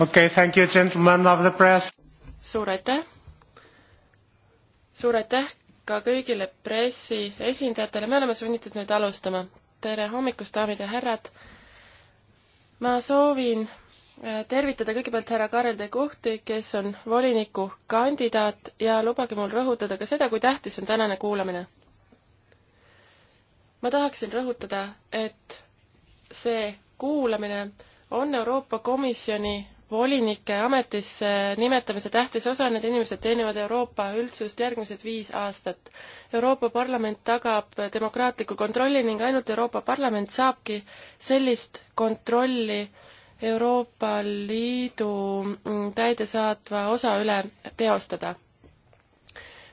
okei okay,, thank you, gentlemen of the press. suur aitäh. suur aitäh ka kõigile pressi esindajatele, me oleme sunnitud nüüd alustama. tere hommikust, daamid ja härrad. ma soovin äh, tervitada kõigepealt härra Karel de Kuhti, kes on volinikukandidaat ja lubage mul rõhutada ka seda, kui tähtis on tänane kuulamine. ma tahaksin rõhutada, et see kuulamine on Euroopa Komisjoni volinike ametisse nimetamise tähtis osa, need inimesed teenivad Euroopa üldsust järgmised viis aastat. Euroopa Parlament tagab demokraatliku kontrolli ning ainult Euroopa Parlament saabki sellist kontrolli Euroopa Liidu mm, täidesaatva osa üle teostada.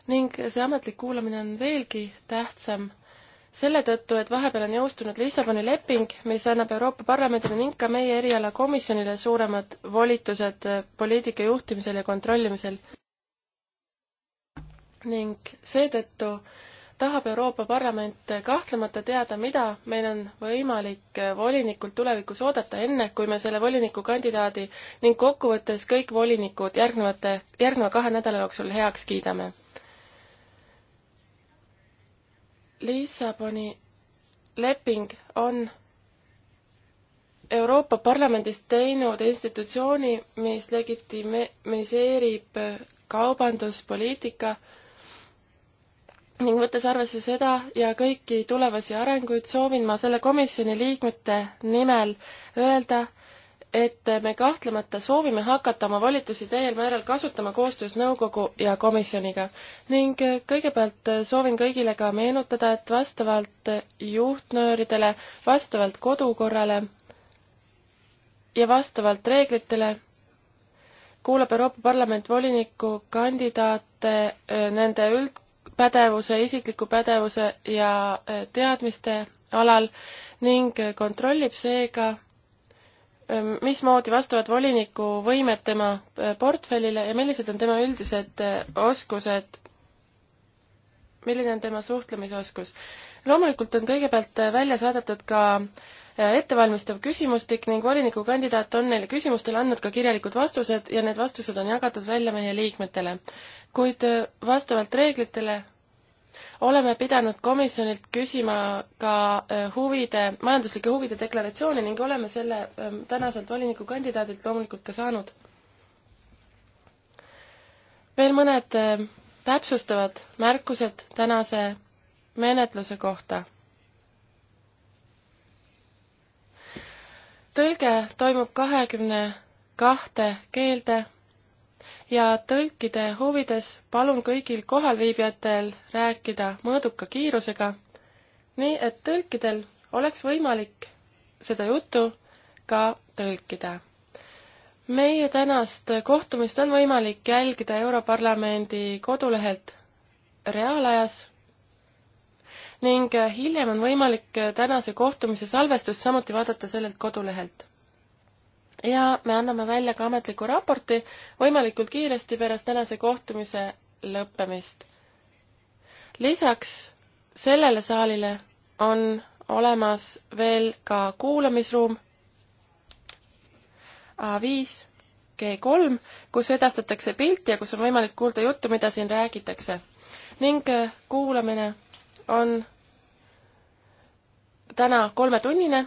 ning see ametlik kuulamine on veelgi tähtsam selle tõttu, et vahepeal on jõustunud Lissaboni leping, mis annab Euroopa Parlamendile ning ka meie erialakomisjonile suuremad volitused eh, poliitika juhtimisel ja kontrollimisel. ning seetõttu tahab Euroopa Parlament eh, kahtlemata teada, mida meil on võimalik eh, volinikult tulevikus oodata, enne kui me selle volinikukandidaadi ning kokkuvõttes kõik volinikud järgnevate, järgneva kahe nädala jooksul heaks kiidame Lissaboni leping on Euroopa Parlamendis teinud institutsiooni, mis legitimiseerib kaubanduspoliitika ning võttes arvesse seda ja kõiki tulevasi arenguid, soovin ma selle komisjoni liikmete nimel öelda, et me kahtlemata soovime hakata oma volitusi täiel määral kasutama koostöös nõukogu ja komisjoniga ning äh, kõigepealt äh, soovin kõigile ka meenutada, et vastavalt äh, juhtnööridele, vastavalt kodukorrale ja vastavalt reeglitele kuulab Euroopa Parlament voliniku kandidaate nende üldpädevuse, isikliku pädevuse ja teadmiste alal ning kontrollib seega Ehm, mismoodi vastavad voliniku võimed tema eh, portfellile ja millised on tema üldised eh, oskused, milline on tema suhtlemisoskus. loomulikult on kõigepealt eh, välja saadetud ka ettevalmistav küsimustik ning volinikukandidaat on neile küsimustele andnud ka kirjalikud vastused ja need vastused on jagatud välja meie liikmetele. kuid vastavalt reeglitele oleme pidanud komisjonilt küsima ka äh, huvide, majanduslike huvide deklaratsiooni ning oleme selle ähm, tänaselt volinikukandidaadilt loomulikult ka saanud. veel mõned äh, täpsustavad märkused tänase menetluse kohta. tõlge toimub kahekümne kahte keelde ja tõlkide huvides palun kõigil kohalviibijatel rääkida mõõduka kiirusega, nii et tõlkidel oleks võimalik seda juttu ka tõlkida. meie tänast kohtumist on võimalik jälgida Europarlamendi kodulehelt reaalajas ning hiljem on võimalik tänase kohtumise salvestust samuti vaadata sellelt kodulehelt ja me anname välja ka ametliku raporti võimalikult kiiresti pärast tänase kohtumise lõppemist. lisaks sellele saalile on olemas veel ka kuulamisruum A5 G3, kus edastatakse pilti ja kus on võimalik kuulda juttu, mida siin räägitakse. ning äh, kuulamine on täna kolmetunnine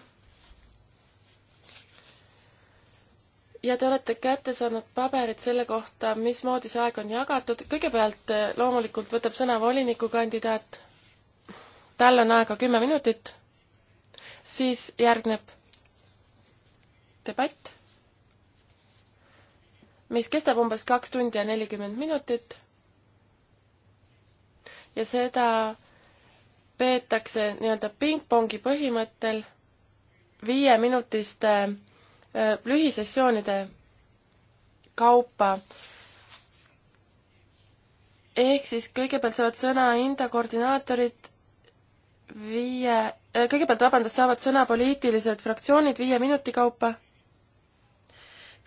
ja te olete kätte saanud paberid selle kohta, mismoodi see aeg on jagatud. kõigepealt eh, loomulikult võtab sõna volinikukandidaat. tal on aega kümme minutit. siis järgneb debatt, mis kestab umbes kaks tundi ja nelikümmend minutit. ja seda peetakse nii-öelda pingpongi põhimõttel viieminutiste äh, lühisessioonide kaupa. ehk siis kõigepealt saavad sõna hinda koordinaatorid viie, äh, kõigepealt vabandust, saavad sõna poliitilised fraktsioonid viie minuti kaupa.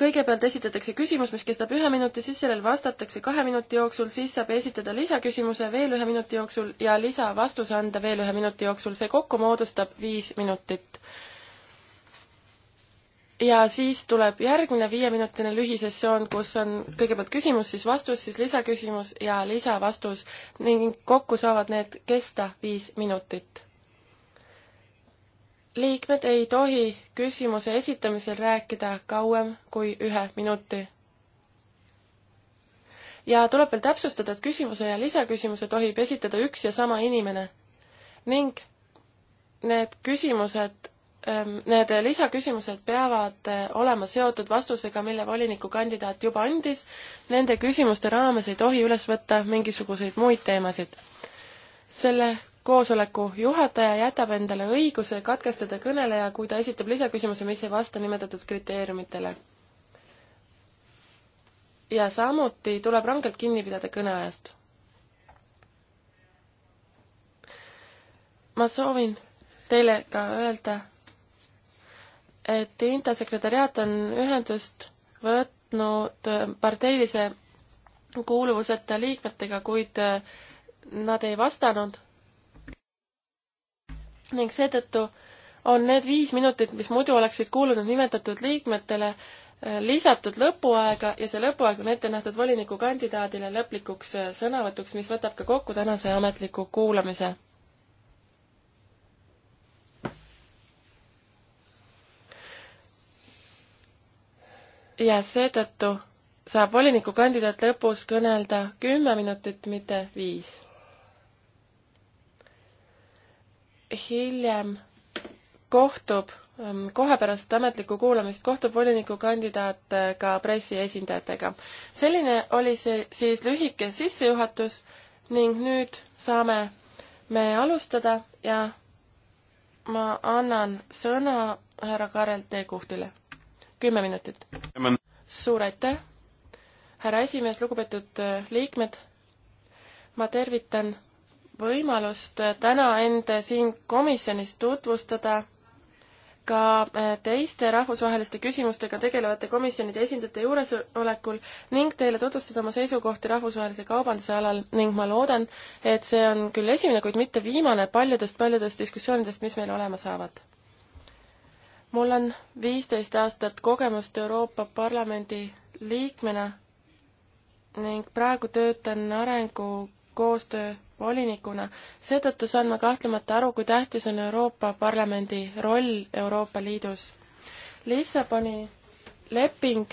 kõigepealt esitatakse küsimus, mis kestab ühe minuti, siis sellele vastatakse kahe minuti jooksul, siis saab esitada lisaküsimuse veel ühe minuti jooksul ja lisavastuse anda veel ühe minuti jooksul, see kokku moodustab viis minutit ja siis tuleb järgmine viieminutine lühisessioon, kus on kõigepealt küsimus, siis vastus, siis lisaküsimus ja lisavastus ning kokku saavad need kesta viis minutit. liikmed ei tohi küsimuse esitamisel rääkida kauem kui ühe minuti. ja tuleb veel täpsustada, et küsimuse ja lisaküsimuse tohib esitada üks ja sama inimene ning need küsimused Ehm, need lisaküsimused peavad eh, olema seotud vastusega, mille volinikukandidaat juba andis. Nende küsimuste raames ei tohi üles võtta mingisuguseid muid teemasid. selle koosoleku juhataja jätab endale õiguse katkestada kõneleja, kui ta esitab lisaküsimuse, mis ei vasta nimetatud kriteeriumitele. ja samuti tuleb rangelt kinni pidada kõneajast. ma soovin teile ka öelda, et INTA sekretäriaat on ühendust võtnud parteilise kuuluvuseta liikmetega, kuid äh, nad ei vastanud. ning seetõttu on need viis minutit, mis muidu oleksid kuulunud nimetatud liikmetele, äh, lisatud lõpuaega ja see lõpuaeg on ette nähtud volinikukandidaadile lõplikuks äh, sõnavõtuks, mis võtab ka kokku tänase ametliku kuulamise ja seetõttu saab volinikukandidaat lõpus kõnelda kümme minutit, mitte viis. hiljem kohtub ähm, kohe pärast ametlikku kuulamist kohtub volinikukandidaat äh, ka pressiesindajatega. selline oli see siis lühike sissejuhatus ning nüüd saame me alustada ja ma annan sõna härra Karel Teekuhtile kümme minutit. suur aitäh, härra esimees, lugupeetud äh, liikmed. ma tervitan võimalust äh, täna end siin komisjonis tutvustada ka äh, teiste rahvusvaheliste küsimustega tegelevate komisjonide esindajate juuresolekul ning teile tutvustada oma seisukohti rahvusvahelise kaubanduse alal ning ma loodan, et see on küll esimene, kuid mitte viimane paljudest-paljudest diskussioonidest, mis meil olema saavad mul on viisteist aastat kogemust Euroopa Parlamendi liikmena ning praegu töötan arengukoostöö volinikuna. seetõttu saan ma kahtlemata aru, kui tähtis on Euroopa Parlamendi roll Euroopa Liidus. Lissaboni leping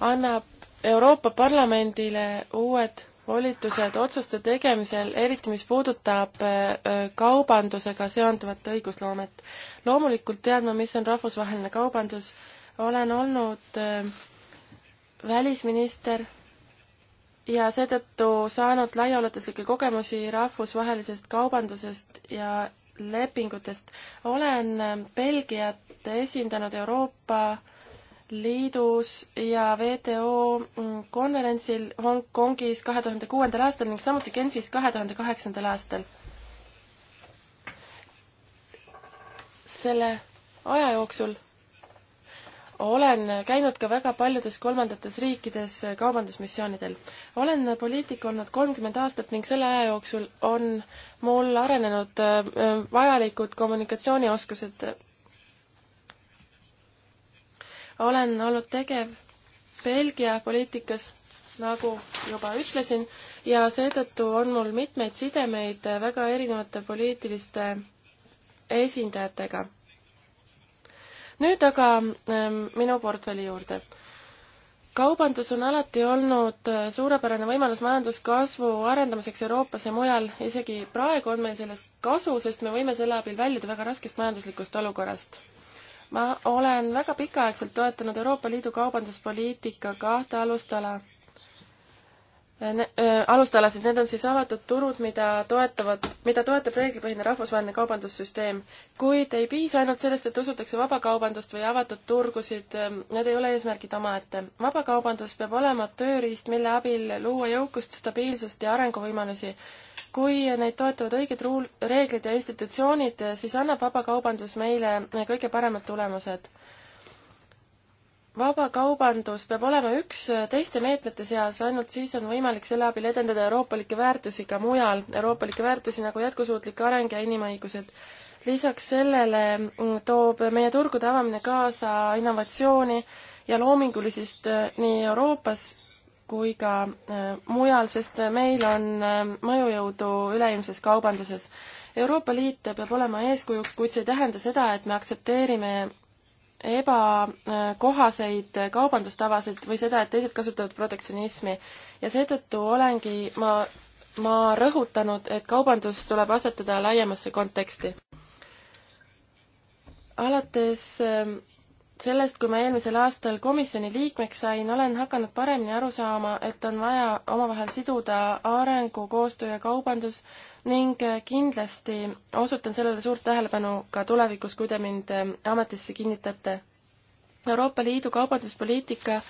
annab Euroopa Parlamendile uued volitused otsuste tegemisel, eriti mis puudutab äh, äh, kaubandusega seonduvat õigusloomet. loomulikult tean ma, mis on rahvusvaheline kaubandus, olen olnud äh, välisminister ja seetõttu saanud laiaulatuslikke kogemusi rahvusvahelisest kaubandusest ja lepingutest. olen Belgiat esindanud Euroopa Liidus ja WTO mm, konverentsil Hongkongis kahe tuhande kuuendal aastal ning samuti Genfis kahe tuhande kaheksandal aastal. selle aja jooksul olen käinud ka väga paljudes kolmandates riikides kaubandusmissioonidel. olen poliitik olnud kolmkümmend aastat ning selle aja jooksul on mul arenenud äh, vajalikud kommunikatsioonioskused olen olnud tegev Belgia poliitikas, nagu juba ütlesin, ja seetõttu on mul mitmeid sidemeid väga erinevate poliitiliste esindajatega. nüüd aga ähm, minu portfelli juurde kaubandus on alati olnud äh, suurepärane võimalus majanduskasvu arendamiseks Euroopas ja mujal, isegi praegu on meil sellest kasu, sest me võime selle abil väljuda väga raskest majanduslikust olukorrast ma olen väga pikaaegselt toetanud Euroopa Liidu kaubanduspoliitika kahte alustala Äh, äh, alustalasid, need on siis avatud turud, mida toetavad, mida toetab reeglipõhine rahvusvaheline kaubandussüsteem. kuid ei piisa ainult sellest, et usutakse vabakaubandust või avatud turgusid, ähm, need ei ole eesmärgid omaette. vabakaubandus peab olema tööriist, mille abil luua jõukust, stabiilsust ja arenguvõimalusi. kui neid toetavad õiged ruul-, reeglid ja institutsioonid, siis annab vabakaubandus meile kõige paremad tulemused vabakaubandus peab olema üks teiste meetmete seas, ainult siis on võimalik selle abil edendada euroopalikke väärtusi ka mujal, euroopalikke väärtusi nagu jätkusuutlik areng ja inimõigused. lisaks sellele mm, toob meie turgude avamine kaasa innovatsiooni ja loomingulisust äh, nii Euroopas kui ka äh, mujal, sest äh, meil on mõjujõudu üleilmses kaubanduses Euroopa Liit peab olema eeskujuks, kuid see ei tähenda seda, et me aktsepteerime ebakohaseid kaubandustavasid või seda, et teised kasutavad protektsionismi. ja seetõttu olengi ma, ma rõhutanud, et kaubandus tuleb asetada laiemasse konteksti. alates ähm, sellest, kui ma eelmisel aastal komisjoni liikmeks sain, olen hakanud paremini aru saama, et on vaja omavahel siduda arengu, koostöö ja kaubandus ning kindlasti osutan sellele suurt tähelepanu ka tulevikus, kui te mind ametisse kinnitate. Euroopa Liidu kaubanduspoliitika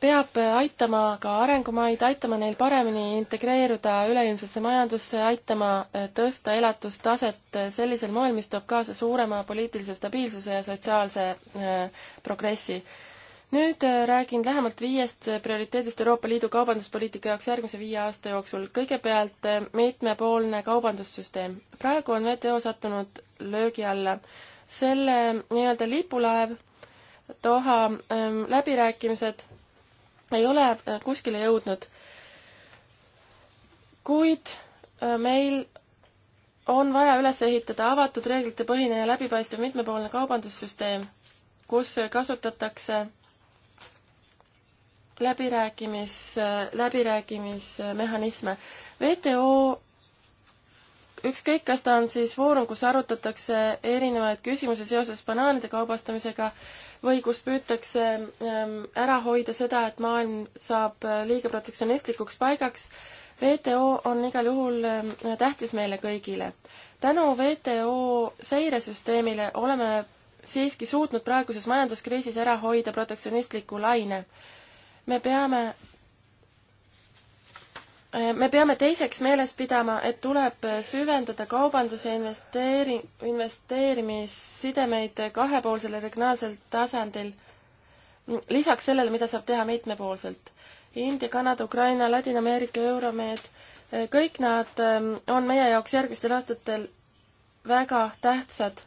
peab aitama ka arengumaid, aitama neil paremini integreeruda üleilmsesse majandusse, aitama eh, tõsta elatustaset eh, sellisel moel, mis toob kaasa suurema poliitilise stabiilsuse ja sotsiaalse eh, progressi. nüüd räägin lähemalt viiest prioriteedist Euroopa Liidu kaubanduspoliitika jaoks järgmise viie aasta jooksul. kõigepealt mitmepoolne kaubandussüsteem. praegu on WTO sattunud löögi alla. selle nii-öelda lipulaev Doha ähm, läbirääkimised ei ole äh, kuskile jõudnud. kuid äh, meil on vaja üles ehitada avatud reeglitepõhine ja läbipaistev mitmepoolne kaubandussüsteem, kus kasutatakse läbirääkimis, äh, läbirääkimismehhanisme. WTO ükskõik, kas ta on siis foorum, kus arutatakse erinevaid küsimusi seoses banaanide kaubastamisega või kus püütakse ähm, ära hoida seda, et maailm saab äh, liiga protektsionistlikuks paigaks, WTO on igal juhul ähm, tähtis meile kõigile. tänu WTO seiresüsteemile oleme siiski suutnud praeguses majanduskriisis ära hoida protektsionistliku laine. me peame Äh, me peame teiseks meeles pidama, et tuleb süvendada kaubanduse investeeri-, investeerimissidemeid kahepoolsel ja regionaalsel tasandil. lisaks sellele, mida saab teha mitmepoolselt. India, Kanada, Ukraina, Ladina-Ameerika, Euromed, äh, kõik nad ähm, on meie jaoks järgmistel aastatel väga tähtsad.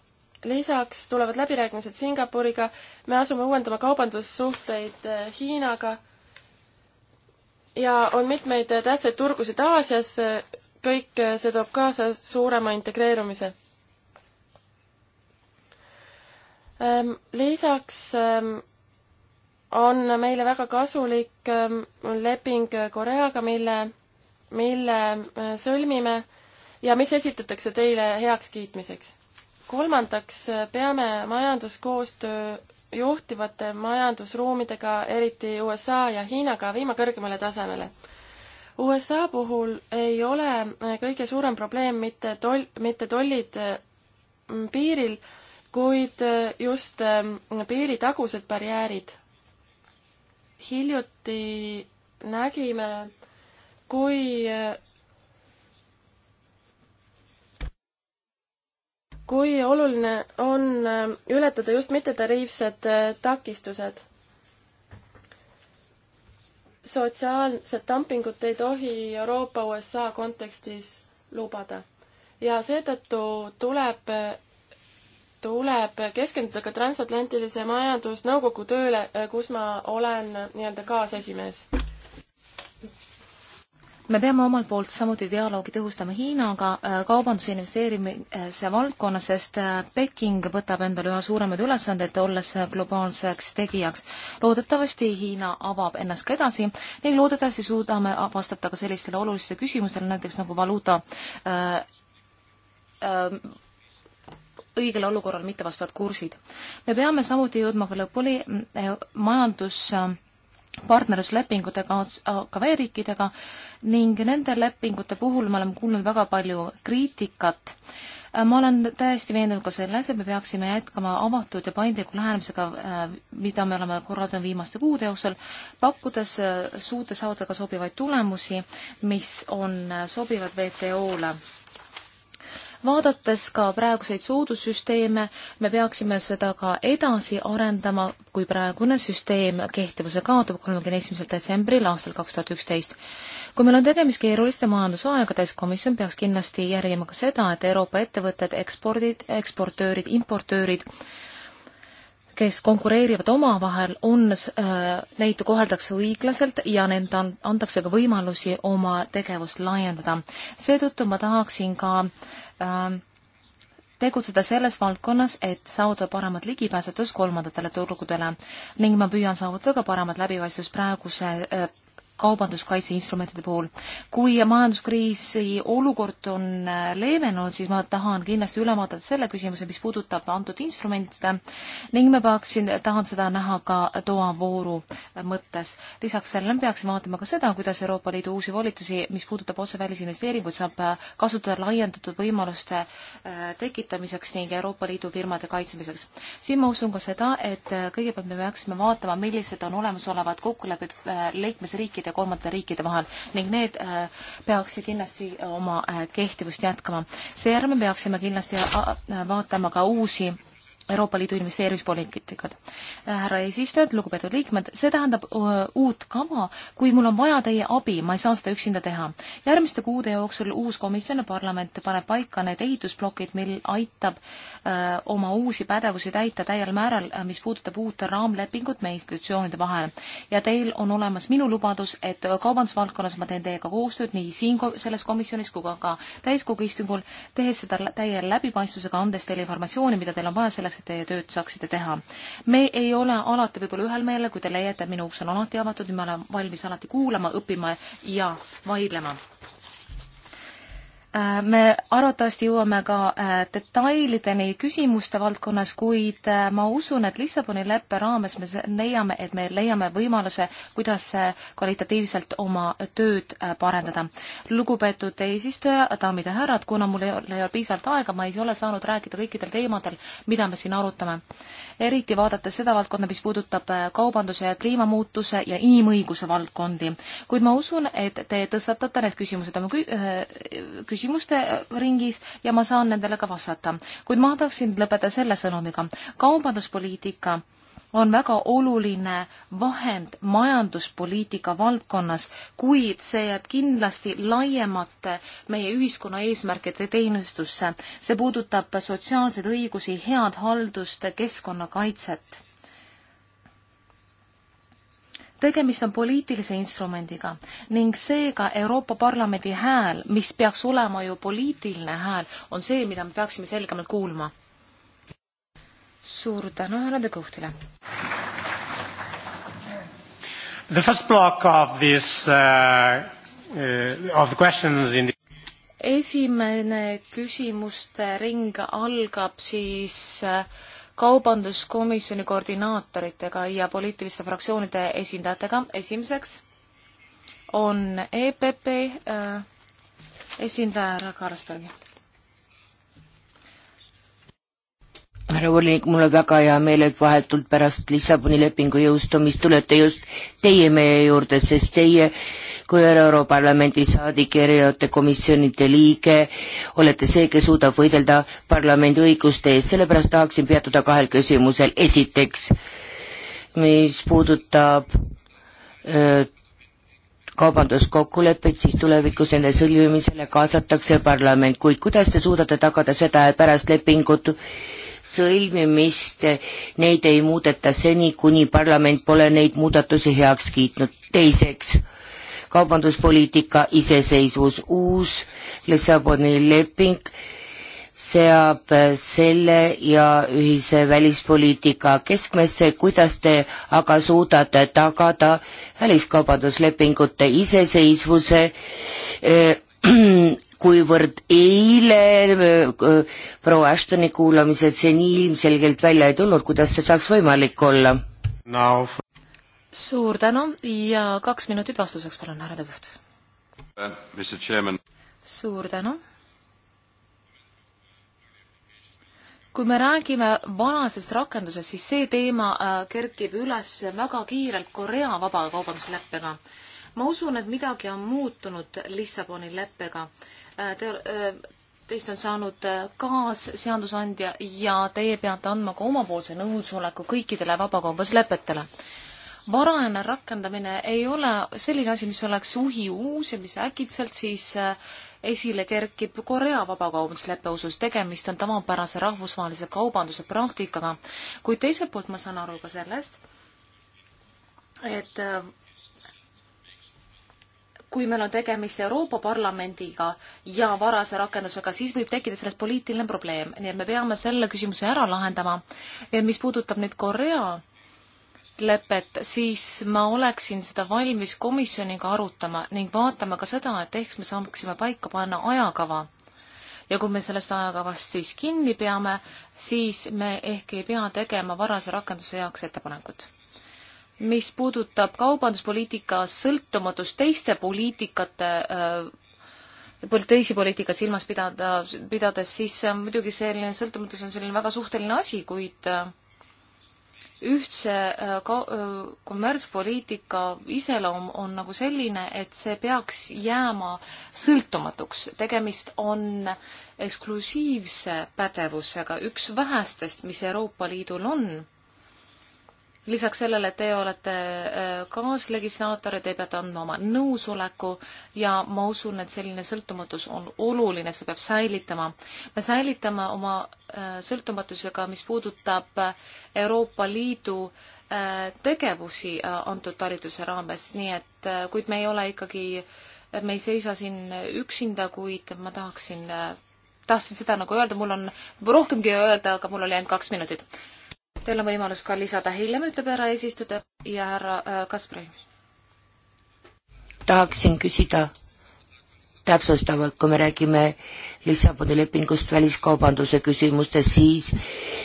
lisaks tulevad läbirääkimised Singapuriga, me asume uuendama kaubandussuhteid äh, Hiinaga ja on mitmeid tähtsaid turgusid Aasias, kõik see toob kaasa suurema integreerumise. Ähm, lisaks ähm, on meile väga kasulik ähm, leping Koreaga, mille, mille äh, sõlmime ja mis esitatakse teile heakskiitmiseks. kolmandaks äh, peame majanduskoostöö juhtivate majandusruumidega, eriti USA ja Hiinaga, viima kõrgemale tasemele. USA puhul ei ole äh, kõige suurem probleem mitte toll, mitte tollid äh, piiril, kuid äh, just piiritagused barjäärid. hiljuti nägime, kui kui oluline on äh, ületada just mittetariifsed äh, takistused. sotsiaalset dumpingut ei tohi Euroopa-USA kontekstis lubada ja seetõttu tuleb, tuleb keskenduda ka transatlantilise majandusnõukogu tööle, äh, kus ma olen nii-öelda kaasesimees me peame omalt poolt samuti dialoogi tõhustama Hiinaga äh, kaubanduse investeerimise valdkonnas, sest äh, Peking võtab endale üha suuremaid ülesandeid, olles äh, globaalseks tegijaks. loodetavasti Hiina avab ennast ka edasi ning loodetavasti suudame vastata ka sellistele olulistele küsimustele, näiteks nagu valuuta äh, äh, õigel olukorral mitte vastavad kursid. me peame samuti jõudma ka lõpuni majandus äh, partnerluslepingutega AKV riikidega ning nende lepingute puhul me oleme kuulnud väga palju kriitikat. ma olen täiesti veendunud ka selles, et me peaksime jätkama avatud ja paindliku lähenemisega, äh, mida me oleme korraldanud viimaste kuude jooksul, pakkudes, äh, suutes saavutada sobivaid tulemusi, mis on äh, sobivad WTO-le vaadates ka praeguseid soodussüsteeme, me peaksime seda ka edasi arendama, kui praegune süsteem kehtivuse kaotab kolmekümne esimesel detsembril aastal kaks tuhat üksteist. kui meil on tegemist keeruliste majandusaegades, komisjon peaks kindlasti järgima ka seda, et Euroopa ettevõtted, ekspordid, eksportöörid, importöörid kes konkureerivad omavahel, on äh,, neid koheldakse õiglaselt ja nende antakse ka võimalusi oma tegevust laiendada. seetõttu ma tahaksin ka äh, Ähm, tegutseda selles valdkonnas, et saavutada paremat ligipääsetust kolmandatele turgudele ning ma püüan saavutada ka paremat läbipaistvust praeguse äh, kaubanduskaitseinstrumentide puhul. kui majanduskriisi olukord on äh, leevenud, siis ma tahan kindlasti üle vaadata selle küsimuse, mis puudutab antud instrumente ning ma peaksin, tahan seda näha ka toavooru äh, mõttes. lisaks sellele peaksime vaatama ka seda, kuidas Euroopa Liidu uusi volitusi, mis puudutab otse välisinvesteeringuid, saab äh, kasutada laiendatud võimaluste tekitamiseks ning Euroopa Liidu firmade kaitsmiseks. siin ma usun ka seda, et kõigepealt me peaksime vaatama, millised on olemasolevad kokkulepped liikmesriikide ja kolmandate riikide vahel ning need äh, peaksid kindlasti äh, oma äh, kehtivust jätkama. seejärel me peaksime kindlasti vaatama ka uusi Euroopa Liidu investeerimispoliitikat. härra eesistujad, lugupeetud liikmed, see tähendab uut kava, kui mul on vaja teie abi, ma ei saa seda üksinda teha. järgmiste kuude jooksul uus komisjon ja parlament paneb paika need ehitusplokid, mil aitab öö, oma uusi pädevusi täita täiel määral, mis puudutab uut raamlepingut meie institutsioonide vahel. ja teil on olemas minu lubadus, et kaubandusvaldkonnas ma teen teiega koostööd nii siin selles komisjonis kui ka, ka täiskogu istungul, tehes seda täie läbipaistvusega, andes teile informatsiooni, mida teil on vaja selleks, selleks, et teie tööd saaksite teha. me ei ole alati võib-olla ühel meelel, kui te leiate, et minu uks on alati avatud ja ma olen valmis alati kuulama, õppima ja vaidlema Äh, me arvatavasti jõuame ka äh, detailideni küsimuste valdkonnas, kuid äh, ma usun, et Lissaboni leppe raames me leiame, et me leiame võimaluse, kuidas kvalitatiivselt oma tööd parendada. lugupeetud eesistuja, daamid ja härrad, kuna mul ei ole piisavalt aega, ma ei ole saanud rääkida kõikidel teemadel, mida me siin arutame. eriti vaadates seda valdkonda, mis puudutab kaubanduse ja kliimamuutuse ja inimõiguse valdkondi. kuid ma usun, et te tõstatate need küsimused oma kü-, küsimused küsimuste ringis ja ma saan nendele ka vastata. kuid ma tahaksin lõpetada selle sõnumiga. kaubanduspoliitika on väga oluline vahend majanduspoliitika valdkonnas, kuid see jääb kindlasti laiemate meie ühiskonna eesmärkide teenistusse. see puudutab sotsiaalseid õigusi, head haldust, keskkonnakaitset tegemist on poliitilise instrumendiga ning seega Euroopa Parlamendi hääl, mis peaks olema ju poliitiline hääl, on see, mida me peaksime selgemalt kuulma. suur tänu härra De Guhtile. The first block of this uh, uh, of questions in the esimene küsimuste ring algab siis uh, kaubanduskomisjoni koordinaatoritega ja poliitiliste fraktsioonide esindajatega. esimeseks on EPP äh, esindaja härra Karlsbergi härra volinik, mul on väga hea meel, et vahetult pärast Lissaboni lepingu jõustumist tulete just teie meie juurde, sest teie kui Europarlamendi saadik ja erinevate komisjonide liige olete see, kes suudab võidelda parlamendi õiguste eest, sellepärast tahaksin peatuda kahel küsimusel, esiteks mis puudutab öö, äh, kaubanduskokkuleppeid, siis tulevikus nende sõlmimisele kaasatakse parlament, kuid kuidas te suudate tagada seda, et pärast lepingut sõlmimist neid ei muudeta seni, kuni parlament pole neid muudatusi heaks kiitnud. teiseks, kaubanduspoliitika iseseisvus, uus Lissaboni leping seab selle ja ühise välispoliitika keskmesse, kuidas te aga suudate tagada väliskaubanduslepingute iseseisvuse, eh, kuivõrd eile eh, proua Ashtoni kuulamised see nii ilmselgelt välja ei tulnud, kuidas see saaks võimalik olla no.? suur tänu ja kaks minutit vastuseks, palun, härra Tõguht uh,. suur tänu kui me räägime vanasest rakendusest, siis see teema äh, kerkib üles väga kiirelt Korea vabakaubandusleppega. ma usun, et midagi on muutunud Lissaboni leppega. Äh, te, äh, teist on saanud kaasseadusandja ja teie peate andma ka omapoolse nõusoleku kõikidele vabakaubanduslepetele. varajane rakendamine ei ole selline asi, mis oleks uhi uus ja mis äkitselt siis äh, esile kerkib Korea vabakaubandusleppe usus. tegemist on tavapärase rahvusvahelise kaubanduse praktikaga, kuid teiselt poolt ma saan aru ka sellest, et äh, kui meil on tegemist Euroopa Parlamendiga ja varase rakendusega, siis võib tekkida sellest poliitiline probleem, nii et me peame selle küsimuse ära lahendama. mis puudutab nüüd Korea lepet, siis ma oleksin seda valmis komisjoniga arutama ning vaatama ka seda, et ehk me saaksime paika panna ajakava. ja kui me sellest ajakavast siis kinni peame, siis me ehk ei pea tegema varase rakenduse jaoks ettepanekut. mis puudutab kaubanduspoliitika sõltumatust teiste poliitikate äh, teisi poliitika silmas pidada, pidades, siis muidugi selline sõltumatus on selline väga suhteline asi, kuid äh, ühtse äh, äh, kommertspoliitika iseloom on nagu selline, et see peaks jääma sõltumatuks. tegemist on eksklusiivse pädevusega, üks vähestest, mis Euroopa Liidul on lisaks sellele teie olete äh, kaaslegislaator ja te peate andma oma nõusoleku ja ma usun, et selline sõltumatus on oluline, seda peab säilitama. me säilitame oma äh, sõltumatusega, mis puudutab äh, Euroopa Liidu tegevusi antud talituse raames, nii et kuid me ei ole ikkagi, me ei seisa siin üksinda, kuid ma tahaksin, tahtsin seda nagu öelda, mul on rohkemgi öelda, aga mul oli ainult kaks minutit Teil on võimalus ka lisada hiljem, ütleb härra eesistuja ja härra äh, Kaspari. tahaksin küsida täpsustavalt, kui me räägime Lissaboni lepingust väliskaubanduse küsimustes, siis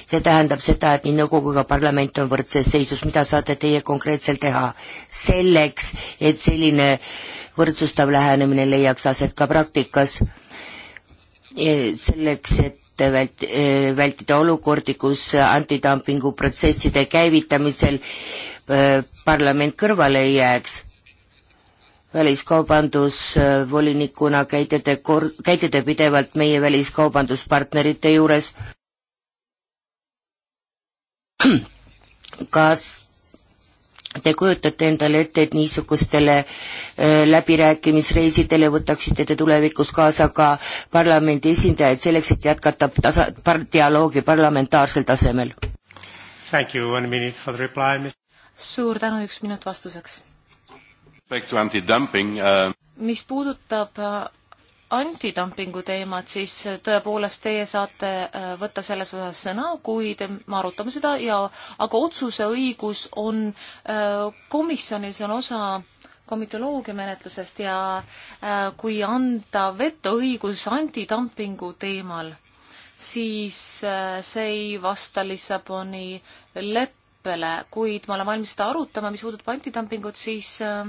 see tähendab seda, et nii nõukogu kui parlament on võrdses seisus, mida saate teie konkreetselt teha selleks, et selline võrdsustav lähenemine leiaks aset ka praktikas? selleks, et ette vält-, eh, vältida olukordi, kus antidumpingu protsesside käivitamisel eh, parlament kõrvale ei jääks. väliskaubandusvolinikuna käite te kor-, käite te pidevalt meie väliskaubanduspartnerite juures. kas Te kujutate endale ette, et niisugustele äh, läbirääkimisreisidele võtaksite te tulevikus kaasa ka parlamendi esindajaid selleks, et jätkata tasa, par, dialoogi parlamentaarsel tasemel? suur tänu, üks minut vastuseks. Uh... mis puudutab antidumpingu teemat, siis tõepoolest teie saate äh, võtta selles osas sõna, kuid me arutame seda ja, aga otsuse õigus on äh, komisjonil, see on osa komitoloogia menetlusest ja äh, kui anda vetoõigus antidumpingu teemal, siis see ei vasta Lissaboni leppele, kuid ma olen valmis seda arutama, mis puudutab antidumpingut, siis äh,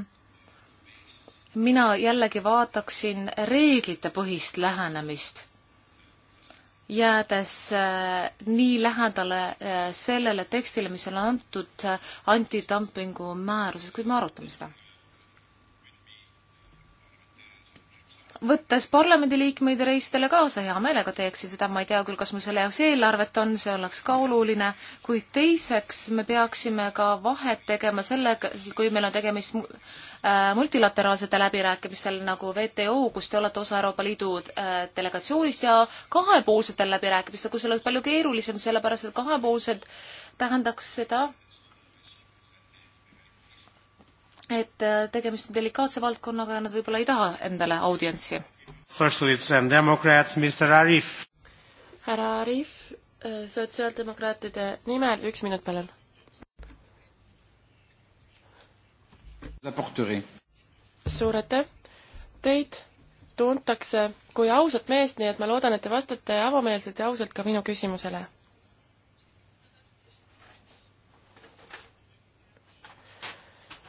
mina jällegi vaataksin reeglitepõhist lähenemist, jäädes äh, nii lähedale äh, sellele tekstile, mis on antud äh, antidumpingu määruses, kui me arutame seda võttes parlamendiliikmeid reisidele kaasa, hea meelega teeksin seda, ma ei tea küll, kas mul selle jaoks eelarvet on, see oleks ka oluline, kuid teiseks me peaksime ka vahet tegema sellega, kui meil on tegemist äh, multilateraalsete läbirääkimistel nagu WTO, kus te olete osa Euroopa Liidu äh, delegatsioonist ja kahepoolsetel läbirääkimistel, kus oleks palju keerulisem, sellepärast et kahepoolsed tähendaks seda, et äh, tegemist on delikaatse valdkonnaga ja nad võib-olla ei taha endale audientsi. härra Arif, äh, sotsiaaldemokraatide nimel üks minut, palun. suur aitäh, teid tuntakse kui ausat meest, nii et ma loodan, et te vastate avameelselt ja ausalt ka minu küsimusele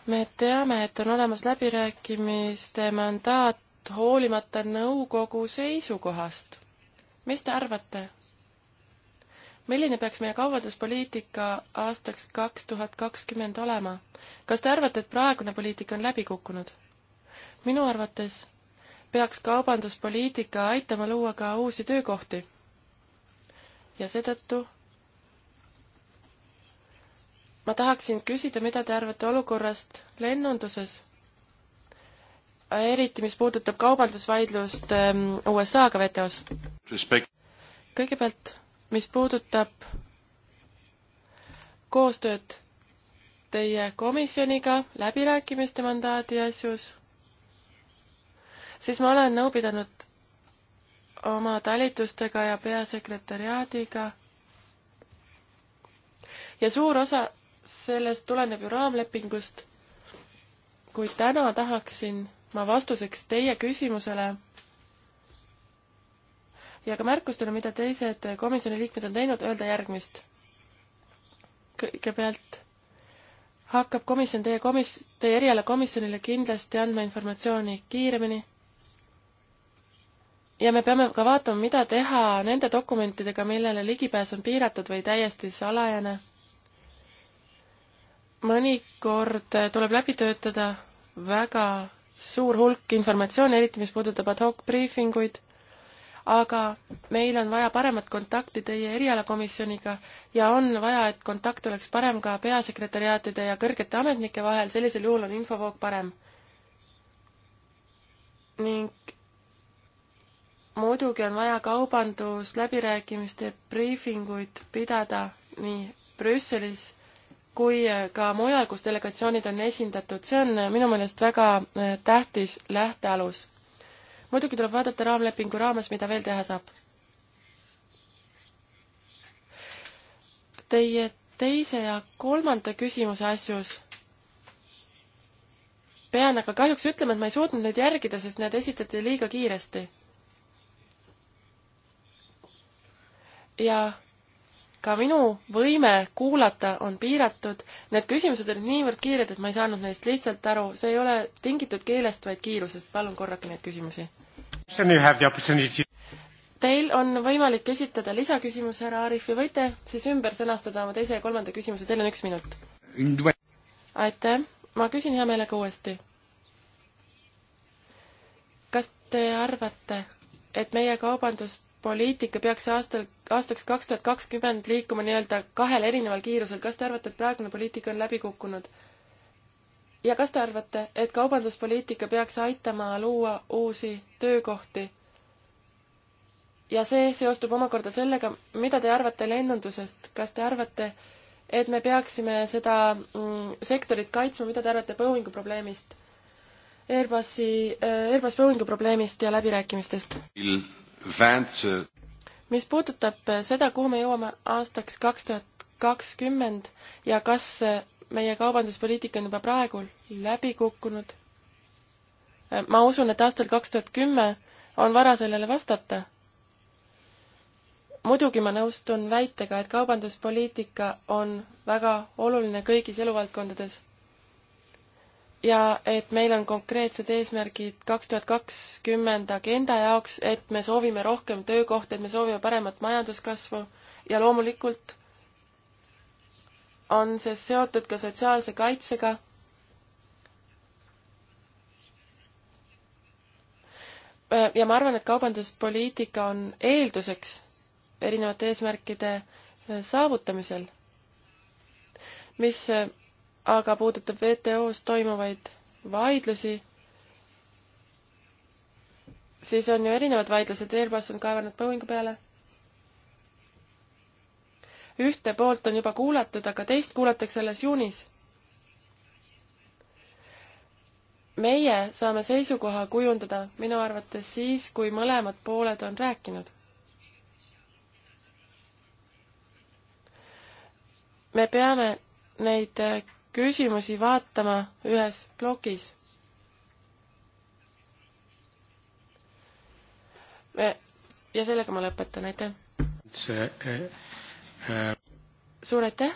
me teame, et on olemas läbirääkimiste mandaat hoolimata nõukogu seisukohast. mis te arvate? milline peaks meie kaubanduspoliitika aastaks kaks tuhat kakskümmend olema? kas te arvate, et praegune poliitika on läbi kukkunud? minu arvates peaks kaubanduspoliitika aitama luua ka uusi töökohti. ja seetõttu ma tahaksin küsida, mida te arvate olukorrast lennunduses? eriti, mis puudutab kaubandusvaidlust ähm, USA-ga WTO-s. kõigepealt, mis puudutab koostööd teie komisjoniga läbirääkimiste mandaadi asjus, siis ma olen nõu pidanud oma talitustega ja peasekretäriaadiga ja suur osa sellest tuleneb ju raamlepingust, kuid täna tahaksin ma vastuseks teie küsimusele ja ka märkustele, mida teised komisjoni liikmed on teinud, öelda järgmist. kõigepealt hakkab komisjon teie komis-, teie erialakomisjonile kindlasti andma informatsiooni kiiremini ja me peame ka vaatama, mida teha nende dokumentidega, millele ligipääs on piiratud või täiesti salajane mõnikord tuleb läbi töötada väga suur hulk informatsiooni, eriti mis puudutab ad hoc briifinguid, aga meil on vaja paremat kontakti teie erialakomisjoniga ja on vaja, et kontakt oleks parem ka peasekretäriaatide ja kõrgete ametnike vahel, sellisel juhul on infovoog parem. ning muidugi on vaja kaubandusläbirääkimiste briifinguid pidada nii Brüsselis kui äh, ka mujal, kus delegatsioonid on esindatud, see on äh, minu meelest väga äh, tähtis lähtealus. muidugi tuleb vaadata raamlepingu raames, mida veel teha saab. Teie teise ja kolmanda küsimuse asjus pean aga kahjuks ütlema, et ma ei suutnud neid järgida, sest need esitati liiga kiiresti. ja ka minu võime kuulata on piiratud. Need küsimused olid niivõrd kiired, et ma ei saanud neist lihtsalt aru. see ei ole tingitud keelest, vaid kiirusest. palun korrake neid küsimusi. Teil on võimalik esitada lisaküsimus, härra Arif, ja võite siis ümber sõnastada oma teise ja kolmanda küsimuse. Teil on üks minut. aitäh. ma küsin hea meelega uuesti. kas te arvate, et meie kaubandust poliitika peaks aastal, aastaks kaks tuhat kakskümmend liikuma nii-öelda kahel erineval kiirusel, kas te arvate, et praegune poliitika on läbi kukkunud? ja kas te arvate, et kaubanduspoliitika peaks aitama luua uusi töökohti? ja see seostub omakorda sellega, mida te arvate lennundusest, kas te arvate, et me peaksime seda mm, sektorit kaitsma, mida te arvate Boeingu probleemist? Airbusi, äh, Airbus Boeingu probleemist ja läbirääkimistest Il? mis puudutab äh, seda, kuhu me jõuame aastaks kaks tuhat kakskümmend ja kas äh, meie kaubanduspoliitika on juba praegu läbi kukkunud, äh, ma usun, et aastal kaks tuhat kümme on vara sellele vastata. muidugi ma nõustun väitega, et kaubanduspoliitika on väga oluline kõigis eluvaldkondades ja et meil on konkreetsed eesmärgid kaks tuhat kakskümmend agenda jaoks, et me soovime rohkem töökohti, et me soovime paremat majanduskasvu ja loomulikult on see seotud ka sotsiaalse kaitsega. ja ma arvan, et kaubanduspoliitika on eelduseks erinevate eesmärkide saavutamisel, mis aga puudutab WTO-s toimuvaid vaidlusi, siis on ju erinevad vaidlused, Airbus on kaevanud Boeingu peale. ühte poolt on juba kuulatud, aga teist kuulatakse alles juunis. meie saame seisukoha kujundada minu arvates siis, kui mõlemad pooled on rääkinud. me peame neid küsimusi vaatama ühes plokis. ja sellega ma lõpetan, aitäh! Eh, eh, suur aitäh!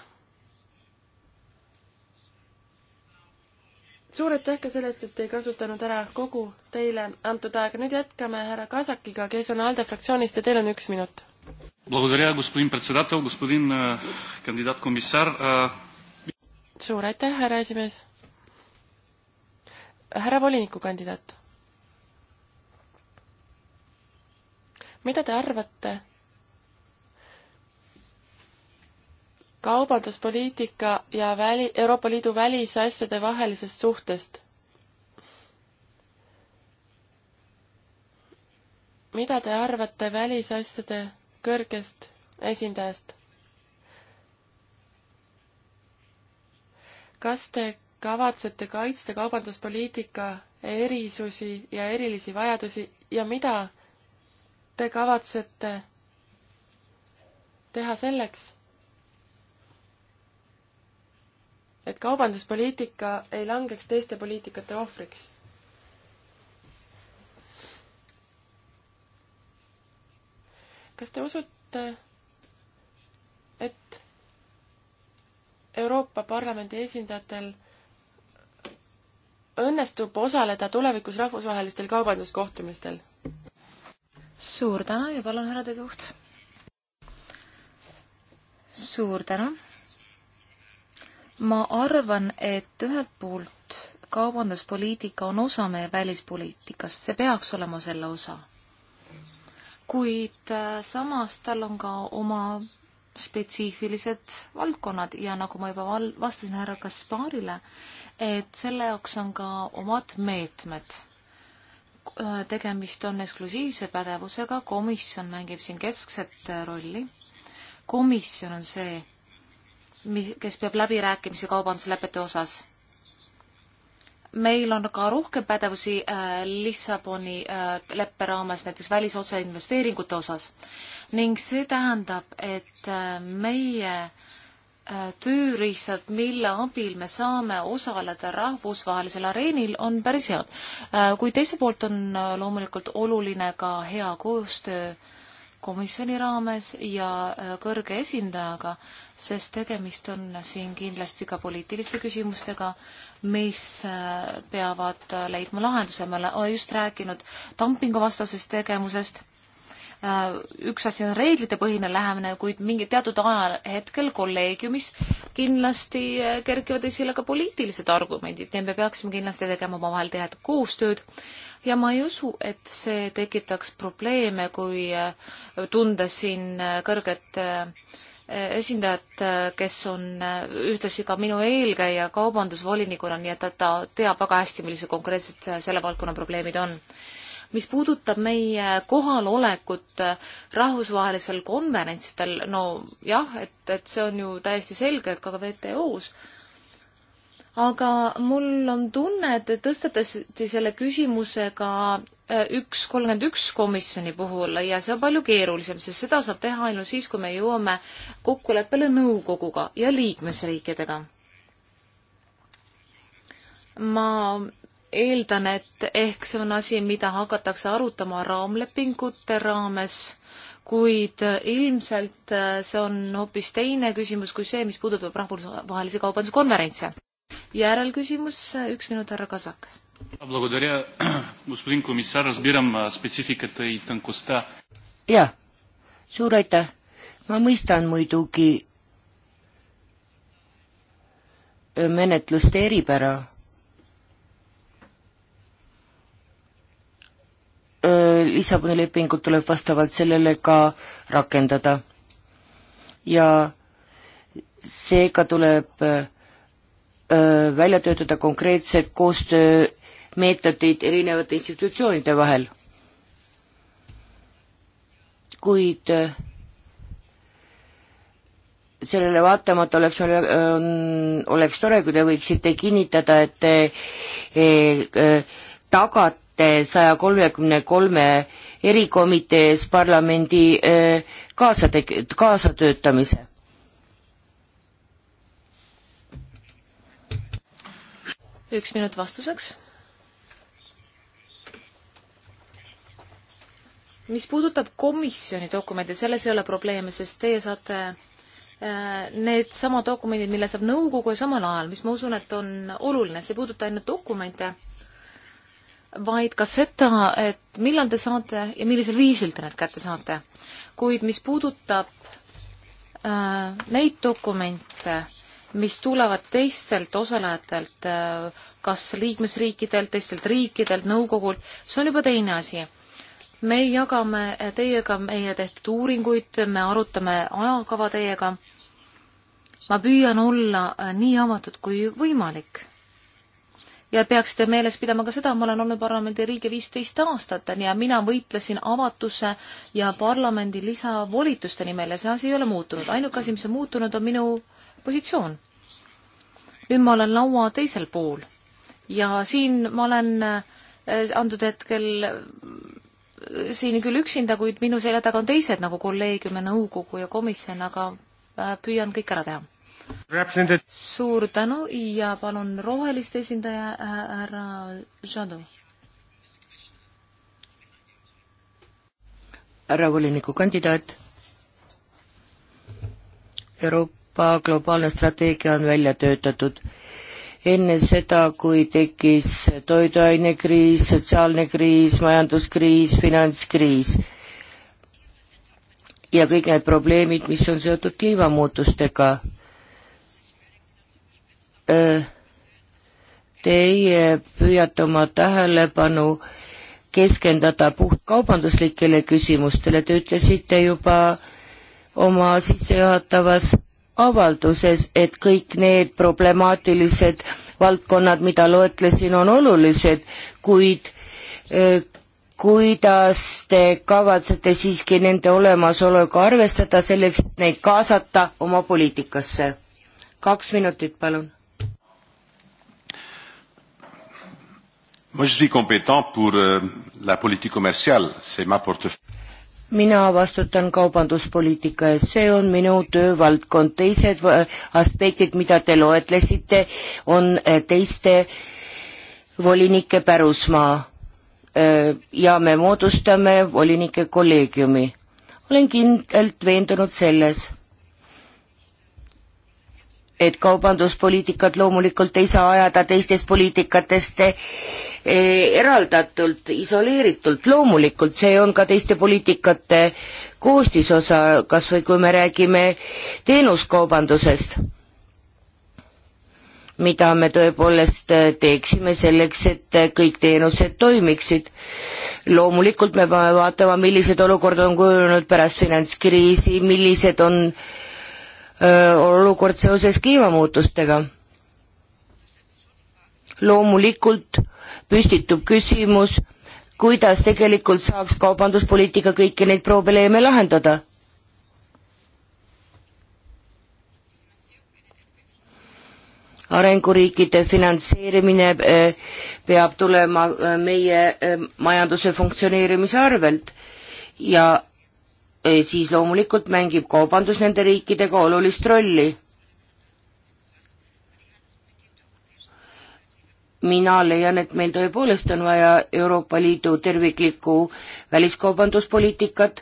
suur aitäh ka sellest, et ei kasutanud ära kogu teile antud aega. nüüd jätkame härra Kasakiga, kes on ALDE fraktsioonist ja teil on üks minut. Благодаря, господин председател, господин э, кандидат комиссар. Э, suur aitäh, härra esimees. härra volinikukandidaat. mida te arvate kaubanduspoliitika ja väli, Euroopa Liidu välisasjade vahelisest suhtest? mida te arvate välisasjade kõrgest esindajast? kas te kavatsete kaitsta kaubanduspoliitika erisusi ja erilisi vajadusi ja mida te kavatsete teha selleks, et kaubanduspoliitika ei langeks teiste poliitikate ohvriks? kas te usute, et Euroopa Parlamendi esindajatel õnnestub osaleda tulevikus rahvusvahelistel kaubanduskohtumistel. suur tänu ja palun, härra tegevjuht. suur tänu. ma arvan, et ühelt poolt kaubanduspoliitika on osa meie välispoliitikast, see peaks olema selle osa. kuid äh, samas tal on ka oma spetsiifilised valdkonnad ja nagu ma juba val-, vastasin härra Kaspaarile, et selle jaoks on ka omad meetmed. tegemist on eksklusiivse pädevusega, komisjon mängib siin keskset rolli. komisjon on see, mis, kes peab läbirääkimisi kaubanduslepete osas meil on ka rohkem pädevusi äh, Lissaboni äh, leppe raames näiteks välisotseinvesteeringute osas ning see tähendab, et äh, meie äh, tööriistad, mille abil me saame osaleda rahvusvahelisel areenil, on päris head äh,. kuid teiselt poolt on äh, loomulikult oluline ka hea koostöö komisjoni raames ja äh, kõrge esindajaga sest tegemist on siin kindlasti ka poliitiliste küsimustega, mis äh, peavad äh, leidma lahenduse. me oleme just rääkinud dumpinguvastasest tegevusest. Äh, üks asi on reeglitepõhine lähemine, kuid mingi teatud ajahetkel kolleegiumis kindlasti kerkivad esile ka poliitilised argumendid ja me peaksime kindlasti tegema omavahel tihedat koostööd ja ma ei usu, et see tekitaks probleeme, kui tunda siin kõrget äh, esindajat, kes on ühtlasi ka minu eelkäija kaubandusvolinikuna, nii et ta teab väga hästi, millised konkreetsed selle valdkonna probleemid on. mis puudutab meie kohalolekut rahvusvahelisel konverentsidel, no jah, et, et see on ju täiesti selge, et ka WTO-s äh, aga mul on tunne, et te tõstatati selle küsimuse ka äh, üks kolmkümmend üks komisjoni puhul ja see on palju keerulisem, sest seda saab teha ainult siis, kui me jõuame kokkuleppele nõukoguga ja liikmesriikidega. ma eeldan, et ehk see on asi, mida hakatakse arutama raamlepingute raames, kuid ilmselt äh, see on hoopis teine küsimus kui see, mis puudutab rahvusvahelisi kaubanduskonverentse järelküsimus, üks minut, härra Kasak. jah, suur aitäh. ma mõistan muidugi äh, menetluste eripära. Äh, Lissaboni lepingut tuleb vastavalt sellele ka rakendada. ja seega tuleb öö, äh, Äh, välja töötada konkreetsed koostöömeetodid erinevate institutsioonide vahel. kuid äh, sellele vaatamata oleks, äh, oleks tore, kui te võiksite kinnitada, et te tagate saja kolmekümne kolme erikomitees parlamendi kaasade, kaasatöötamise üks minut vastuseks. mis puudutab komisjoni dokumente, selles ei ole probleeme, sest teie saate äh, need sama dokumendid, mille saab nõukogu ja samal ajal, mis ma usun, et on oluline, see ei puuduta ainult dokumente, vaid ka seda, et millal te saate ja millisel viisil te need kätte saate. kuid mis puudutab äh, neid dokumente, mis tulevad teistelt osalejatelt, kas liikmesriikidelt, teistelt riikidelt, nõukogult, see on juba teine asi. me jagame teiega meie tehtud uuringuid, me arutame ajakava teiega. ma püüan olla nii avatud kui võimalik ja peaksite meeles pidama ka seda, ma olen olnud parlamendi liige viisteist aastat ja mina võitlesin avatuse ja parlamendi lisavolituste nimel ja see asi ei ole muutunud. ainuke asi, mis on muutunud, on minu positsioon. nüüd ma olen laua teisel pool ja siin ma olen eh, antud hetkel eh, siin küll üksinda, kuid minu selja taga on teised nagu kolleegium ja nõukogu ja komisjon, aga eh, püüan kõik ära teha suur tänu ja palun roheliste esindaja äh, härra Žado. härra volinikukandidaat, Euroopa globaalne strateegia on välja töötatud enne seda, kui tekkis toiduainekriis, sotsiaalne kriis, majanduskriis, finantskriis ja kõik need probleemid, mis on seotud kliimamuutustega. Äh, teie püüate oma tähelepanu keskenduda puhtkaubanduslikele küsimustele, te ütlesite juba oma sissejuhatavas avalduses, et kõik need problemaatilised valdkonnad, mida loetlesin, on olulised, kuid öö, äh, kuidas te kavatsete siiski nende olemasoluga arvestada selleks, et neid kaasata oma poliitikasse? kaks minutit, palun Moi, je suis compétent pour euh, la politique commerciale, c'est ma portefeuille mina vastutan kaubanduspoliitika eest, see on minu töövaldkond, teised äh, aspektid, mida te loetlesite, on äh, teiste volinike pärusmaa äh, ja me moodustame volinike kolleegiumi. olen kindlalt veendunud selles et kaubanduspoliitikat loomulikult ei saa ajada teistest poliitikatest eh, eraldatult, isoleeritult, loomulikult see on ka teiste poliitikate koostisosa, kas või kui me räägime teenuskaubandusest, mida me tõepoolest eh, teeksime selleks, et eh, kõik teenused toimiksid. loomulikult me peame vaatama, millised olukorrad on kujunenud pärast finantskriisi, millised on äh, olukord seoses kliimamuutustega. loomulikult püstitub küsimus, kuidas tegelikult saaks kaubanduspoliitika kõiki neid probleeme lahendada. arenguriikide finantseerimine peab tulema meie majanduse funktsioneerimise arvelt ja siis loomulikult mängib kaubandus nende riikidega olulist rolli. mina leian, et meil tõepoolest on vaja Euroopa Liidu terviklikku väliskaubanduspoliitikat,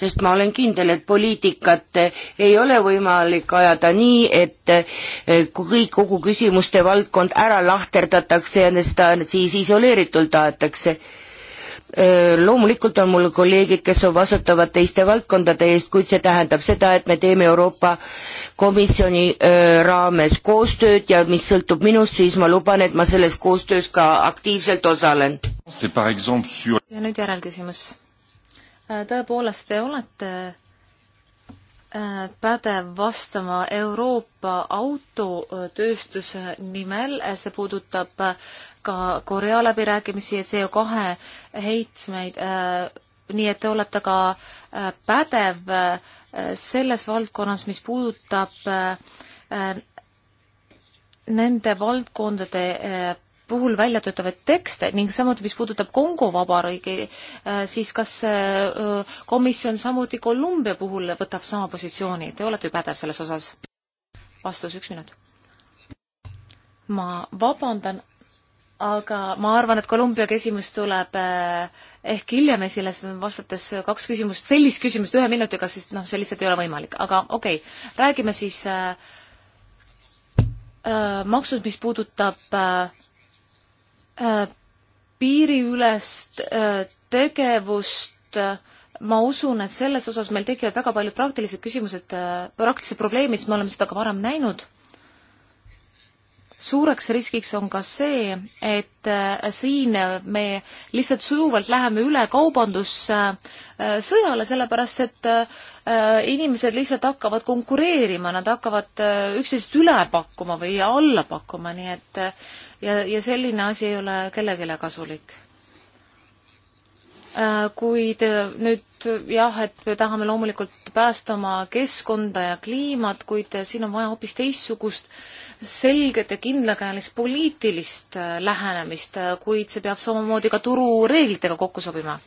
sest ma olen kindel, et poliitikat ei ole võimalik ajada nii, et eh, kõik, kogu küsimuste valdkond ära lahterdatakse ja seda siis isoleeritult aetakse loomulikult on mul kolleegid, kes on vastutavad teiste valdkondade eest, kuid see tähendab seda, et me teeme Euroopa Komisjoni raames koostööd ja mis sõltub minust, siis ma luban, et ma selles koostöös ka aktiivselt osalen. ja nüüd järelküsimus. Äh, tõepoolest, te olete äh, pädev vastama Euroopa autotööstuse nimel, äh, see puudutab ka Korea läbirääkimisi ja CO kahe heitmeid, äh, nii et te olete ka äh, pädev äh, selles valdkonnas, mis puudutab nende valdkondade puhul välja töötavaid tekste ning samuti, mis puudutab Kongo vabariigi, siis kas komisjon samuti Kolumbia puhul võtab sama positsiooni, te olete ju pädev selles osas? vastus, üks minut. ma vabandan, aga ma arvan, et Kolumbia küsimus tuleb eh, ehk hiljem esile, sest vastates kaks küsimust, sellist küsimust ühe minutiga, siis noh, see lihtsalt ei ole võimalik, aga okei okay., räägime siis äh, eh, äh, eh, maksust, mis puudutab äh, piiriülest tegevust, ma usun, et selles osas meil tekivad väga paljud praktilised küsimused, praktilised probleemid, sest me oleme seda ka varem näinud suureks riskiks on ka see, et äh, siin me lihtsalt sujuvalt läheme üle kaubandussõjale, äh, sellepärast et äh, inimesed lihtsalt hakkavad konkureerima, nad hakkavad üksteisest üle pakkuma või alla pakkuma, nii et ja, ja selline asi ei ole kellelegi kasulik Äh, kuid äh, nüüd jah, et me tahame loomulikult päästa oma keskkonda ja kliimat, kuid äh, siin on vaja hoopis teistsugust selget ja kindlakäelist poliitilist lähenemist, kuid see peab samamoodi ka turureeglitega kokku sobima.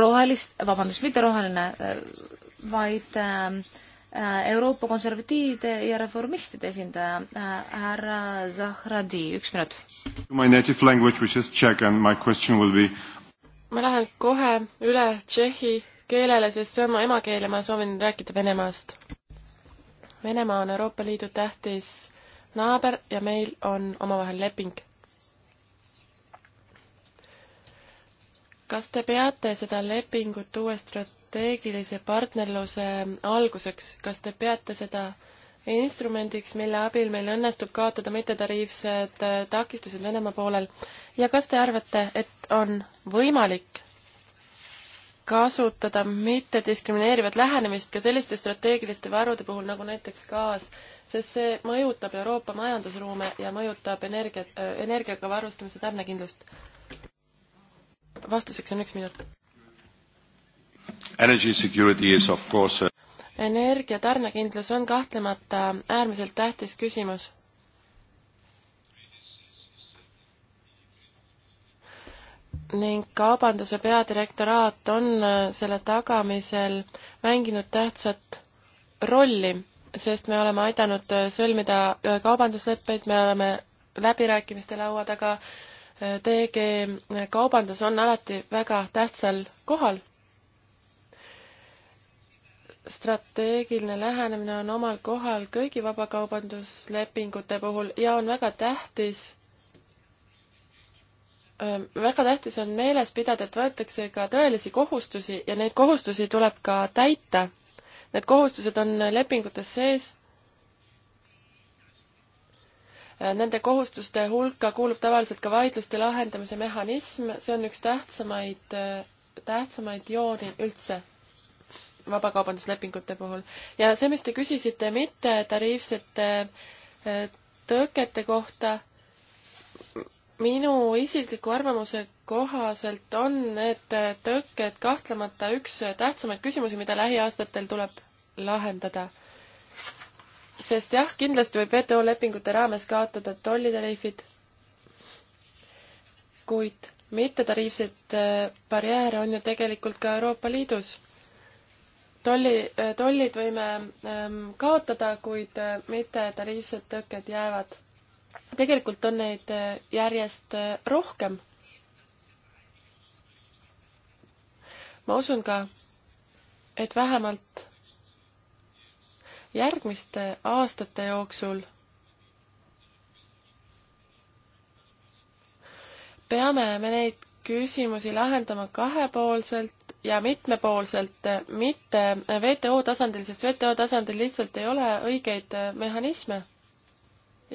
rohelist, vabandust, mitte roheline, vaid Euroopa konservatiivide ja reformistide esindaja härra Zahradi, üks minut. My native language, which is Czech and my question will be ma lähen kohe üle tšehhi keelele, sest see on mu emakeel ja ma soovin rääkida Venemaast. Venemaa on Euroopa Liidu tähtis naaber ja meil on omavahel leping. kas te peate seda lepingut uue strateegilise partnerluse alguseks, kas te peate seda instrumendiks, mille abil meil õnnestub kaotada mittetariifsed äh, takistused Venemaa poolel. ja kas te arvate, et on võimalik kasutada mittediskrimineerivat lähenemist ka selliste strateegiliste varude puhul nagu näiteks gaas, sest see mõjutab Euroopa majandusruume ja mõjutab energiat, äh, energiaga varustamise tarnekindlust? vastuseks on üks minut. Energy security is of course energia tarnekindlus on kahtlemata äärmiselt tähtis küsimus. ning Kaubanduse peadirektoraat on äh, selle tagamisel mänginud tähtsat rolli, sest me oleme aidanud äh, sõlmida äh, kaubandusleppeid, me oleme läbirääkimiste laua taga, DG Kaubandus on alati väga tähtsal kohal strateegiline lähenemine on omal kohal kõigi vabakaubanduslepingute puhul ja on väga tähtis väga tähtis on meeles pidada, et võetakse ka tõelisi kohustusi ja neid kohustusi tuleb ka täita. Need kohustused on lepingutes sees. Nende kohustuste hulka kuulub tavaliselt ka vaidluste lahendamise mehhanism, see on üks tähtsamaid, tähtsamaid jooni üldse vabakaubanduslepingute puhul. ja see, mis te küsisite mittetariifsete äh, tõkete kohta, minu isikliku arvamuse kohaselt on need äh, tõkked kahtlemata üks äh, tähtsamaid küsimusi, mida lähiaastatel tuleb lahendada. sest jah, kindlasti võib WTO lepingute raames kaotada tollitariifid, kuid mittetariifseid barjääre on ju tegelikult ka Euroopa Liidus tolli, tollid võime ähm, kaotada, kuid äh, mitte tariifsed tõkked jäävad. tegelikult on neid äh, järjest äh, rohkem. ma usun ka, et vähemalt järgmiste aastate jooksul peame me neid küsimusi lahendama kahepoolselt ja mitmepoolselt, mitte WTO tasandil, sest WTO tasandil lihtsalt ei ole õigeid äh, mehhanisme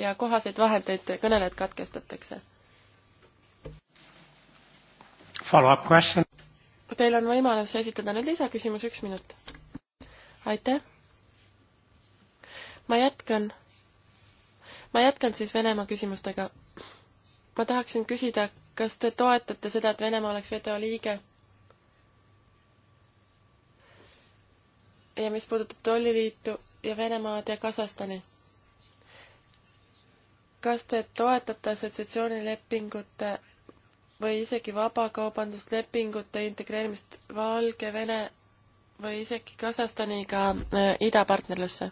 ja kohaseid vahendeid, kõneled katkestatakse. Teil on võimalus esitada nüüd lisaküsimus, üks minut. aitäh. ma jätkan, ma jätkan siis Venemaa küsimustega. ma tahaksin küsida, kas te toetate seda, et Venemaa oleks WTO liige? ja mis puudutab tolliliitu ja Venemaad ja Kasahstani. kas te toetate assotsiatsioonilepingute või isegi vabakaubanduslepingute integreerimist Valgevene või isegi Kasahstaniga äh, idapartnerlusse?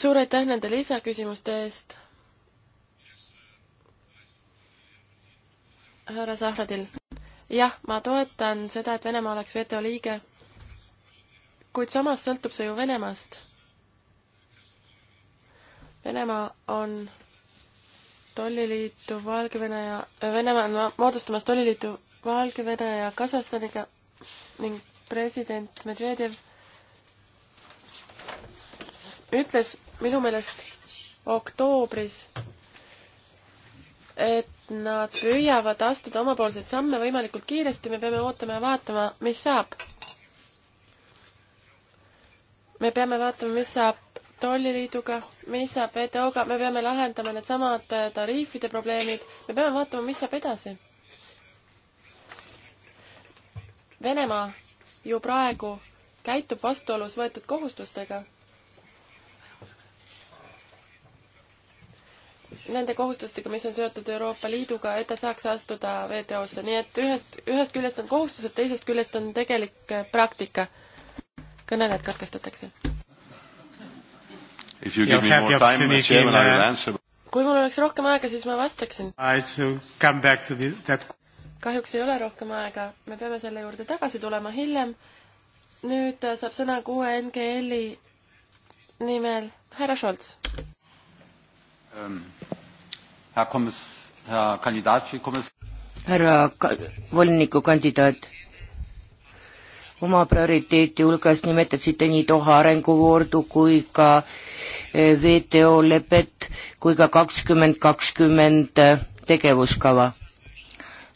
suur aitäh nende lisaküsimuste eest. härra Zahradil jah, ma toetan seda, et Venemaa oleks WTO liige, kuid samas sõltub see ju Venemaast. Venemaa on tolliliitu Valgevene ja, äh, Venemaa on moodustamas tolliliitu Valgevene ja Kasahstaniga ning president Medvedjev ütles minu meelest oktoobris, et nad püüavad astuda omapoolseid samme võimalikult kiiresti, me peame ootama ja vaatama, mis saab. me peame vaatama, mis saab tolliliiduga, mis saab WTO-ga, me peame lahendama needsamad äh, tariifide probleemid, me peame vaatama, mis saab edasi. Venemaa ju praegu käitub vastuolus võetud kohustustega nende kohustustega, mis on seotud Euroopa Liiduga, et ta saaks astuda WTO-sse, nii et ühest, ühest küljest on kohustused, teisest küljest on tegelik äh, praktika. kõnelejad katkestatakse. Uh, kui mul oleks rohkem aega, siis ma vastaksin. kahjuks ei ole rohkem aega, me peame selle juurde tagasi tulema hiljem. nüüd äh, saab sõna kuue NGL-i nimel härra Scholz. Um, Herr, Kommiss, Herr Kandidat für Kommissar. härra ka-, volinikukandidaat, oma prioriteeti hulgas nimetasite nii Doha arenguvoordu kui ka eh, WTO lepet kui ka kakskümmend kakskümmend eh, tegevuskava.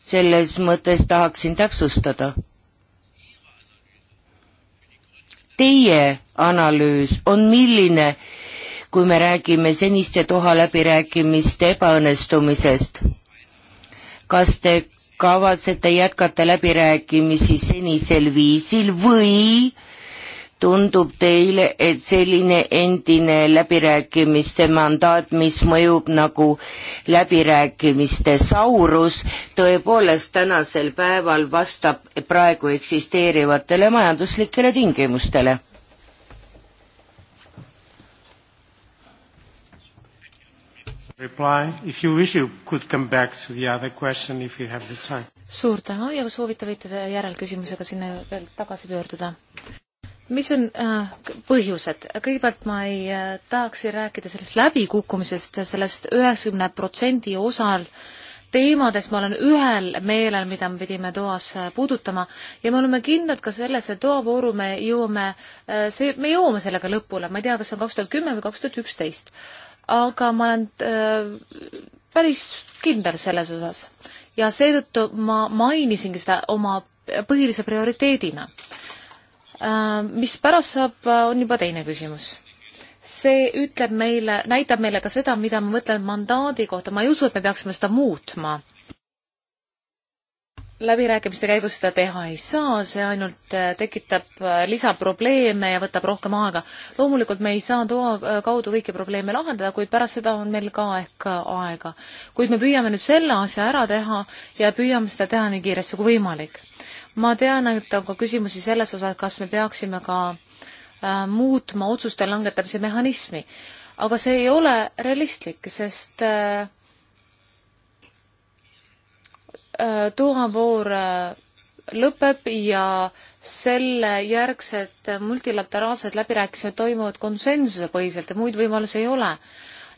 selles mõttes tahaksin täpsustada. Teie analüüs on milline kui me räägime seniste Doha läbirääkimiste ebaõnnestumisest, kas te kavatsete jätkata läbirääkimisi senisel viisil või tundub teile, et selline endine läbirääkimiste mandaat, mis mõjub nagu läbirääkimiste saurus, tõepoolest tänasel päeval vastab praegu eksisteerivatele majanduslikele tingimustele? Reply, if you wish, you could come back to the other question if you have the time. suur tänu ja kui soovite, võite te järelküsimusega sinna veel tagasi pöörduda. mis on äh, põhjused? kõigepealt ma ei äh, tahaks siin rääkida sellest läbikukkumisest, sellest üheksakümne protsendi osal teemades ma olen ühel meelel, mida me pidime toas äh, puudutama ja me oleme kindlad ka selles, et toavooru me jõuame, äh, see, me jõuame sellega lõpule, ma ei tea, kas see on kaks tuhat kümme või kaks tuhat üksteist aga ma olen äh, päris kindel selles osas ja seetõttu ma mainisingi seda oma põhilise prioriteedina äh,. mis pärast saab, äh, on juba teine küsimus see ütleb meile, näitab meile ka seda, mida ma mõtlen mandaadi kohta, ma ei usu, et me peaksime seda muutma läbirääkimiste käigus seda teha ei saa, see ainult äh, tekitab äh, lisaprobleeme ja võtab rohkem aega. loomulikult me ei saa toa äh, kaudu kõiki probleeme lahendada, kuid pärast seda on meil ka ehk aega. kuid me püüame nüüd selle asja ära teha ja püüame seda teha nii kiiresti kui võimalik. ma tean, et on ka küsimusi selles osas, kas me peaksime ka äh, muutma otsuste langetamise mehhanismi, aga see ei ole realistlik, sest äh, Äh, tuumapoor äh, lõpeb ja selle järgsed äh, multilateraalsed läbirääkimised toimuvad konsensuse põhiselt ja muid võimalusi ei ole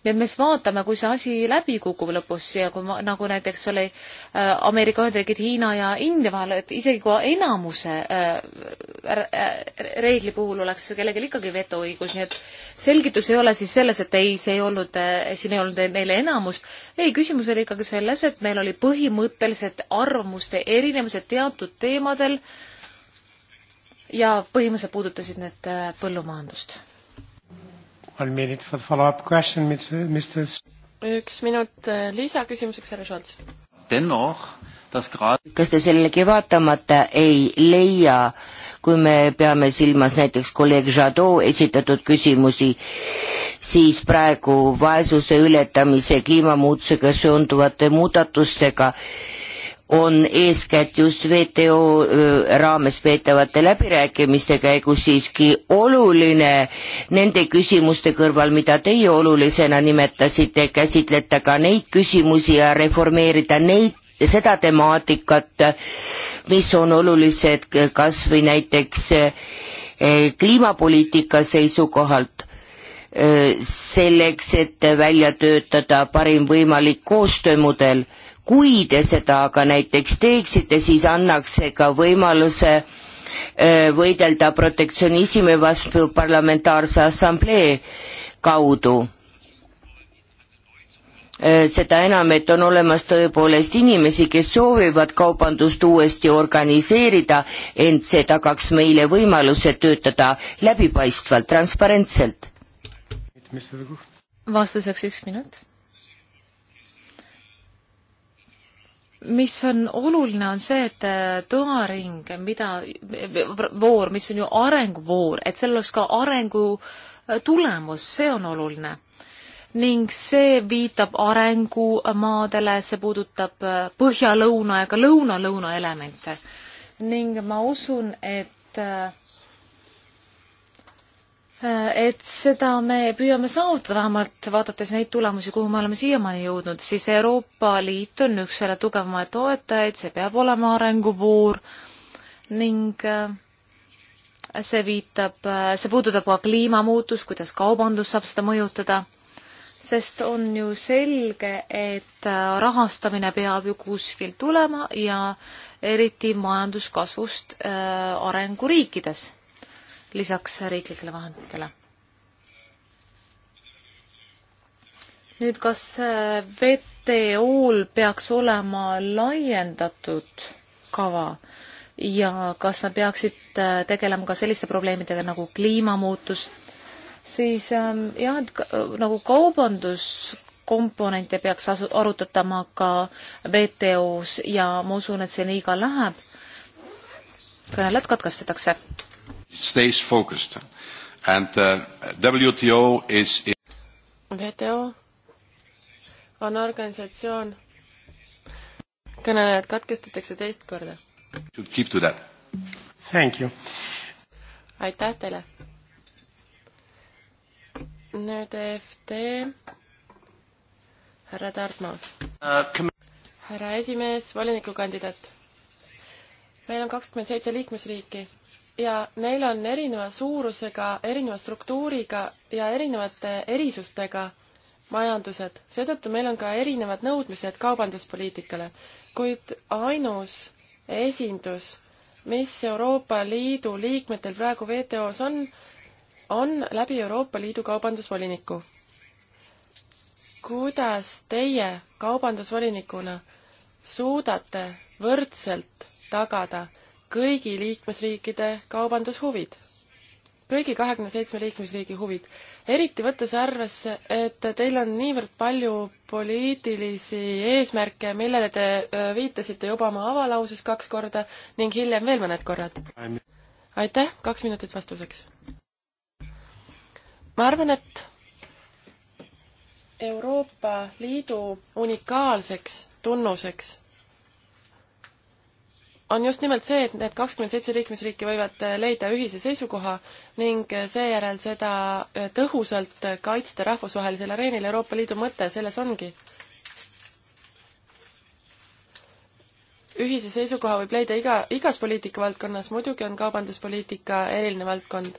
nii et me siis vaatame, kui see asi läbi kukub lõpus ja kui ma, nagu näiteks oli äh, Ameerika Ühendriigid, Hiina ja India vahel, et isegi kui enamuse äh, äh, reegli puhul oleks kellelgi ikkagi vetoõigus, nii et selgitus ei ole siis selles, et ei, see ei olnud äh,, siin ei olnud neile enamust. ei, küsimus oli ikkagi selles, et meil oli põhimõtteliselt arvamuste erinevused teatud teemadel ja põhimõtteliselt puudutasid need äh, põllumajandust One minute for the follow-up question, Mr. üks minut äh, lisaküsimuseks, härra Šolts. Dennoch kas te sellelegi vaatamata ei leia, kui me peame silmas näiteks kolleeg Jadot esitatud küsimusi, siis praegu vaesuse ületamise, kliimamuutusega seonduvate muudatustega äh, on eeskätt just WTO raames peetavate läbirääkimiste käigus siiski oluline nende küsimuste kõrval, mida teie olulisena nimetasite, käsitleta ka neid küsimusi ja reformeerida neid, seda temaatikat, mis on olulised kas või näiteks kliimapoliitika seisukohalt selleks, et välja töötada parim võimalik koostöömudel kui te seda aga näiteks teeksite, siis annaks see ka võimaluse äh, võidelda protektsionismi vastu parlamentaarse assamblee kaudu. Äh, seda enam, et on olemas tõepoolest inimesi, kes soovivad kaubandust uuesti organiseerida, ent see tagaks meile võimaluse töötada läbipaistvalt, transparentselt. vastuseks üks minut mis on oluline, on see, et äh, toaring, mida, voor, mis on ju arenguvoor, et seal oleks ka arengu äh, tulemus, see on oluline. ning see viitab arengumaadele, äh, see puudutab põhja-lõuna ja ka lõuna-lõuna elemente. ning ma usun, et äh, Äh, et seda me püüame saavutada, vähemalt vaadates neid tulemusi, kuhu me oleme siiamaani jõudnud, siis Euroopa Liit on üks selle tugevamaid toetajaid, see peab olema arenguvoor ning äh, see viitab, äh, see puudutab ka kliimamuutust, kuidas kaubandus saab seda mõjutada, sest on ju selge, et rahastamine peab ju kuskilt tulema ja eriti majanduskasvust arenguriikides lisaks riiklikele vahenditele. nüüd, kas VTO-l äh, peaks olema laiendatud kava ja kas nad peaksid äh, tegelema ka selliste probleemidega nagu kliimamuutus, siis ähm, jah, et äh, nagu kaubandus komponente peaks asu-, arutatama ka WTO-s ja ma usun, et see nii ka läheb. kõnelejad katkestatakse stays focused. And uh, WTO is WTO on organisatsioon, kõnelejad katkestatakse teist korda. Should keep to that. Thank you. aitäh teile. nüüd EFT, härra Tartmaas uh,. härra esimees, volinikukandidaat. meil on kakskümmend seitse liikmesriiki ja neil on erineva suurusega, erineva struktuuriga ja erinevate erisustega majandused, seetõttu meil on ka erinevad nõudmised kaubanduspoliitikale. kuid ainus esindus, mis Euroopa Liidu liikmetel praegu WTO-s on, on läbi Euroopa Liidu kaubandusvoliniku. kuidas teie kaubandusvolinikuna suudate võrdselt tagada kõigi liikmesriikide kaubandushuvid, kõigi kahekümne seitsme liikmesriigi huvid. eriti võttes arvesse, et teil on niivõrd palju poliitilisi eesmärke, millele te viitasite juba oma avalauses kaks korda ning hiljem veel mõned korrad. aitäh, kaks minutit vastuseks. ma arvan, et Euroopa Liidu unikaalseks tunnuseks on just nimelt see, et need kakskümmend seitse liikmesriiki võivad äh, leida ühise seisukoha ning äh, seejärel seda äh, tõhusalt kaitsta rahvusvahelisel areenil, Euroopa Liidu mõte selles ongi. ühise seisukoha võib leida iga, igas poliitikavaldkonnas, muidugi on kaubanduspoliitika eriline valdkond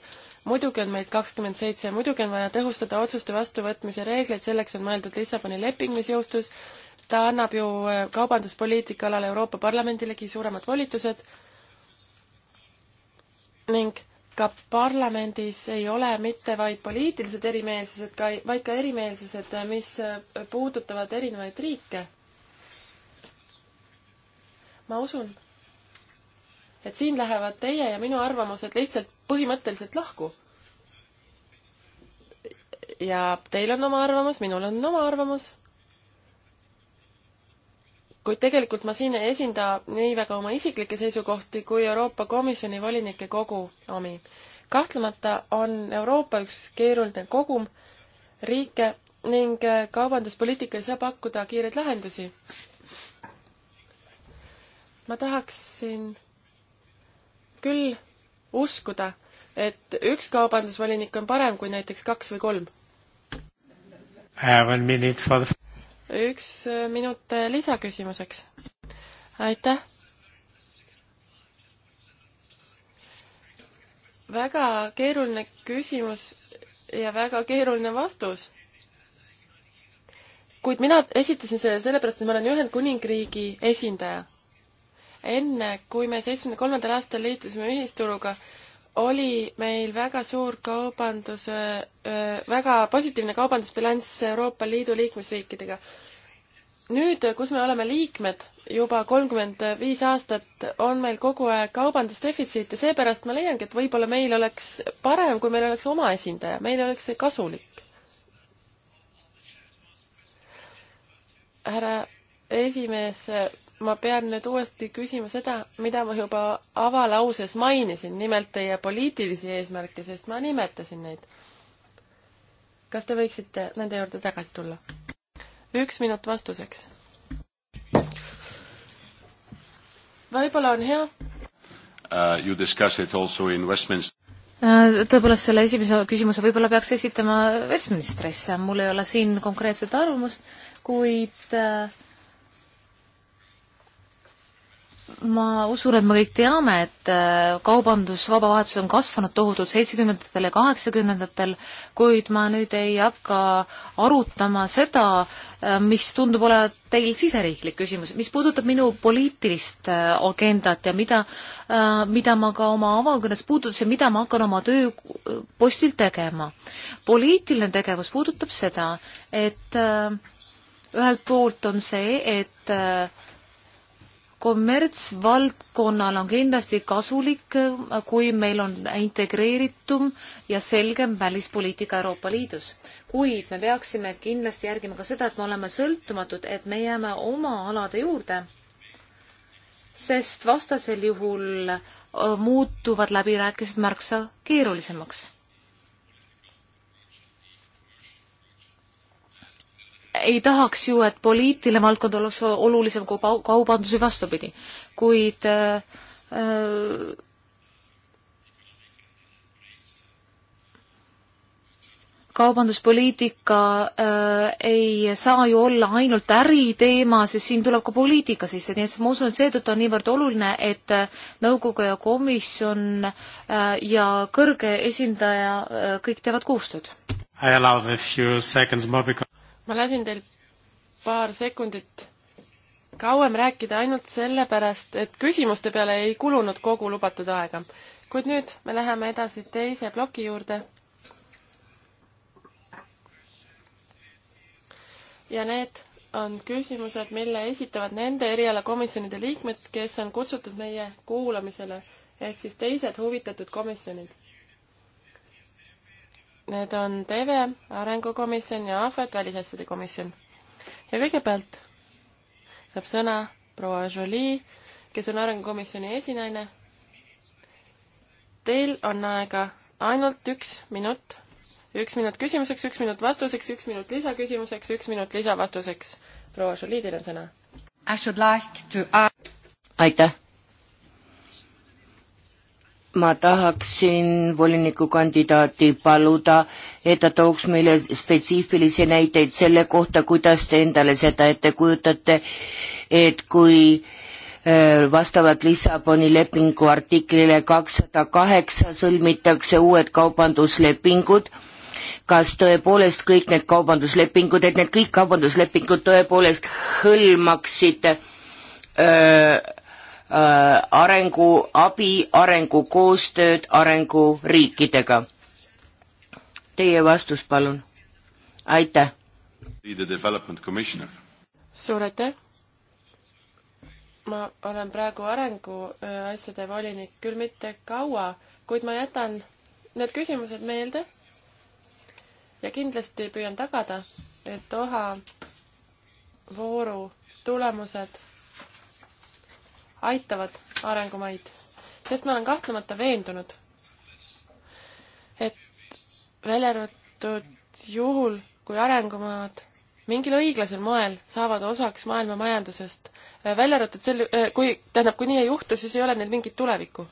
muidugi on meid kakskümmend seitse, muidugi on vaja tõhustada otsuste vastuvõtmise reegleid, selleks on mõeldud Lissaboni leping, mis jõustus ta annab ju äh, kaubanduspoliitika alal Euroopa Parlamendilegi suuremad volitused ning ka parlamendis ei ole mitte vaid poliitilised erimeelsused, vaid ka erimeelsused, mis äh, puudutavad erinevaid riike. ma usun, et siin lähevad teie ja minu arvamused lihtsalt põhimõtteliselt lahku. ja teil on oma arvamus, minul on oma arvamus kuid tegelikult ma siin ei esinda nii väga oma isiklikke seisukohti kui Euroopa Komisjoni volinike kogu omi. kahtlemata on Euroopa üks keeruline kogum riike ning äh, kaubanduspoliitika ei saa pakkuda kiireid lahendusi. ma tahaksin küll uskuda, et üks kaubandusvolinik on parem kui näiteks kaks või kolm. I have a minute for the üks äh, minut äh, lisaküsimuseks. aitäh! väga keeruline küsimus ja väga keeruline vastus. kuid mina esitasin selle sellepärast, et ma olen Ühendkuningriigi esindaja. enne, kui me seitsmekümne kolmandal aastal liitusime ühisturuga, oli meil väga suur kaubanduse, väga positiivne kaubandusbilanss Euroopa Liidu liikmesriikidega. nüüd, kus me oleme liikmed juba kolmkümmend viis aastat, on meil kogu aeg kaubandusdefitsiit ja seepärast ma leiangi, et võib-olla meil oleks parem, kui meil oleks oma esindaja, meil oleks see kasulik. härra esimees, ma pean nüüd uuesti küsima seda, mida ma juba avalauses mainisin, nimelt teie poliitilisi eesmärke, sest ma nimetasin neid. kas te võiksite nende juurde tagasi tulla? üks minut vastuseks. võib-olla on hea uh,. You discuss it also in Westminster uh, tõepoolest, selle esimese küsimuse võib-olla peaks esitama Westminsterisse, mul ei ole siin konkreetset arvamust, kuid äh, ma usun, et me kõik teame, et äh, kaubandus, kaubavahetus on kasvanud tohutult seitsmekümnendatel ja kaheksakümnendatel, kuid ma nüüd ei hakka arutama seda, äh, mis tundub olevat teil siseriiklik küsimus, mis puudutab minu poliitilist äh, agendat ja mida, mida ma ka oma avakõnes puudutasin, mida ma hakkan oma tööpostil tegema. poliitiline tegevus puudutab seda, et ühelt poolt on see, et kommertsvaldkonnal on kindlasti kasulik, äh, kui meil on integreeritum ja selgem välispoliitika Euroopa Liidus. kuid me peaksime kindlasti järgima ka seda, et me oleme sõltumatud, et me jääme oma alade juurde, sest vastasel juhul äh, muutuvad läbirääkimised märksa keerulisemaks ei tahaks ju, et poliitiline valdkond oleks olulisem kui kaubandus või vastupidi, kuid äh, kaubanduspoliitika äh, ei saa ju olla ainult äriteema, sest siin tuleb ka poliitika sisse, nii et ma usun, et seetõttu on niivõrd oluline, et nõukogu ja komisjon äh, ja kõrge esindaja äh, kõik teevad koostööd. I allow a few seconds more because ma lasin teil paar sekundit kauem rääkida ainult sellepärast, et küsimuste peale ei kulunud kogu lubatud aega. kuid nüüd me läheme edasi teise ploki juurde. ja need on küsimused, mille esitavad nende erialakomisjonide liikmed, kes on kutsutud meie kuulamisele, ehk siis teised huvitatud komisjonid Need on TV, Arengukomisjon ja Ahvet, Välisasjade komisjon. ja kõigepealt saab sõna proua Jolie, kes on Arengukomisjoni esinaine. Teil on aega ainult üks minut, üks minut küsimuseks, üks minut vastuseks, üks minut lisaküsimuseks, üks minut lisavastuseks. proua Jolie, teil on sõna. Like to... aitäh ma tahaksin volinikukandidaati paluda, et ta tooks meile spetsiifilisi näiteid selle kohta, kuidas te endale seda ette kujutate, et kui äh, vastavalt Lissaboni lepingu artiklile kakssada kaheksa sõlmitakse uued kaubanduslepingud, kas tõepoolest kõik need kaubanduslepingud, et need kõik kaubanduslepingud tõepoolest hõlmaksid öö, äh, Äh, arenguabi, arengukoostööd arenguriikidega? Teie vastus, palun. aitäh. suur aitäh. ma olen praegu arenguasjade äh, volinik, küll mitte kaua, kuid ma jätan need küsimused meelde ja kindlasti püüan tagada, et Doha vooru tulemused aitavad arengumaid, sest ma olen kahtlemata veendunud, et välja arvatud juhul, kui arengumaad mingil õiglasel moel saavad osaks maailma majandusest, äh, välja arvatud sel-, äh, kui, tähendab, kui nii ei juhtu, siis ei ole neil mingit tulevikku.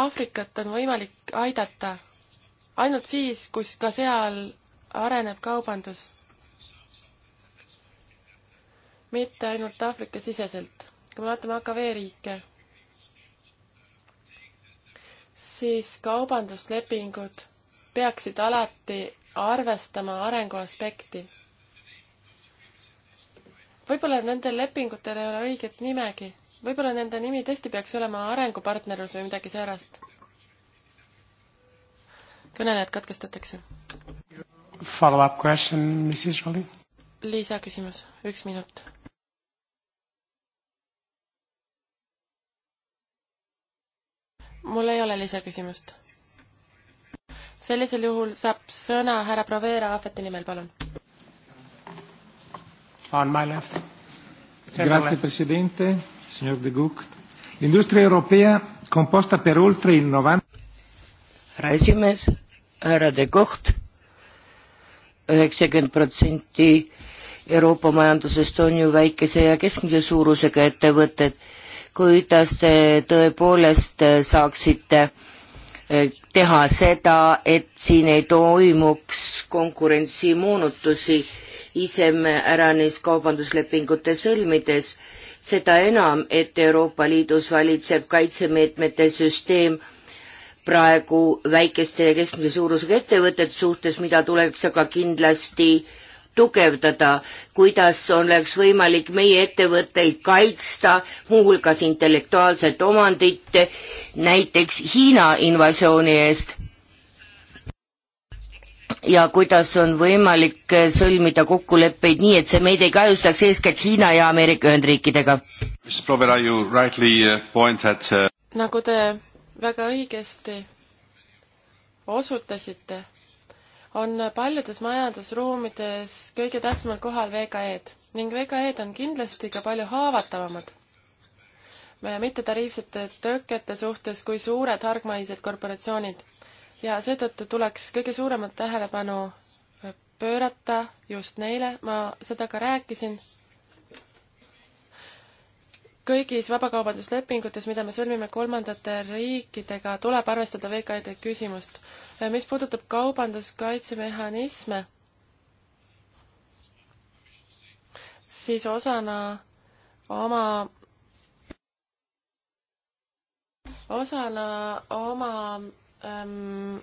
Aafrikat on võimalik aidata ainult siis, kus ka seal areneb kaubandus mitte ainult Aafrika siseselt. kui me vaatame AKV riike, siis kaubanduslepingud peaksid alati arvestama arengu aspekti. võib-olla nendel lepingutel ei ole õiget nimegi, võib-olla nende nimi tõesti peaks olema arengupartnerlus või midagi säärast. kõnelejad katkestatakse. Follow-up question, Mrs Jolie? lisaküsimus, üks minut mul ei ole lisaküsimust. sellisel juhul saab sõna härra Provera Ahveti nimel, palun. On my left. Grazie Presidente, signor De Gucht. L'industria europea composta per oltre il 90... Härra esimees, härra De Gucht, üheksakümmend protsenti Euroopa majandusest on ju väikese ja keskmise suurusega ettevõtted et kuidas te tõepoolest saaksite eh, teha seda, et siin ei toimuks konkurentsimoonutusi iseäranis kaubanduslepingute sõlmides, seda enam, et Euroopa Liidus valitseb kaitsemeetmete süsteem praegu väikeste ja keskmise suurusega ettevõtete suhtes, mida tuleks aga kindlasti äh, tugevdada, kuidas oleks võimalik meie ettevõtteid kaitsta, muuhulgas intellektuaalset omandit, näiteks Hiina invasiooni eest. ja kuidas on võimalik sõlmida kokkuleppeid nii, et see meid ei kahjustaks eeskätt Hiina ja Ameerika Ühendriikidega. Uh, uh, nagu te väga õigesti osutasite on paljudes majandusruumides kõige tähtsamal kohal VKE-d ning VKE-d on kindlasti ka palju haavatavamad mittetariifsete tõkete suhtes kui suured hargmaised korporatsioonid ja seetõttu tuleks kõige suuremat tähelepanu pöörata just neile, ma seda ka rääkisin kõigis vabakaubanduslepingutes, mida me sõlmime kolmandate riikidega, tuleb arvestada VKD küsimust. mis puudutab kaubanduskaitsemehhanisme, siis osana oma, osana oma ähm,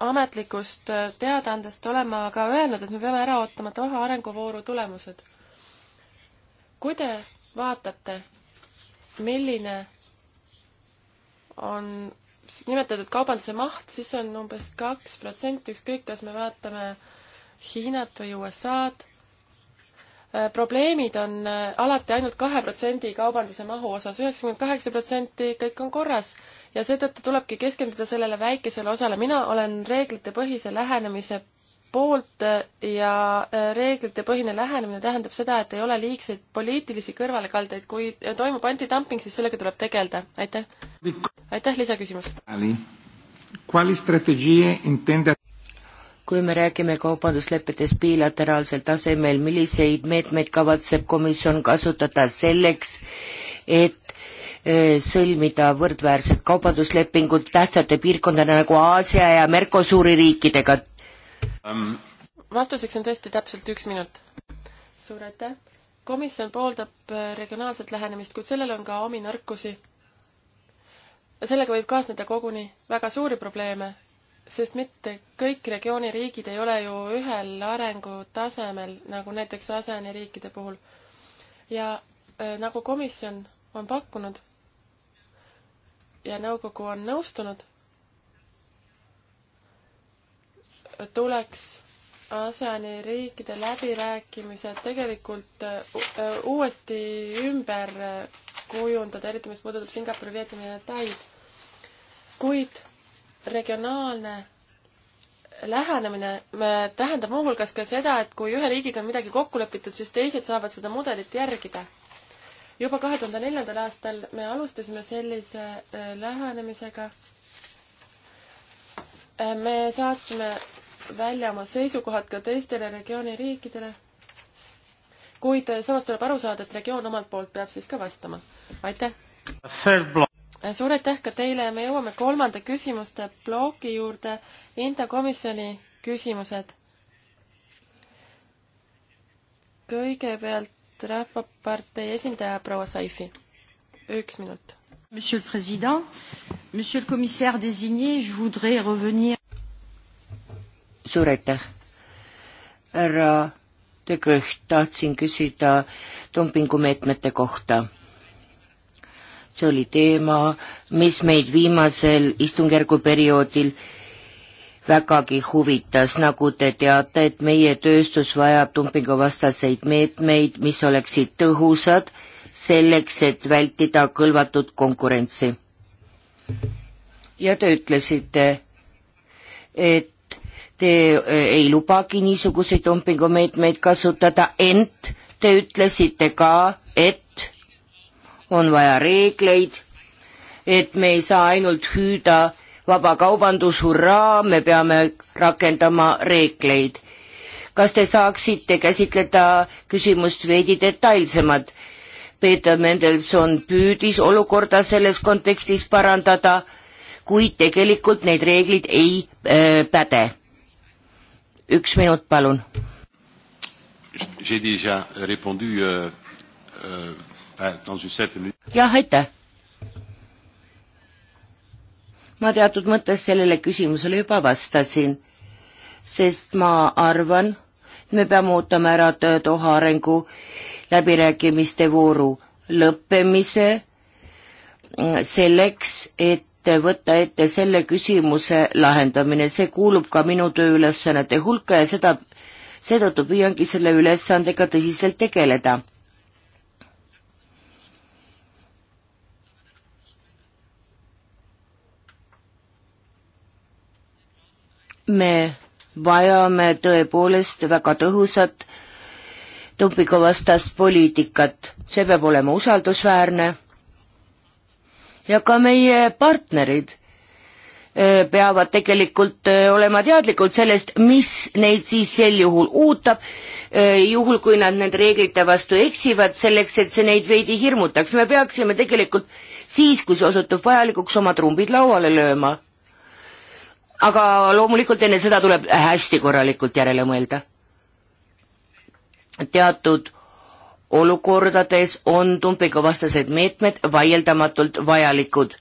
ametlikust teadaandest olen ma ka öelnud, et me peame ära ootama Doha arenguvooru tulemused. kui te vaatate, milline on nimetatud kaubanduse maht, siis on umbes kaks protsenti, ükskõik, kas me vaatame Hiinat või USA-d. Äh, probleemid on äh, alati ainult kahe protsendi kaubanduse mahu osas, üheksakümmend kaheksa protsenti kõik on korras ja seetõttu tulebki keskenduda sellele väikesele osale. mina olen reeglitepõhise lähenemise poolt ja äh, reeglitepõhine lähenemine tähendab seda, et ei ole liigseid poliitilisi kõrvalekaldeid, kui toimub antidumping, siis sellega tuleb tegeleda, aitäh. aitäh, lisaküsimus. kui me räägime kaubanduslepetest bilateraalsel tasemel, milliseid meetmeid kavatseb komisjon kasutada selleks, et äh, sõlmida võrdväärsed kaubanduslepingud tähtsate piirkondadena nagu Aasia ja Mercosuri riikidega um.? vastuseks on tõesti täpselt üks minut. suur aitäh! komisjon pooldab äh, regionaalset lähenemist, kuid sellel on ka omi nõrkusi. sellega võib kaasneda koguni väga suuri probleeme, sest mitte kõik regiooni riigid ei ole ju ühel arengutasemel, nagu näiteks ASEAN-i riikide puhul. ja äh, nagu komisjon on pakkunud ja nõukogu on nõustunud tuleks ASEAN-i riikide läbirääkimised tegelikult äh, äh, uuesti ümber kujundada, eriti mis puudutab Singapuri, Vietnami ja Taid. kuid regionaalne lähenemine tähendab muuhulgas ka seda, et kui ühe riigiga on midagi kokku lepitud, siis teised saavad seda mudelit järgida. juba kahe tuhande neljandal aastal me alustasime sellise äh, lähenemisega me saatsime välja oma seisukohad ka teistele regiooni riikidele, kuid samas tuleb aru saada, et regioon omalt poolt peab siis ka vastama. aitäh! suur aitäh ka teile, me jõuame kolmanda küsimuste ploki juurde, Inta komisjoni küsimused. kõigepealt Rahvapartei esindaja proua Saifi, üks minut Monsieur le Président, Monsieur le Commissaire désigné, je voudrais revenir. suur aitäh, härra De Kõht, tahtsin küsida dumpingumeetmete kohta. see oli teema, mis meid viimasel istungjärgu perioodil vägagi huvitas, nagu te teate, et meie tööstus vajab dumpinguvastaseid meetmeid, mis oleksid tõhusad selleks, et vältida kõlvatud konkurentsi. ja te ütlesite, et te äh, ei lubagi niisuguseid dumpingumeetmeid kasutada, ent te ütlesite ka, et on vaja reegleid, et me ei saa ainult hüüda vabakaubandus, hurraa, me peame rakendama reegleid. kas te saaksite käsitleda küsimust veidi detailsemalt? Peeter Mendelson püüdis olukorda selles kontekstis parandada, kuid tegelikult need reeglid ei äh, päde. üks minut, palun. Euh, euh, jah, aitäh. ma teatud mõttes sellele küsimusele juba vastasin, sest ma arvan, me peame ootama ära Doha arengu äh, läbirääkimiste vooru lõppemise mm, selleks, et võtta ette selle küsimuse lahendamine, see kuulub ka minu tööülesannete hulka ja seda, seetõttu püüangi selle ülesandega tõsiselt tegeleda. me vajame tõepoolest väga tõhusat dopinguvastast poliitikat, see peab olema usaldusväärne ja ka meie partnerid eh, peavad tegelikult eh, olema teadlikud sellest, mis neid siis sel juhul ootab, eh, juhul kui nad nende reeglite vastu eksivad, selleks et see neid veidi hirmutaks. me peaksime tegelikult siis, kui see osutub vajalikuks, oma trumbid lauale lööma. aga loomulikult enne seda tuleb hästi korralikult järele mõelda teatud olukordades on dumpinguvastased meetmed vaieldamatult vajalikud,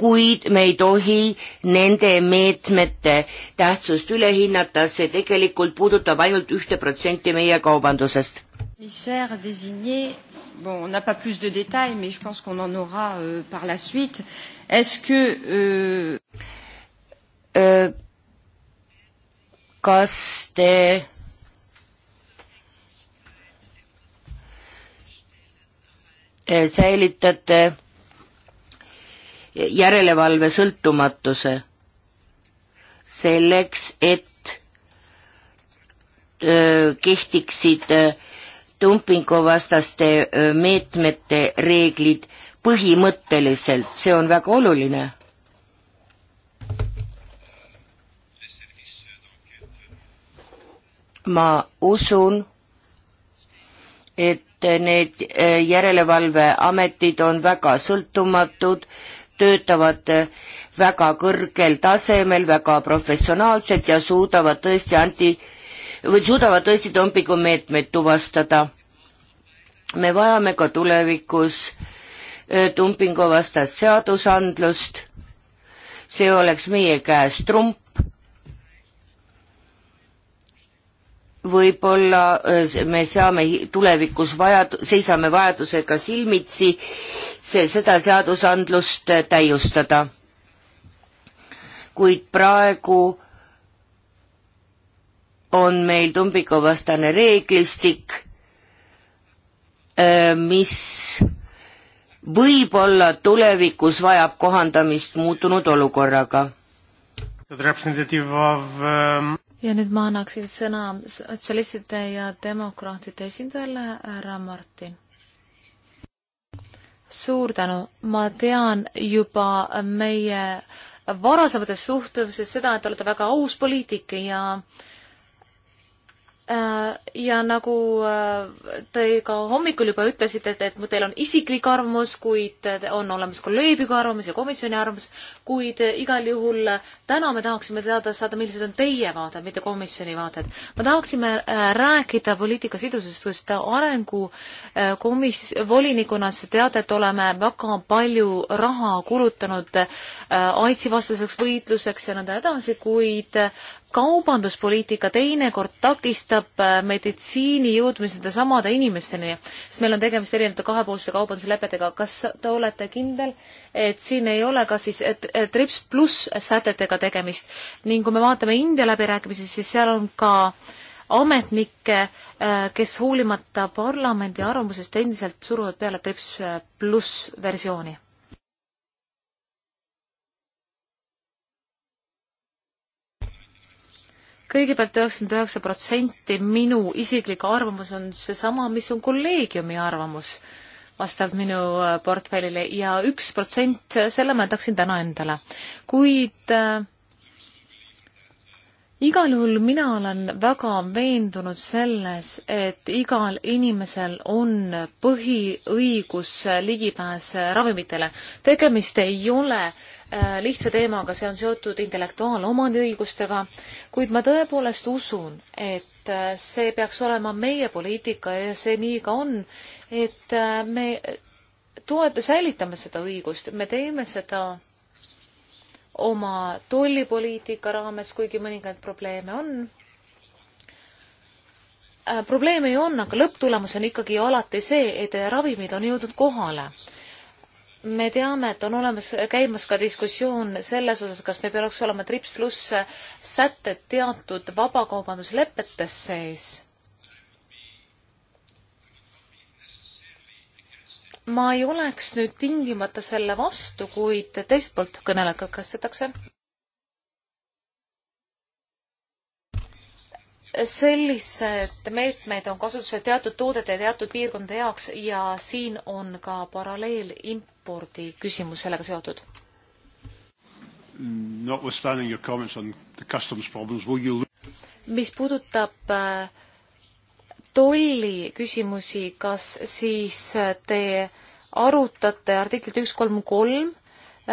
kuid me ei tohi nende meetmete tähtsust üle hinnata, see tegelikult puudutab ainult ühte protsenti meie kaubandusest. Bon, on n'a pas plus de détails, mais je pense qu'on en aura euh, par la suite. Est-ce que... Euh... Euh, kas te Äh, säilitate järelevalve sõltumatuse selleks, et äh, kehtiksid äh, dumpinguvastaste meetmete reeglid põhimõtteliselt, see on väga oluline ma usun, et need eh, järelevalveametid on väga sõltumatud, töötavad eh, väga kõrgel tasemel, väga professionaalselt ja suudavad tõesti anti- või suudavad tõesti dumpingumeetmeid tuvastada. me vajame ka tulevikus eh, dumpinguvastast seadusandlust, see oleks meie käes trump, võib-olla äh, me saame tulevikus vajad-, seisame vajadusega silmitsi see, seda seadusandlust äh, täiustada. kuid praegu on meil tumbikuvastane reeglistik, äh, mis võib-olla tulevikus vajab kohandamist muutunud olukorraga. representative of um ja nüüd ma annaksin sõna sotsialistide ja demokraatide esindajale härra Martin. suur tänu, ma tean juba meie varasematest suhtlusest seda, et te olete väga aus poliitik ja äh, Äh, ja nagu äh, te ka hommikul juba ütlesite, et, et teil on isiklik arvamus, kuid äh, on olemas kolleegiga arvamus ja komisjoni arvamus, kuid igal juhul täna me tahaksime teada saada, millised on teie vaated, mitte komisjoni vaated. me tahaksime rääkida poliitika sidususest, sest arengukomis-, volinikuna te teate, et oleme väga palju raha kulutanud AIDSi vastaseks võitluseks ja nõnda edasi, kuid kaubanduspoliitika teinekord takistab äh, meditsiini jõudmist nende samade inimesteni, sest meil on tegemist erinevate kahepoolsete kaubanduslepetega. kas te olete kindel, et siin ei ole ka siis trips pluss sätetega tegemist ning kui me vaatame India läbirääkimisi, siis seal on ka ametnikke, äh, kes hoolimata parlamendi arvamusest endiselt suruvad peale trips äh, pluss versiooni kõigepealt üheksakümmend üheksa protsenti minu isiklik arvamus on seesama, mis on kolleegiumi arvamus vastavalt minu äh, portfellile ja üks protsent, äh, selle ma jätaksin täna endale. kuid äh, igal juhul mina olen väga veendunud selles, et igal inimesel on põhiõigus ligipääs äh, ravimitele. tegemist ei ole Äh, lihtsa teemaga, see on seotud intellektuaalomandi õigustega, kuid ma tõepoolest usun, et äh, see peaks olema meie poliitika ja see nii ka on, et äh, me toeta-, säilitame seda õigust, me teeme seda oma tollipoliitika raames, kuigi mõningaid probleeme on. probleeme ju on, aga lõpptulemus on ikkagi alati see, et ravimid on jõudnud kohale me teame, et on olemas, käimas ka diskussioon selles osas, kas meil peaks olema trips pluss sätted teatud vabakaubanduslepetes sees. ma ei oleks nüüd tingimata selle vastu, kuid teiselt poolt kõnele katkestatakse. sellised meetmed on kasutusel teatud toodete ja teatud piirkondade jaoks ja siin on ka paralleelimpordi küsimus sellega seotud. Notwithstanding your comments on the customs problems, will you mis puudutab äh, tolli küsimusi, kas siis äh, te arutate artiklit üks kolm kolm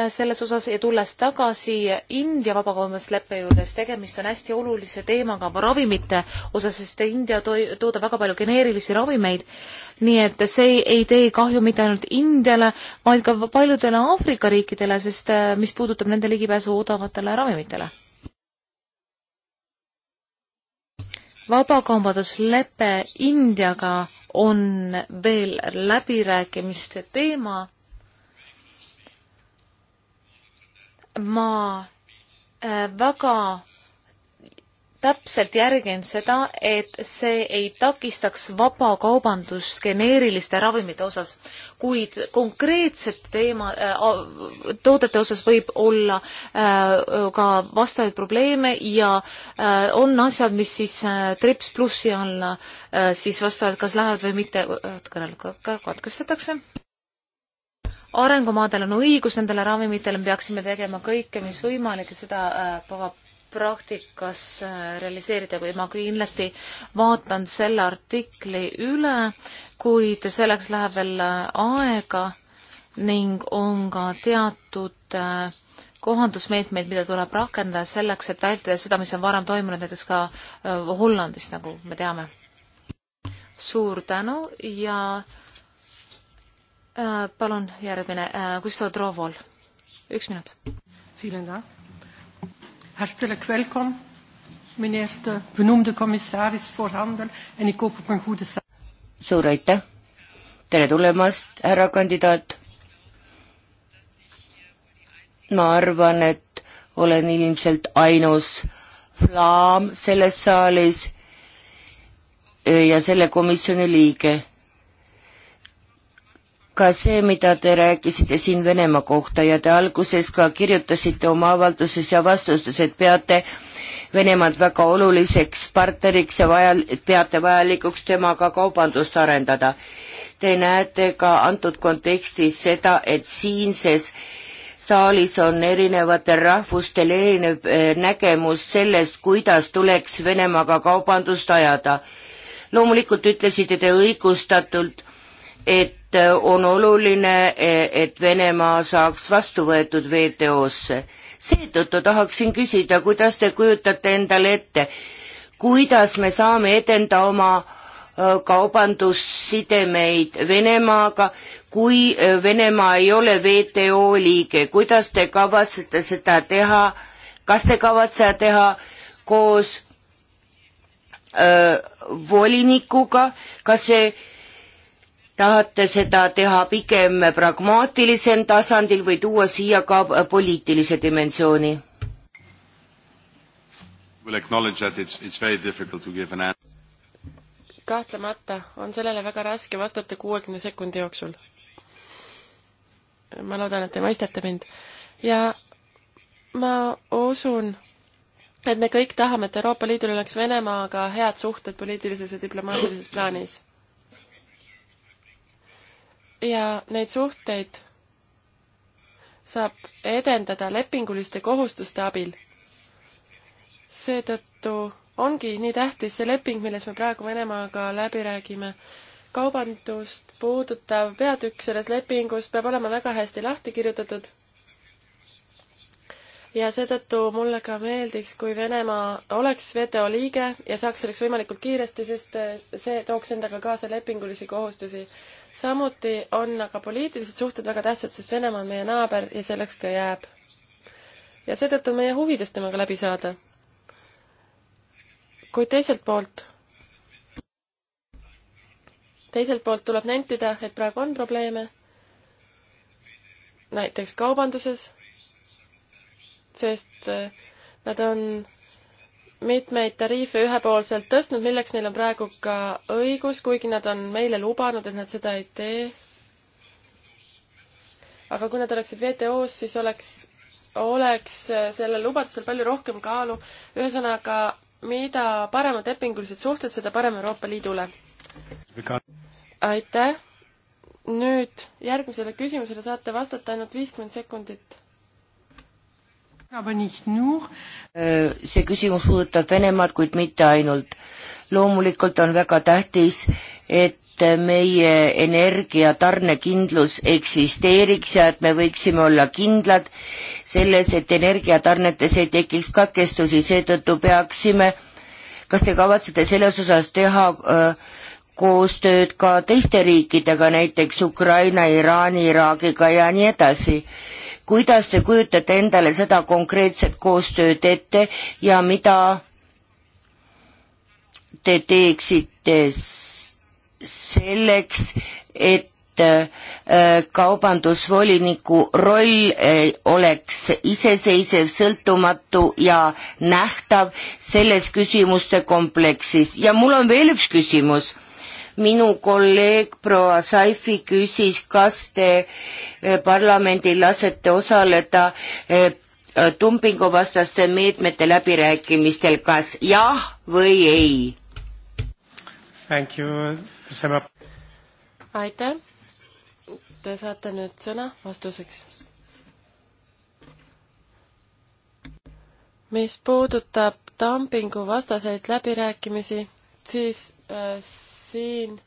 selles osas ja tulles tagasi India vabakaubandusleppe juurde, siis tegemist on hästi olulise teemaga ravimite osas, sest India toi-, toodab väga palju geneerilisi ravimeid, nii et see ei tee kahju mitte ainult Indiale, vaid ka paljudele Aafrika riikidele, sest äh, mis puudutab nende ligipääsu odavatele ravimitele vabakaubanduslepe Indiaga on veel läbirääkimiste teema ma äh, väga täpselt järgin seda, et see ei takistaks vabakaubandust geneeriliste ravimite osas, kuid konkreetsete teema äh,, toodete osas võib olla äh, ka vastavaid probleeme ja äh, on asjad, mis siis äh, trips plussi alla äh, siis vastavalt kas lähevad või mitte, kõnel katkestatakse arengumaadel on õigus nendele ravimitele, me peaksime tegema kõike, mis võimalik, et seda äh, ka praktikas äh, realiseerida, kui ma kindlasti vaatan selle artikli üle, kuid selleks läheb veel äh, aega ning on ka teatud kohandusmeetmeid, mida tuleb rakendada selleks, et vältida seda, mis on varem toimunud näiteks ka Hollandis, nagu me teame. suur tänu ja Äh, palun järgmine, äh, Gustav Trovol, üks minut. Hartelijk welkom, meneer de benoemde commissaris voor handel en ik hoop op een goede suur aitäh, tere tulemast, härra kandidaat. ma arvan, et olen ilmselt ainus flaam selles saalis ja selle komisjoni liige ka see, mida te rääkisite siin Venemaa kohta ja te alguses ka kirjutasite oma avalduses ja vastustes, et peate Venemaad väga oluliseks partneriks ja vajal, peate vajalikuks temaga kaubandust arendada. Te näete ka antud kontekstis seda, et siinses saalis on erinevatel rahvustel erinev eh, nägemus sellest, kuidas tuleks Venemaaga kaubandust ajada. loomulikult ütlesite te õigustatult, et et äh, on oluline, e, et Venemaa saaks vastu võetud WTO-sse. seetõttu tahaksin küsida, kuidas te kujutate endale ette, kuidas me saame edenda oma äh, kaubandussidemeid Venemaaga, kui äh, Venemaa ei ole WTO liige, kuidas te kavatsete seda teha, kas te kavatsete teha koos öö, volinikuga, kas see tahate seda teha pigem pragmaatilisel tasandil või tuua siia ka äh, poliitilise dimensiooni? kahtlemata on sellele väga raske vastata kuuekümne sekundi jooksul. ma loodan, et te mõistate mind. ja ma usun, et me kõik tahame, et Euroopa Liidul oleks Venemaaga head suhted poliitilises ja diplomaatilises plaanis ja neid suhteid saab edendada lepinguliste kohustuste abil. seetõttu ongi nii tähtis see leping, milles me praegu Venemaaga läbi räägime. kaubandust puudutav peatükk selles lepingus peab olema väga hästi lahti kirjutatud ja seetõttu mulle ka meeldiks, kui Venemaa oleks WTO liige ja saaks selleks võimalikult kiiresti, sest äh, see tooks endaga kaasa lepingulisi kohustusi. samuti on aga poliitilised suhted väga tähtsad, sest Venemaa on meie naaber ja selleks ka jääb. ja seetõttu on meie huvides temaga läbi saada. kuid teiselt poolt, teiselt poolt tuleb nentida, et praegu on probleeme, näiteks kaubanduses sest äh, nad on mitmeid tariife ühepoolselt tõstnud, milleks neil on praegu ka õigus, kuigi nad on meile lubanud, et nad seda ei tee. aga kui nad oleksid WTO-s, siis oleks, oleks äh, sellel lubadusel palju rohkem kaalu. ühesõnaga, mida paremad lepingulised suhted, seda parem Euroopa Liidule. aitäh! nüüd järgmisele küsimusele saate vastata ainult viiskümmend sekundit Äh, see küsimus puudutab Venemaad, kuid mitte ainult. loomulikult on väga tähtis, et meie energiatarnekindlus eksisteeriks ja et me võiksime olla kindlad selles, et energiatarnetes ei tekiks katkestusi, seetõttu peaksime, kas te kavatsete selles osas teha öö, äh, koostööd ka teiste riikidega, näiteks Ukraina, Iraani, Iraagiga ja nii edasi. kuidas te kujutate endale seda konkreetset koostööd ette ja mida te teeksite selleks, et äh, kaubandusvoliniku roll äh, oleks iseseisev, sõltumatu ja nähtav selles küsimuste kompleksis ja mul on veel üks küsimus minu kolleeg proua Saifi küsis, kas te eh, parlamendil lasete osaleda eh, dumpinguvastaste meetmete läbirääkimistel, kas jah või ei? aitäh. Te saate nüüd sõna vastuseks. mis puudutab dumpinguvastaseid läbirääkimisi, siis äh, siin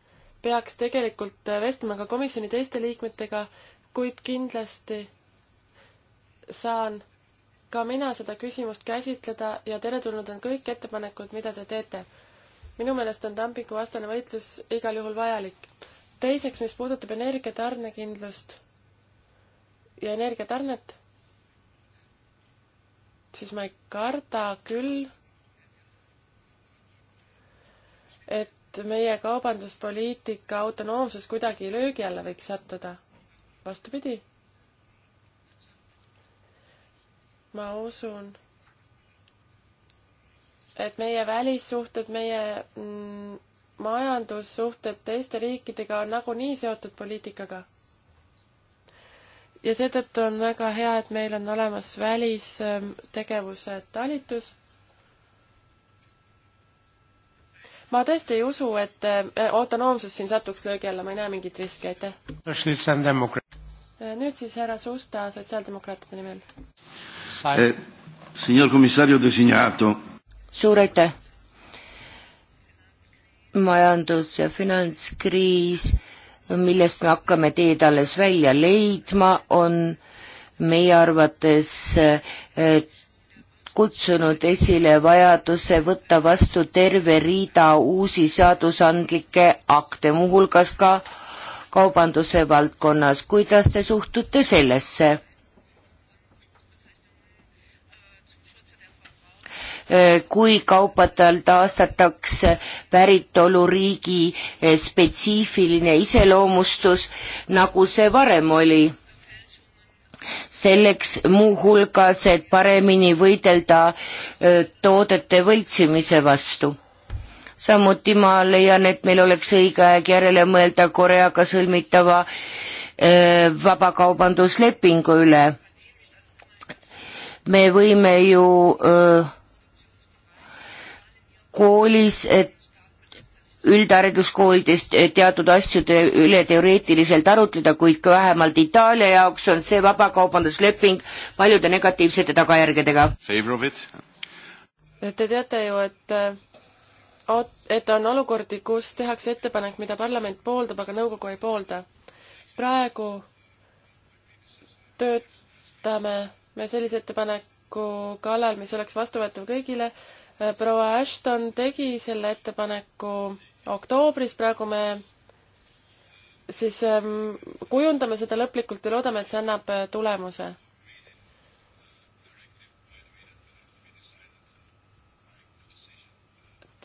peaks tegelikult vestlema ka komisjoni teiste liikmetega, kuid kindlasti saan ka mina seda küsimust käsitleda ja teretulnud on kõik ettepanekud, mida te teete. minu meelest on dumpinguvastane võitlus igal juhul vajalik. teiseks, mis puudutab energiatarnekindlust ja energiatarnet, siis ma ei karda küll, et et meie kaubanduspoliitika autonoomsus kuidagi löögi alla võiks sattuda. vastupidi. ma usun, et meie välissuhted, meie mm, majandussuhted teiste riikidega on nagunii seotud poliitikaga. ja seetõttu on väga hea, et meil on olemas välistegevuse talitus ma tõesti ei usu, et äh, autonoomsus siin satuks löögi alla, ma ei näe mingit riski, aitäh. nüüd siis härra Susta sotsiaaldemokraatide nimel. Eh, suur aitäh. majandus- ja finantskriis, millest me hakkame teed alles välja leidma, on meie arvates äh, kutsunud esile vajaduse võtta vastu terve riida uusi seadusandlikke akte, muuhulgas ka kaubanduse valdkonnas. kuidas te suhtute sellesse? kui kaupadel taastatakse päritoluriigi spetsiifiline iseloomustus, nagu see varem oli selleks muuhulgas, et paremini võidelda toodete võltsimise vastu. samuti ma leian, et meil oleks õige aeg järele mõelda Koreaga sõlmitava vabakaubanduslepingu üle. me võime ju öö, koolis üldhariduskoolidest eh, teatud asjude üle teoreetiliselt arutleda, kuid ka vähemalt Itaalia jaoks on see vabakaubandusleping paljude negatiivsete tagajärgedega. Te teate ju, et, eh, et on olukordi, kus tehakse ettepanek, mida parlament pooldab, aga nõukogu ei poolda. praegu töötame me sellise ettepaneku kallal, mis oleks vastuvõetav kõigile. Eh, proua Ashton tegi selle ettepaneku oktoobris, praegu me siis ähm, kujundame seda lõplikult ja loodame, et see annab äh, tulemuse.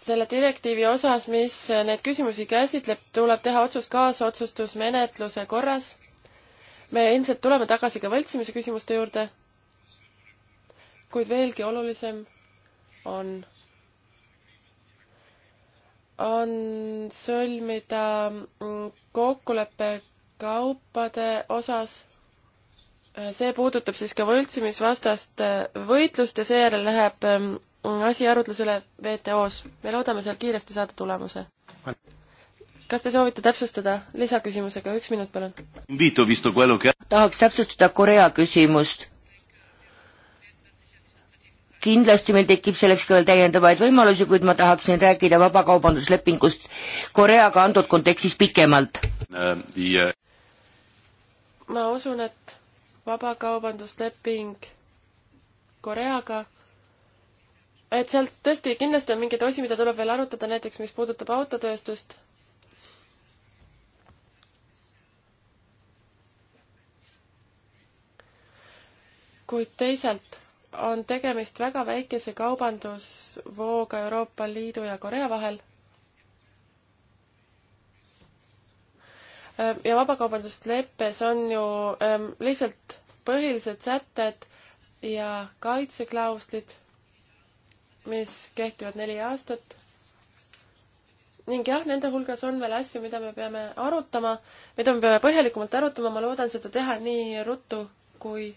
selle direktiivi osas, mis äh, neid küsimusi käsitleb, tuleb teha otsus kaasotsustusmenetluse korras. me ilmselt tuleme tagasi ka võltsimise küsimuste juurde. kuid veelgi olulisem on on sõlmida mm, kokkulepe kaupade osas. see puudutab siis ka võltsimisvastast äh, võitlust ja seejärel läheb mm, asi arutlusele WTO-s. me loodame seal kiiresti saada tulemuse. kas te soovite täpsustada lisaküsimusega, üks minut palun? tahaks täpsustada Korea küsimust kindlasti meil tekib selleks ka veel täiendavaid võimalusi, kuid ma tahaksin rääkida vabakaubanduslepingust Koreaga antud kontekstis pikemalt. ma usun, et vabakaubandusleping Koreaga, et sealt tõesti kindlasti on mingeid osi, mida tuleb veel arutada, näiteks mis puudutab autotööstust. kuid teisalt on tegemist väga väikese kaubandusvooga Euroopa Liidu ja Korea vahel. Ehm, ja vabakaubandusleppes on ju ähm, lihtsalt põhilised sätted ja kaitseklauslid, mis kehtivad neli aastat. ning jah, nende hulgas on veel asju, mida me peame arutama, mida me peame põhjalikumalt arutama, ma loodan seda teha nii ruttu kui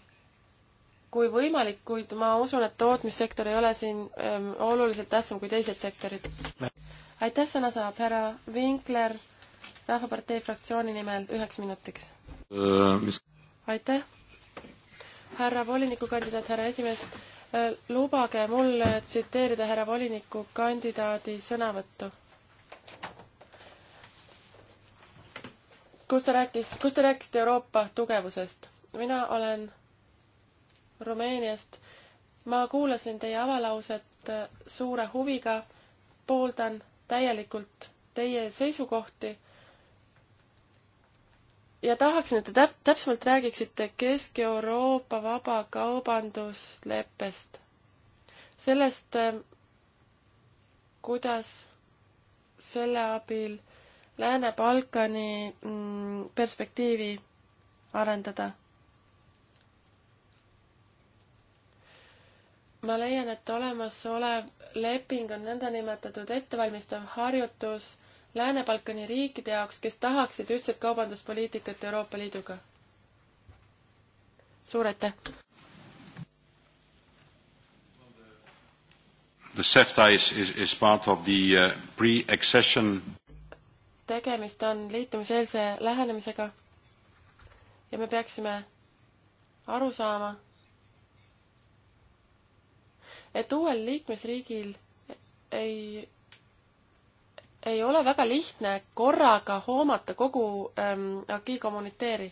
kui võimalik, kuid ma usun, et tootmissektor ei ole siin ähm, oluliselt tähtsam kui teised sektorid. aitäh, sõna saab härra Vinkler Rahvapartei fraktsiooni nimel üheks minutiks äh,. Mis... aitäh, härra volinikukandidaat, härra esimees äh,. lubage mul tsiteerida härra volinikukandidaadi sõnavõttu, kus ta rääkis, kus te rääkisite Euroopa tugevusest. mina olen Rumeeniast. ma kuulasin teie avalauset äh, suure huviga, pooldan täielikult teie seisukohti ja tahaksin, et te täp-, täpsemalt räägiksite Kesk-Euroopa vabakaubandusleppest. sellest, äh, kuidas selle abil Lääne-Balkani mm, perspektiivi arendada. ma leian, et olemasolev leping on nõndanimetatud ettevalmistav harjutus Lääne-Balkani riikide jaoks, kes tahaksid ühtset kaubanduspoliitikat Euroopa Liiduga. suur aitäh! The CEFTA is, is, is part of the uh, pre-accession tegemist on liitumiseelse lähenemisega ja me peaksime aru saama et uuel liikmesriigil ei, ei ole väga lihtne korraga hoomata kogu ähm, agi kommuniteeri,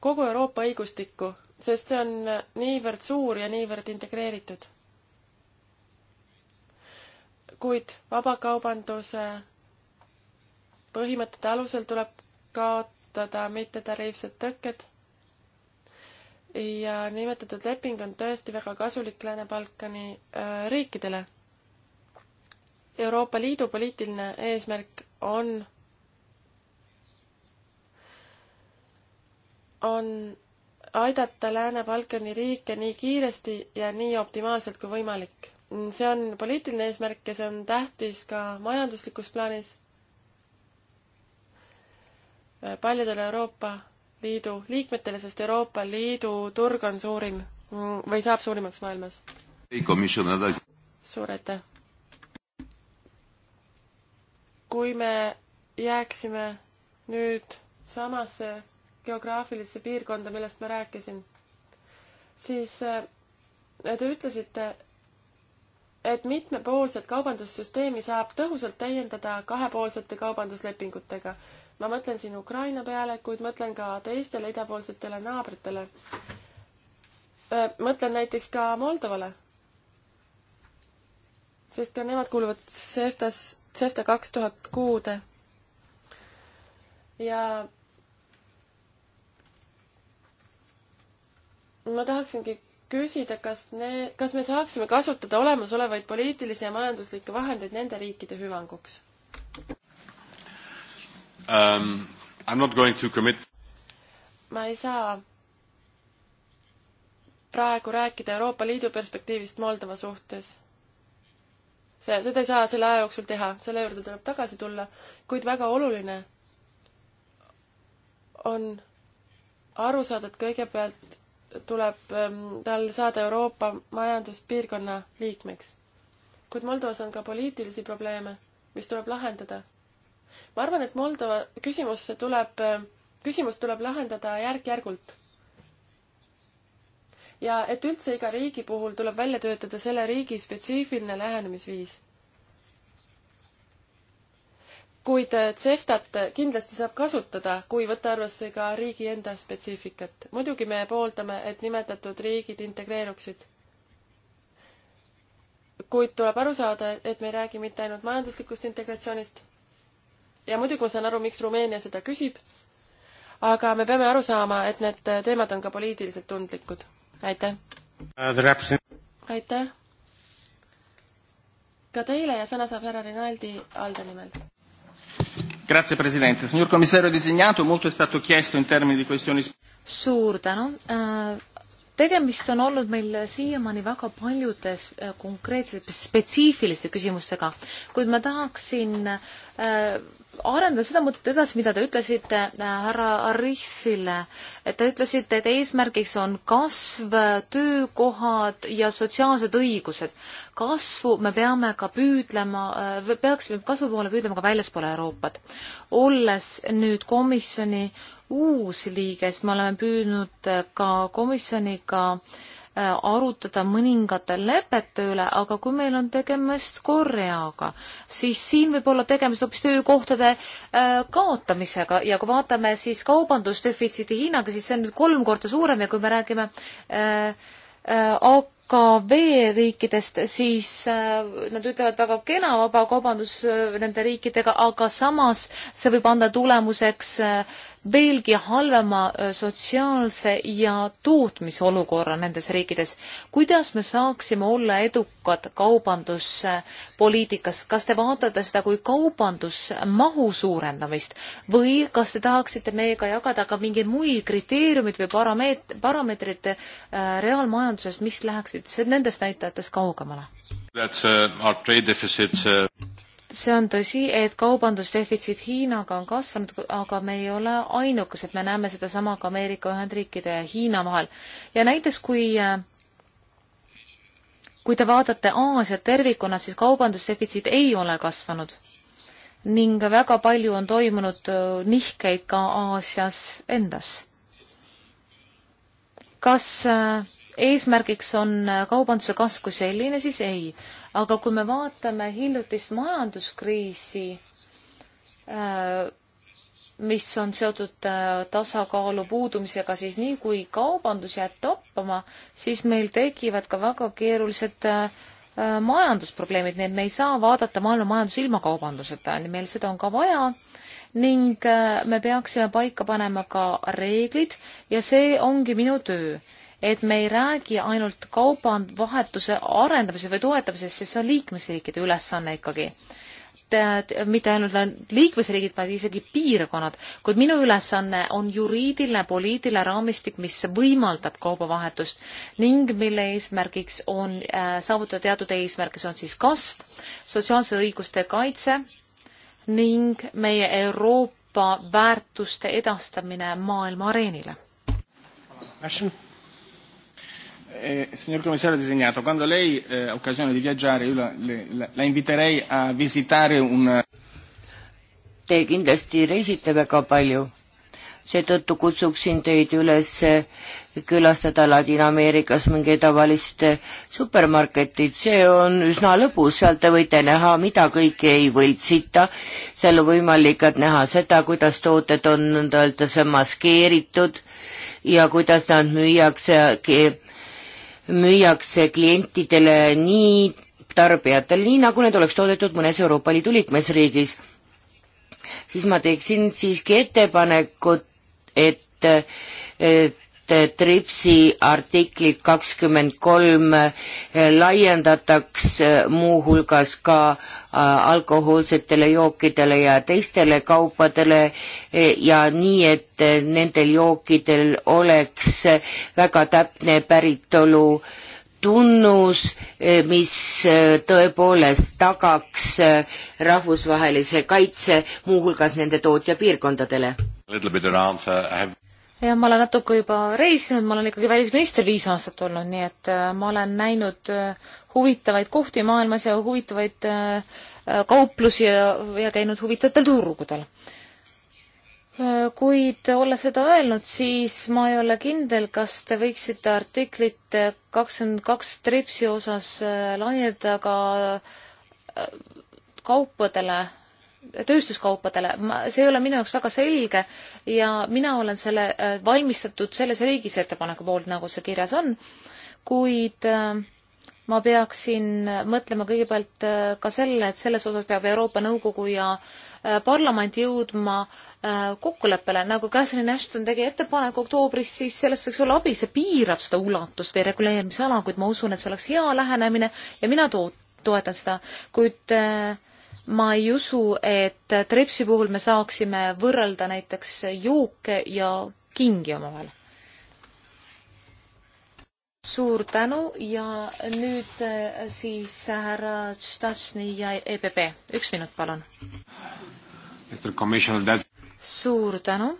kogu Euroopa õigustikku, sest see on niivõrd suur ja niivõrd integreeritud. kuid vabakaubanduse põhimõtete alusel tuleb kaotada mittetariifsed tõkked ja nimetatud leping on tõesti väga kasulik Lääne-Balkani äh, riikidele. Euroopa Liidu poliitiline eesmärk on, on aidata Lääne-Balkani riike nii kiiresti ja nii optimaalselt kui võimalik. see on poliitiline eesmärk ja see on tähtis ka majanduslikus plaanis äh, paljudele Euroopa Liidu liikmetele, sest Euroopa Liidu turg on suurim või saab suurimaks maailmas. suur aitäh! kui me jääksime nüüd samasse geograafilisse piirkonda, millest ma rääkisin, siis äh, te ütlesite, et mitmepoolset kaubandussüsteemi saab tõhusalt täiendada kahepoolsete kaubanduslepingutega ma mõtlen siin Ukraina peale, kuid mõtlen ka teistele idapoolsetele naabritele. mõtlen näiteks ka Moldovale. sest ka nemad kuuluvad CEFTA-s, CEFTA kaks tuhat kuude. ja ma tahaksingi küsida, kas ne-, kas me saaksime kasutada olemasolevaid poliitilisi ja majanduslikke vahendeid nende riikide hüvanguks? um,. I am not going to commit. ma ei saa praegu rääkida Euroopa Liidu perspektiivist Moldova suhtes. see, seda ei saa selle aja jooksul teha, selle juurde tuleb tagasi tulla, kuid väga oluline on aru saada, et kõigepealt tuleb ähm, tal saada Euroopa majanduspiirkonna liikmeks. kuid Moldovas on ka poliitilisi probleeme, mis tuleb lahendada ma arvan, et Moldova küsimusse tuleb, küsimus tuleb lahendada järk-järgult. ja et üldse iga riigi puhul tuleb välja töötada selle riigi spetsiifiline lähenemisviis. kuid CEFTA-t kindlasti saab kasutada, kui võtta arvesse ka riigi enda spetsiifikat. muidugi me pooldame, et nimetatud riigid integreeruksid kuid tuleb aru saada, et me ei räägi mitte ainult majanduslikust integratsioonist, ja muidugi ma saan aru, miks Rumeenia seda küsib, aga me peame aru saama, et need teemad on ka poliitiliselt tundlikud. aitäh! Uh, aitäh! ka teile ja sõna saab härra Rinaldi Alde nimel. Grazie Presidente. Signor Commissario designato, molto è stato chiesto in termini di questioni... Suur tänu. Uh, tegemist on olnud meil siiamaani väga paljudes uh, konkreetselt spetsiifiliste küsimustega, kuid ma tahaksin arendan seda mõtet edasi, mida te ütlesite äh, härra Arifile. et te ütlesite, et eesmärgiks on kasv, töökohad ja sotsiaalsed õigused. kasvu me peame ka püüdlema, äh, peaksime kasvu poole püüdlema ka väljaspool Euroopat. olles nüüd komisjoni uus liige, siis me oleme püüdnud äh, ka komisjoniga äh, Äh, arutada mõningate lepete üle, aga kui meil on tegemist Koreaga, siis siin võib olla tegemist hoopis töökohtade äh, kaotamisega ja kui vaatame siis kaubandusdefitsiidi hinnaga, siis see on nüüd kolm korda suurem ja kui me räägime äh, AKV riikidest, siis nad ütlevad väga kena vabakaubandus nende riikidega, aga samas see võib anda tulemuseks veelgi halvema äh, sotsiaalse ja tootmisolukorra nendes riikides. kuidas me saaksime olla edukad kaubanduspoliitikas, kas te vaatate seda kui kaubandusmahu suurendamist või kas te tahaksite meiega jagada ka mingeid muid kriteeriumid või parameet-, parameetrid äh, reaalmajanduses, mis läheksid nendest näitajatest kaugemale? That uh, our trade deficit uh see on tõsi, et kaubandusdefitsiit Hiinaga on kasvanud, aga me ei ole ainukesed, me näeme sedasama ka Ameerika Ühendriikide ja Hiina vahel. ja näiteks, kui äh, kui te vaatate Aasiat tervikuna, siis kaubandusdefitsiit ei ole kasvanud ning väga palju on toimunud äh, nihkeid ka Aasias endas. kas äh, eesmärgiks on kaubanduse kasv kui selline, siis ei aga kui me vaatame hiljutist majanduskriisi, äh, mis on seotud äh, tasakaalu puudumisega, siis nii kui kaubandus jääb toppama, siis meil tekivad ka väga keerulised äh, majandusprobleemid, nii et me ei saa vaadata maailma majandus ilma kaubanduseta, meil seda on ka vaja ning me peaksime paika panema ka reeglid ja see ongi minu töö et me ei räägi ainult kaubavahetuse arendamise või toetamisest, sest see on liikmesriikide ülesanne ikkagi. mitte ainult liikmesriigid, vaid isegi piirkonnad, kuid minu ülesanne on juriidiline, poliitiline raamistik, mis võimaldab kaubavahetust ning mille eesmärgiks on äh, saavutada teatud eesmärke, see on siis kasv, sotsiaalse õiguste kaitse ning meie Euroopa väärtuste edastamine maailma areenile. Russian. Eh, signor commissario designato, quando lei eh, ha occasione di viaggiare, io la, la, la inviterei a visitare un... Te kindlasti reisite väga palju, seetõttu kutsuksin teid üles eh, külastada Ladina-Ameerikas mingi tavalist eh, supermarketit, see on üsna lõbus, sealt te võite näha, mida kõike ei võltsita, seal on võimalik näha seda, kuidas tooted on nõnda öeldes maskeeritud ja kuidas nad müüakse müüakse klientidele nii tarbijatel, nii nagu need oleks toodetud mõnes Euroopa Liidu liikmesriigis, siis ma teeksin siiski ettepanekut, et, et TRIPSi artiklit kakskümmend kolm eh, laiendataks muuhulgas ka eh, alkohoolsetele jookidele ja teistele kaupadele eh, ja nii, et nendel jookidel oleks väga täpne päritolu tunnus, mis tõepoolest tagaks rahvusvahelise kaitse muuhulgas nende tootjapiirkondadele. Have ja ma olen natuke juba reisinud, ma olen ikkagi välisminister viis aastat olnud, nii et äh, ma olen näinud äh, huvitavaid kohti maailmas ja huvitavaid äh, kauplusi ja, ja käinud huvitavatel turgudel. kuid olles seda öelnud, siis ma ei ole kindel, kas te võiksite artiklit kakskümmend kaks tripsi osas laiendada ka kaupadele tööstuskaupadele, ma, see ei ole minu jaoks väga selge ja mina olen selle äh, valmistatud selles riigis ettepaneku poolt, nagu see kirjas on, kuid äh, ma peaksin mõtlema kõigepealt äh, ka selle, et selles osas peab Euroopa Nõukogu ja parlament jõudma kokkuleppele, nagu Catherine Ashton tegi ettepaneku oktoobris, siis sellest võiks olla abi, see piirab seda ulatust või reguleerimisala, kuid ma usun, et see oleks hea lähenemine ja mina to-, toetan seda, kuid äh, ma ei usu, et trepsi puhul me saaksime võrrelda näiteks juuke ja kingi omavahel. suur tänu ja nüüd äh, siis härra Stasni ja EPP, üks minut, palun. suur tänu.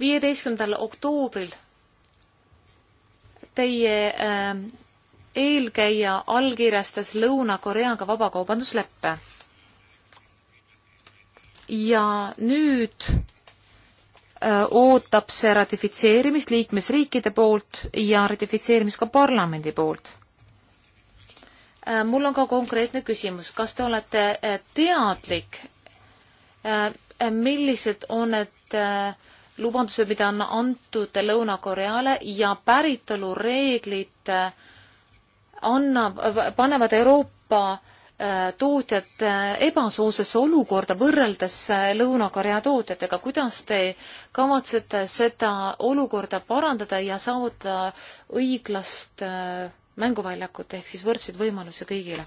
viieteistkümnendal oktoobril teie äh, eelkäija allkirjastas Lõuna-Koreaga vabakaubandusleppe. ja nüüd äh, ootab see ratifitseerimist liikmesriikide poolt ja ratifitseerimist ka parlamendi poolt. Äh, mul on ka konkreetne küsimus, kas te olete äh, teadlik, millised on need lubadused, mida on antud Lõuna-Koreale ja päritolureeglid äh, annab, panevad Euroopa äh, tootjad äh, ebasoosesse olukorda võrreldes äh, Lõuna-Korea tootjatega. kuidas te kavatsete seda olukorda parandada ja saavutada õiglast mänguväljakut ehk siis võrdseid võimalusi kõigile?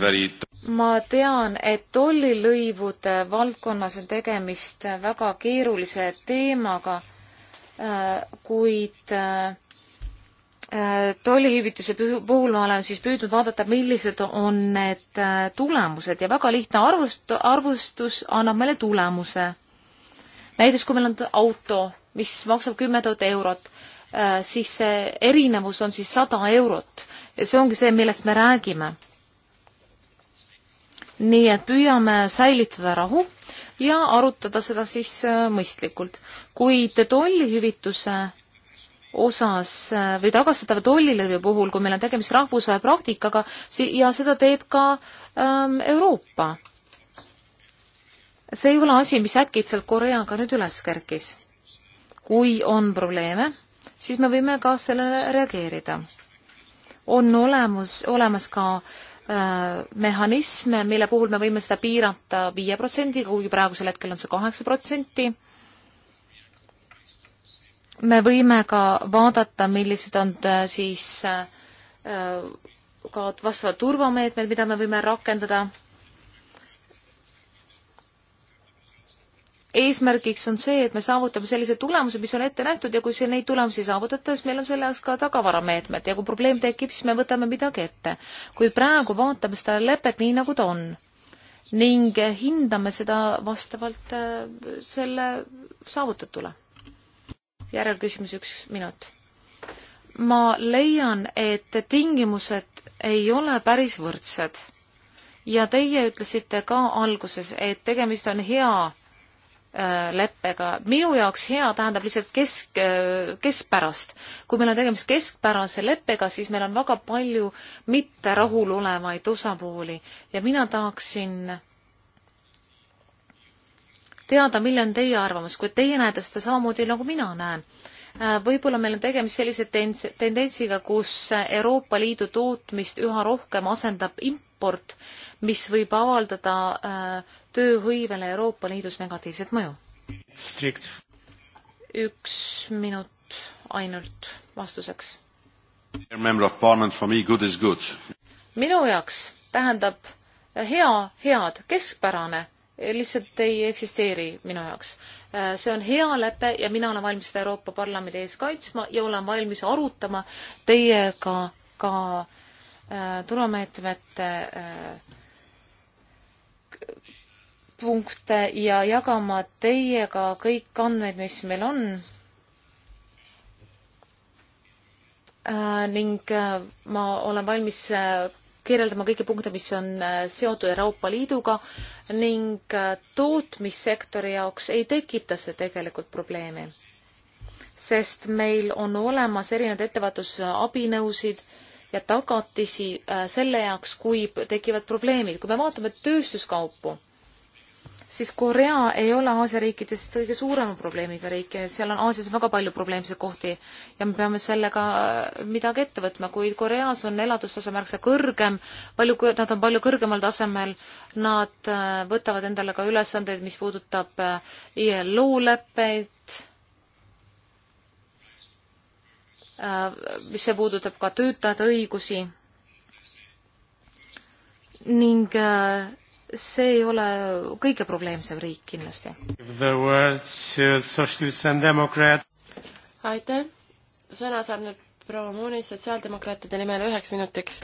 Very... ma tean, et tollilõivude valdkonnas on tegemist väga keerulise teemaga, kuid Äh, tollihüvitise puhul ma olen siis püüdnud vaadata, millised on need äh, tulemused ja väga lihtne arvust, arvustus annab meile tulemuse. näiteks kui meil on auto, mis maksab kümme tuhat eurot, äh, siis see erinevus on siis sada eurot ja see ongi see, millest me räägime. nii et püüame säilitada rahu ja arutada seda siis mõistlikult. kuid tollihüvituse osas äh, või tagastatava tollilõivu puhul, kui meil on tegemist rahvusvahe praktikaga ja seda teeb ka ähm, Euroopa. see ei ole asi, mis äkitselt Koreaga nüüd üles kerkis. kui on probleeme, siis me võime ka sellele reageerida. on olemas, olemas ka äh, mehhanisme, mille puhul me võime seda piirata viie protsendiga, kuigi praegusel hetkel on see kaheksa protsenti me võime ka vaadata, millised on äh, siis äh, ka vastavad turvameetmed, mida me võime rakendada. eesmärgiks on see, et me saavutame sellise tulemuse, mis on ette nähtud ja kui see, neid tulemusi ei saavutata, siis meil on selle jaoks ka tagavarameetmed ja kui probleem tekib, siis me võtame midagi ette. kuid praegu vaatame seda lepet nii, nagu ta on ning hindame seda vastavalt äh, selle saavutatule järelküsimus üks minut. ma leian, et tingimused ei ole päris võrdsed. ja teie ütlesite ka alguses, et tegemist on hea äh, leppega. minu jaoks hea tähendab lihtsalt kesk, äh, keskpärast. kui meil on tegemist keskpärase leppega, siis meil on väga palju mitte rahul olevaid osapooli ja mina tahaksin teada, milline on teie arvamus, kui teie näete seda samamoodi, nagu mina näen. Äh, võib-olla meil on tegemist sellise tendentsiga, kus Euroopa Liidu tootmist üha rohkem asendab import, mis võib avaldada äh, tööhõivele Euroopa Liidus negatiivset mõju. strikt. üks minut ainult vastuseks. minu jaoks tähendab hea, head, keskpärane lihtsalt ei eksisteeri minu jaoks. Äh, see on hea lepe ja mina olen valmis seda Euroopa Parlamendi ees kaitsma ja olen valmis arutama teiega ka äh, turvameetmete äh, punkte ja jagama teiega kõik andmeid, mis meil on äh,. ning äh, ma olen valmis äh, kirjeldama kõiki punkte, mis on äh, seotud Euroopa Liiduga ning äh, tootmissektori jaoks ei tekita see tegelikult probleemi. sest meil on olemas erinevaid ettevaatusabinõusid ja tagatisi äh, selle jaoks, kui tekivad probleemid. kui me vaatame tööstuskaupu, siis Korea ei ole Aasia riikidest kõige suurema probleemiga riik, seal on Aasias väga palju probleemseid kohti ja me peame sellega midagi ette võtma, kuid Koreas on elatustase märksa kõrgem, palju, nad on palju kõrgemal tasemel, nad äh, võtavad endale ka ülesandeid, mis puudutab äh, ILO leppeid, äh, mis see puudutab ka töötajate õigusi ning äh, see ei ole kõige probleemsem riik kindlasti. aitäh, sõna saab nüüd proua Muunis sotsiaaldemokraatide nimel üheks minutiks.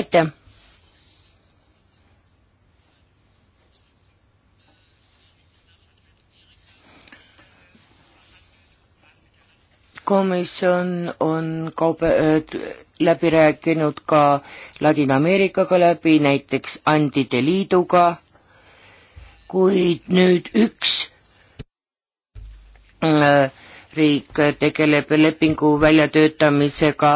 aitäh komisjon on kauba, läbi rääkinud ka Ladina-Ameerikaga läbi, näiteks Andide Liiduga, kuid nüüd üks riik tegeleb lepingu väljatöötamisega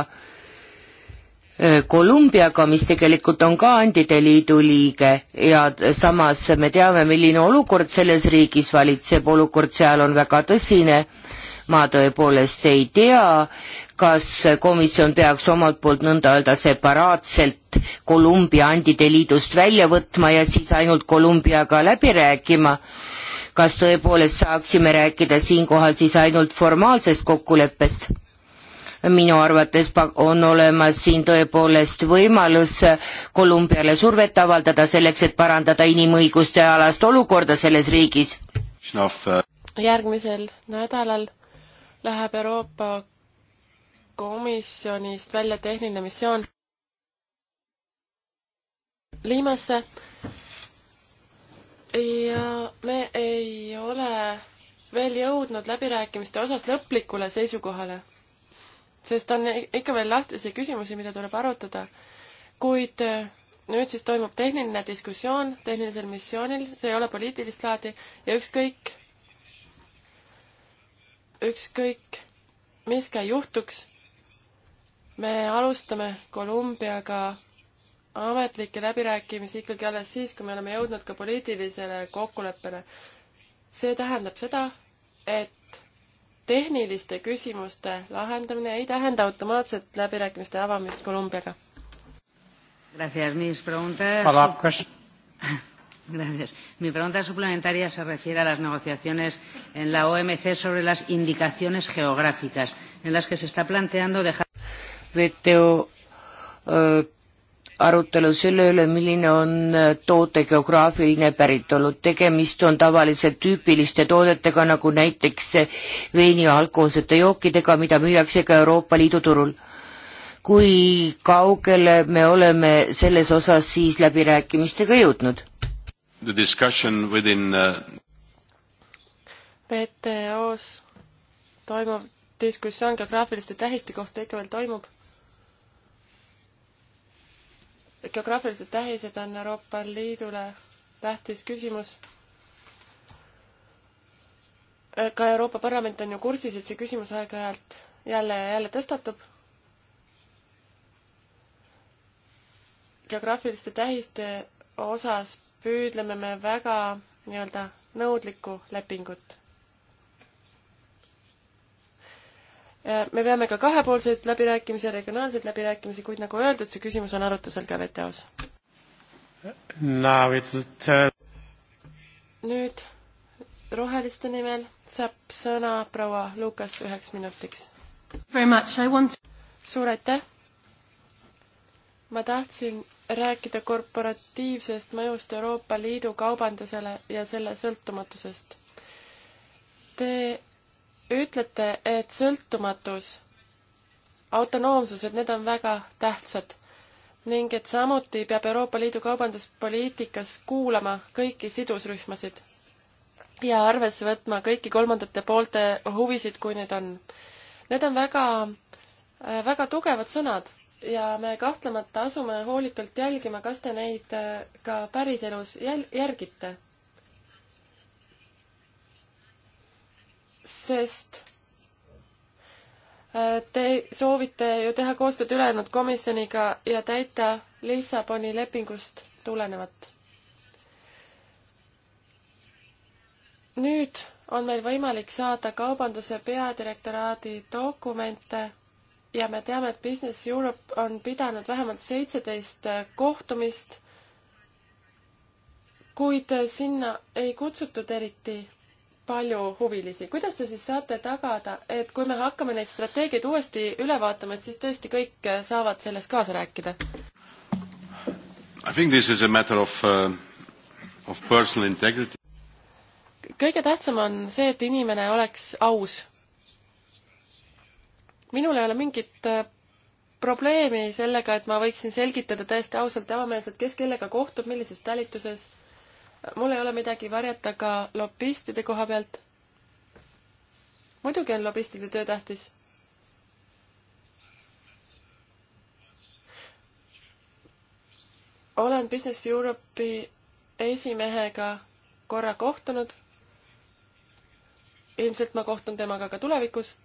Kolumbiaga, mis tegelikult on ka Andide Liidu liige ja samas me teame, milline olukord selles riigis valitseb, olukord seal on väga tõsine ma tõepoolest ei tea, kas komisjon peaks omalt poolt nõnda öelda separaatselt Kolumbia andide liidust välja võtma ja siis ainult Kolumbiaga läbi rääkima, kas tõepoolest saaksime rääkida siinkohal siis ainult formaalsest kokkuleppest? minu arvates on olemas siin tõepoolest võimalus Kolumbiale survet avaldada selleks, et parandada inimõiguste alast olukorda selles riigis. järgmisel nädalal läheb Euroopa Komisjonist välja tehniline missioon Liimasse ja me ei ole veel jõudnud läbirääkimiste osas lõplikule seisukohale, sest on ikka veel lahtisi küsimusi, mida tuleb arutada. kuid äh, nüüd siis toimub tehniline diskussioon tehnilisel missioonil, see ei ole poliitilist laadi ja ükskõik, ükskõik, mis ka juhtuks, me alustame Kolumbiaga ametlikke läbirääkimisi ikkagi alles siis, kui me oleme jõudnud ka poliitilisele kokkuleppele. see tähendab seda, et tehniliste küsimuste lahendamine ei tähenda automaatset läbirääkimiste avamist Kolumbiaga. Gracias. Mi pregunta suplementaria se refiere a las negociaciones en la OMC sobre las indicaciones geográficas, en las que se está planteando dejar. WTO äh, eh, arutelu selle üle, milline on eh, toote geograafiline päritolu. tegemist on tavaliselt tüüpiliste toodetega, nagu näiteks eh, veini ja alkohoolsete jookidega, mida müüakse ka Euroopa Liidu turul kui kaugele me oleme selles osas siis läbirääkimistega jõudnud? the discussion within uh... PTO-s toimuv diskussioon geograafiliste tähiste kohta ikka veel toimub. geograafilised tähised on Euroopa Liidule tähtis küsimus. ka Euroopa Parlament on ju kursis, et see küsimus aeg-ajalt jälle ja jälle tõstatub geograafiliste tähiste osas püüdleme me väga nii-öelda nõudlikku lepingut. me peame ka kahepoolseid läbirääkimisi ja regionaalseid läbirääkimisi, kuid nagu öeldud, see küsimus on arutusel ka WTO-s. nüüd roheliste nimel saab sõna proua Lukas üheks minutiks. Want... suur aitäh! ma tahtsin rääkida korporatiivsest mõjust Euroopa Liidu kaubandusele ja selle sõltumatusest. Te ütlete, et sõltumatus, autonoomsus, et need on väga tähtsad ning et samuti peab Euroopa Liidu kaubanduspoliitikas kuulama kõiki sidusrühmasid ja arvesse võtma kõiki kolmandate poolte huvisid, kui need on. Need on väga, väga tugevad sõnad ja me kahtlemata asume hoolikalt jälgima, kas te neid äh, ka päriselus jäl-, järgite. sest äh, te soovite ju teha koostööd ülejäänud komisjoniga ja täita Lissaboni lepingust tulenevat. nüüd on meil võimalik saada kaubanduse peadirektoraadi dokumente ja me teame, et Business Europe on pidanud vähemalt seitseteist äh, kohtumist, kuid äh, sinna ei kutsutud eriti palju huvilisi. kuidas te siis saate tagada, et kui me hakkame neid strateegiaid uuesti üle vaatama, et siis tõesti kõik äh, saavad selles kaasa rääkida? I think this is a matter of uh, of personal integrity. kõige tähtsam on see, et inimene oleks aus minul ei ole mingit äh, probleemi sellega, et ma võiksin selgitada täiesti ausalt ja avameelselt, kes kellega kohtub, millises talituses. mul ei ole midagi varjata ka lobistide koha pealt. muidugi on lobistide töö tähtis. olen Business Europe'i esimehega korra kohtunud. ilmselt ma kohtun temaga ka tulevikus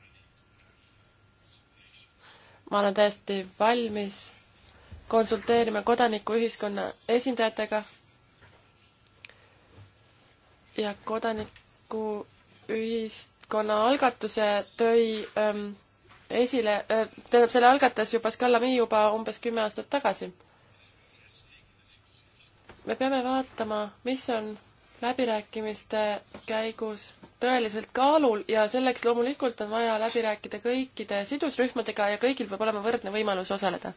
ma olen täiesti valmis konsulteerima kodanikuühiskonna esindajatega ja kodanikuühiskonna algatuse tõi ähm, esile äh,, tähendab, selle algatas juba Scala Mi juba umbes kümme aastat tagasi. me peame vaatama, mis on läbirääkimiste käigus tõeliselt kaalul ja selleks loomulikult on vaja läbi rääkida kõikide sidusrühmadega ja kõigil peab olema võrdne võimalus osaleda.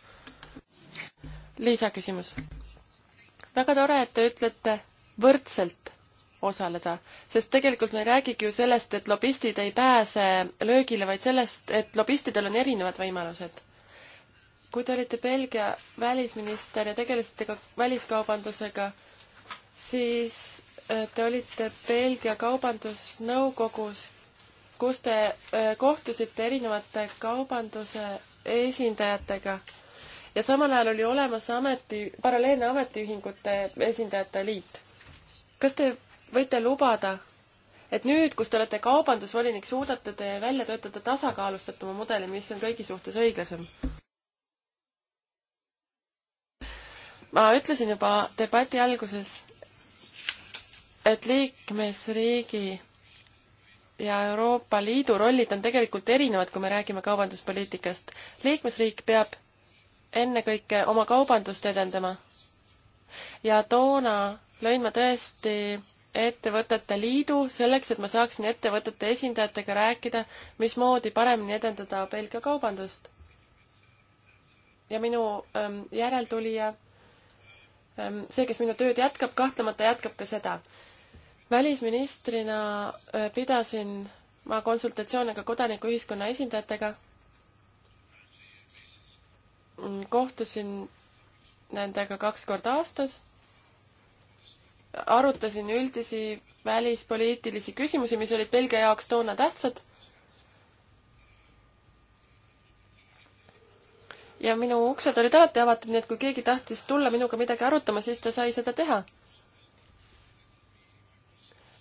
lisaküsimus. väga tore, et te ütlete võrdselt osaleda, sest tegelikult me ei räägigi ju sellest, et lobistid ei pääse löögile, vaid sellest, et lobistidel on erinevad võimalused. kui te olite Belgia välisminister ja tegelesite ka väliskaubandusega, siis te olite Belgia Kaubandusnõukogus, kus te äh, kohtusite erinevate kaubanduse esindajatega ja samal ajal oli olemas ameti, paralleelne ametiühingute esindajate liit. kas te võite lubada, et nüüd, kus te olete kaubandusvolinik, suudate te välja töötada tasakaalustatuma mudeli, mis on kõigi suhtes õiglasem? ma ütlesin juba debati alguses, et liikmesriigi ja Euroopa Liidu rollid on tegelikult erinevad, kui me räägime kaubanduspoliitikast. liikmesriik peab ennekõike oma kaubandust edendama. ja toona lõin ma tõesti ettevõtete liidu selleks, et ma saaksin ettevõtete esindajatega rääkida, mismoodi paremini edendada Belgia kaubandust. ja minu ähm, järeltulija ähm,, see, kes minu tööd jätkab, kahtlemata jätkab ka seda välisministrina äh, pidasin ma konsultatsioone ka kodanikuühiskonna esindajatega. Mm, kohtusin nendega kaks korda aastas. arutasin üldisi välispoliitilisi küsimusi, mis olid Belgia jaoks toona tähtsad. ja minu uksed olid alati avatud, nii et kui keegi tahtis tulla minuga midagi arutama, siis ta sai seda teha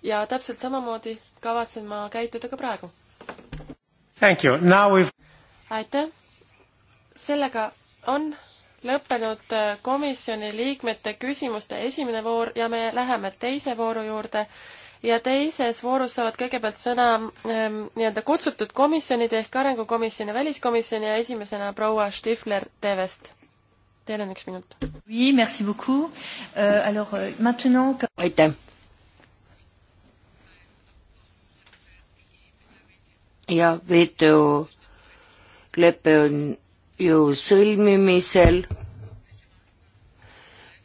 ja täpselt samamoodi kavatsen ma käituda ka praegu. aitäh! sellega on lõppenud äh, komisjoni liikmete küsimuste esimene voor ja me läheme teise vooru juurde ja teises voorus saavad kõigepealt sõna ähm, nii-öelda kutsutud komisjonid ehk Arengukomisjon ja Väliskomisjon ja esimesena proua Stifler TV-st. Teil on üks minut. Euh, euh, aitäh. ja WTO lepe on ju sõlmimisel.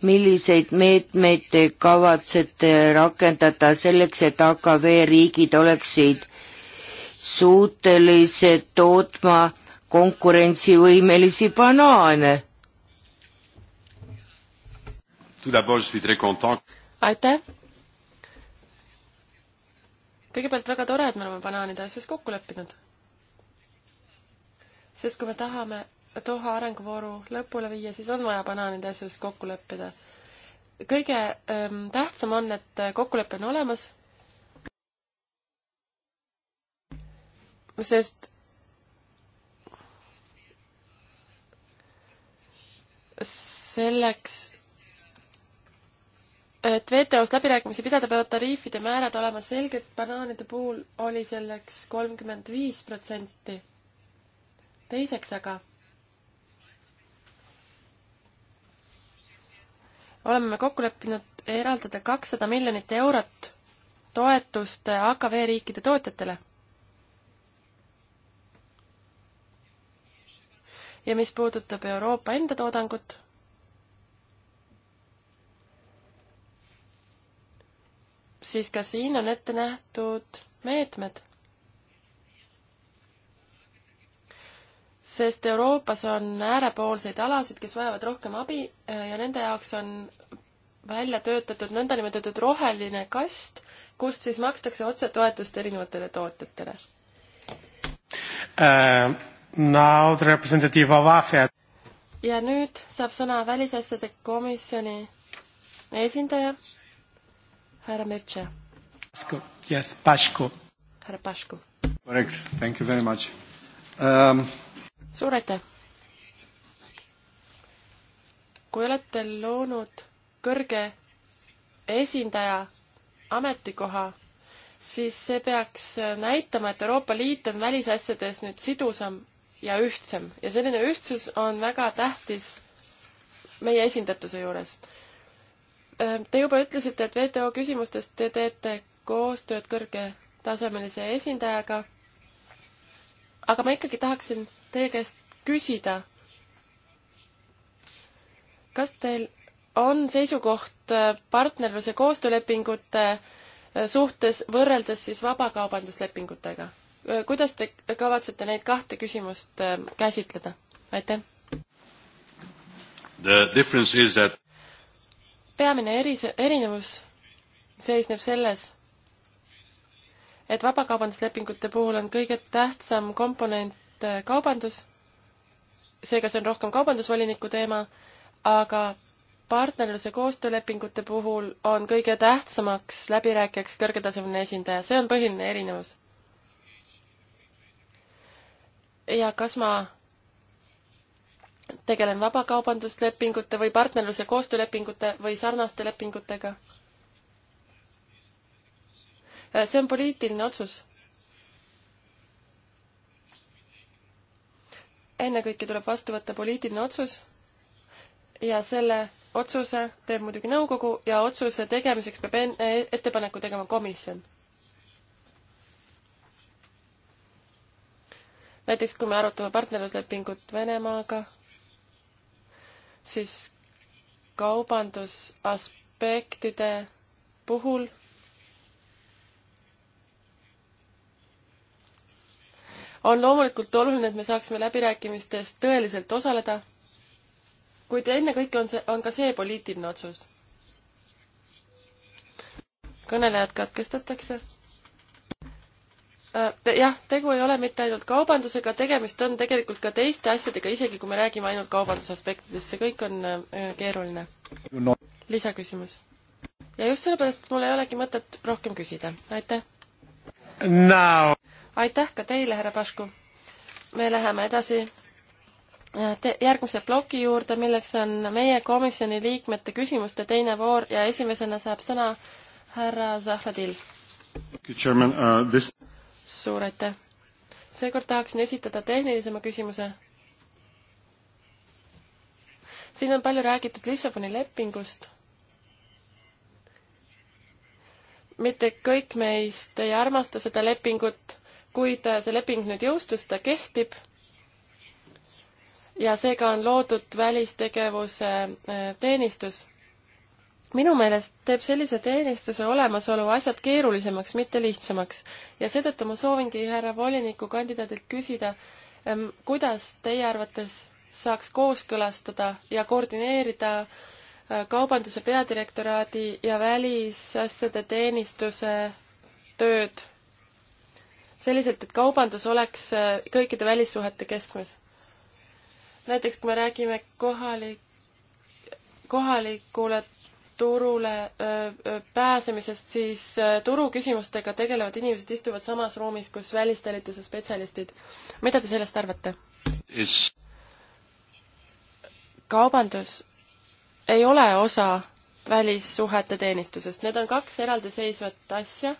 milliseid meetmeid te kavatsete rakendada selleks, et AKV riigid oleksid suutelised tootma konkurentsivõimelisi banaane? aitäh kõigepealt väga tore, et me oleme banaanide asjus kokku leppinud. sest kui me tahame Doha arenguvooru lõpule viia, siis on vaja banaanide asjus kokku leppida. kõige ähm, tähtsam on, et kokkulepe on olemas. sest selleks et WTO-s läbirääkimisi pidada, peavad tariifide määrad olema selged, banaanide puhul oli selleks kolmkümmend viis protsenti. teiseks aga oleme me kokku leppinud eraldada kakssada miljonit eurot toetust AKV riikide tootjatele. ja mis puudutab Euroopa enda toodangut siis ka siin on ette nähtud meetmed. sest Euroopas on äärepoolseid alasid, kes vajavad rohkem abi eh, ja nende jaoks on välja töötatud nõndanimetatud roheline kast, kust siis makstakse otsetoetust erinevatele tootjatele uh,. Now the representative of AFEA. ja nüüd saab sõna välisasjade komisjoni esindaja härra Mertša. Yes, Pašku. härra Pašku. Correct, thank you very much um.... suur aitäh. kui olete loonud kõrge esindaja ametikoha, siis see peaks näitama, et Euroopa Liit on välisasjades nüüd sidusam ja ühtsem ja selline ühtsus on väga tähtis meie esindatuse juures. Te juba ütlesite, et WTO küsimustes te teete koostööd kõrgetasemelise esindajaga. aga ma ikkagi tahaksin teie käest küsida, kas teil on seisukoht äh, partnerluse koostöölepingute äh, suhtes võrreldes siis vabakaubanduslepingutega? Äh, kuidas te kavatsete neid kahte küsimust käsitleda? aitäh! The difference is that peamine eris, erinevus seisneb selles, et vabakaubanduslepingute puhul on kõige tähtsam komponent äh, kaubandus, seega see on rohkem kaubandusvoliniku teema, aga partnerluse koostöölepingute puhul on kõige tähtsamaks läbirääkijaks kõrgetasemeline esindaja, see on põhiline erinevus. ja kas ma tegelen vabakaubanduslepingute või partnerlus- ja koostöölepingute või sarnaste lepingutega. Äh, see on poliitiline otsus. ennekõike tuleb vastu võtta poliitiline otsus ja selle otsuse teeb muidugi nõukogu ja otsuse tegemiseks peab enne ettepaneku tegema komisjon. näiteks kui me arutame partnerluslepingut Venemaaga siis kaubandusaspektide puhul on loomulikult oluline, et me saaksime läbirääkimistes tõeliselt osaleda, kuid ennekõike on see, on ka see poliitiline otsus. kõnelejad katkestatakse Äh, jah, tegu ei ole mitte ainult kaubandusega, tegemist on tegelikult ka teiste asjadega, isegi kui me räägime ainult kaubanduse aspektidest, see kõik on äh, keeruline. lisaküsimus. ja just sellepärast mul ei olegi mõtet rohkem küsida, aitäh no.. aitäh ka teile, härra Pašku. me läheme edasi äh, te-, järgmise ploki juurde, milleks on meie komisjoni liikmete küsimuste teine voor ja esimesena saab sõna härra Zahradil. Chairman, uh, this suur aitäh! seekord tahaksin esitada tehnilisema küsimuse. siin on palju räägitud Lissaboni lepingust. mitte kõik meist ei armasta seda lepingut, kuid see leping nüüd jõustus, ta kehtib ja seega on loodud välistegevuse äh, teenistus minu meelest teeb sellise teenistuse olemasolu asjad keerulisemaks, mitte lihtsamaks. ja seetõttu ma soovingi härra volinikukandidaadilt küsida, ehm, kuidas teie arvates saaks kooskõlastada ja koordineerida äh, kaubanduse peadirektoraadi ja välisasjade teenistuse tööd selliselt, et kaubandus oleks äh, kõikide välissuhete keskmes. näiteks kui me räägime kohalik, kohalikule turule pääsemisest, siis turuküsimustega tegelevad inimesed istuvad samas ruumis, kus välistalituse spetsialistid. mida te sellest arvate? kaubandus ei ole osa välissuhete teenistusest, need on kaks eraldiseisvat asja,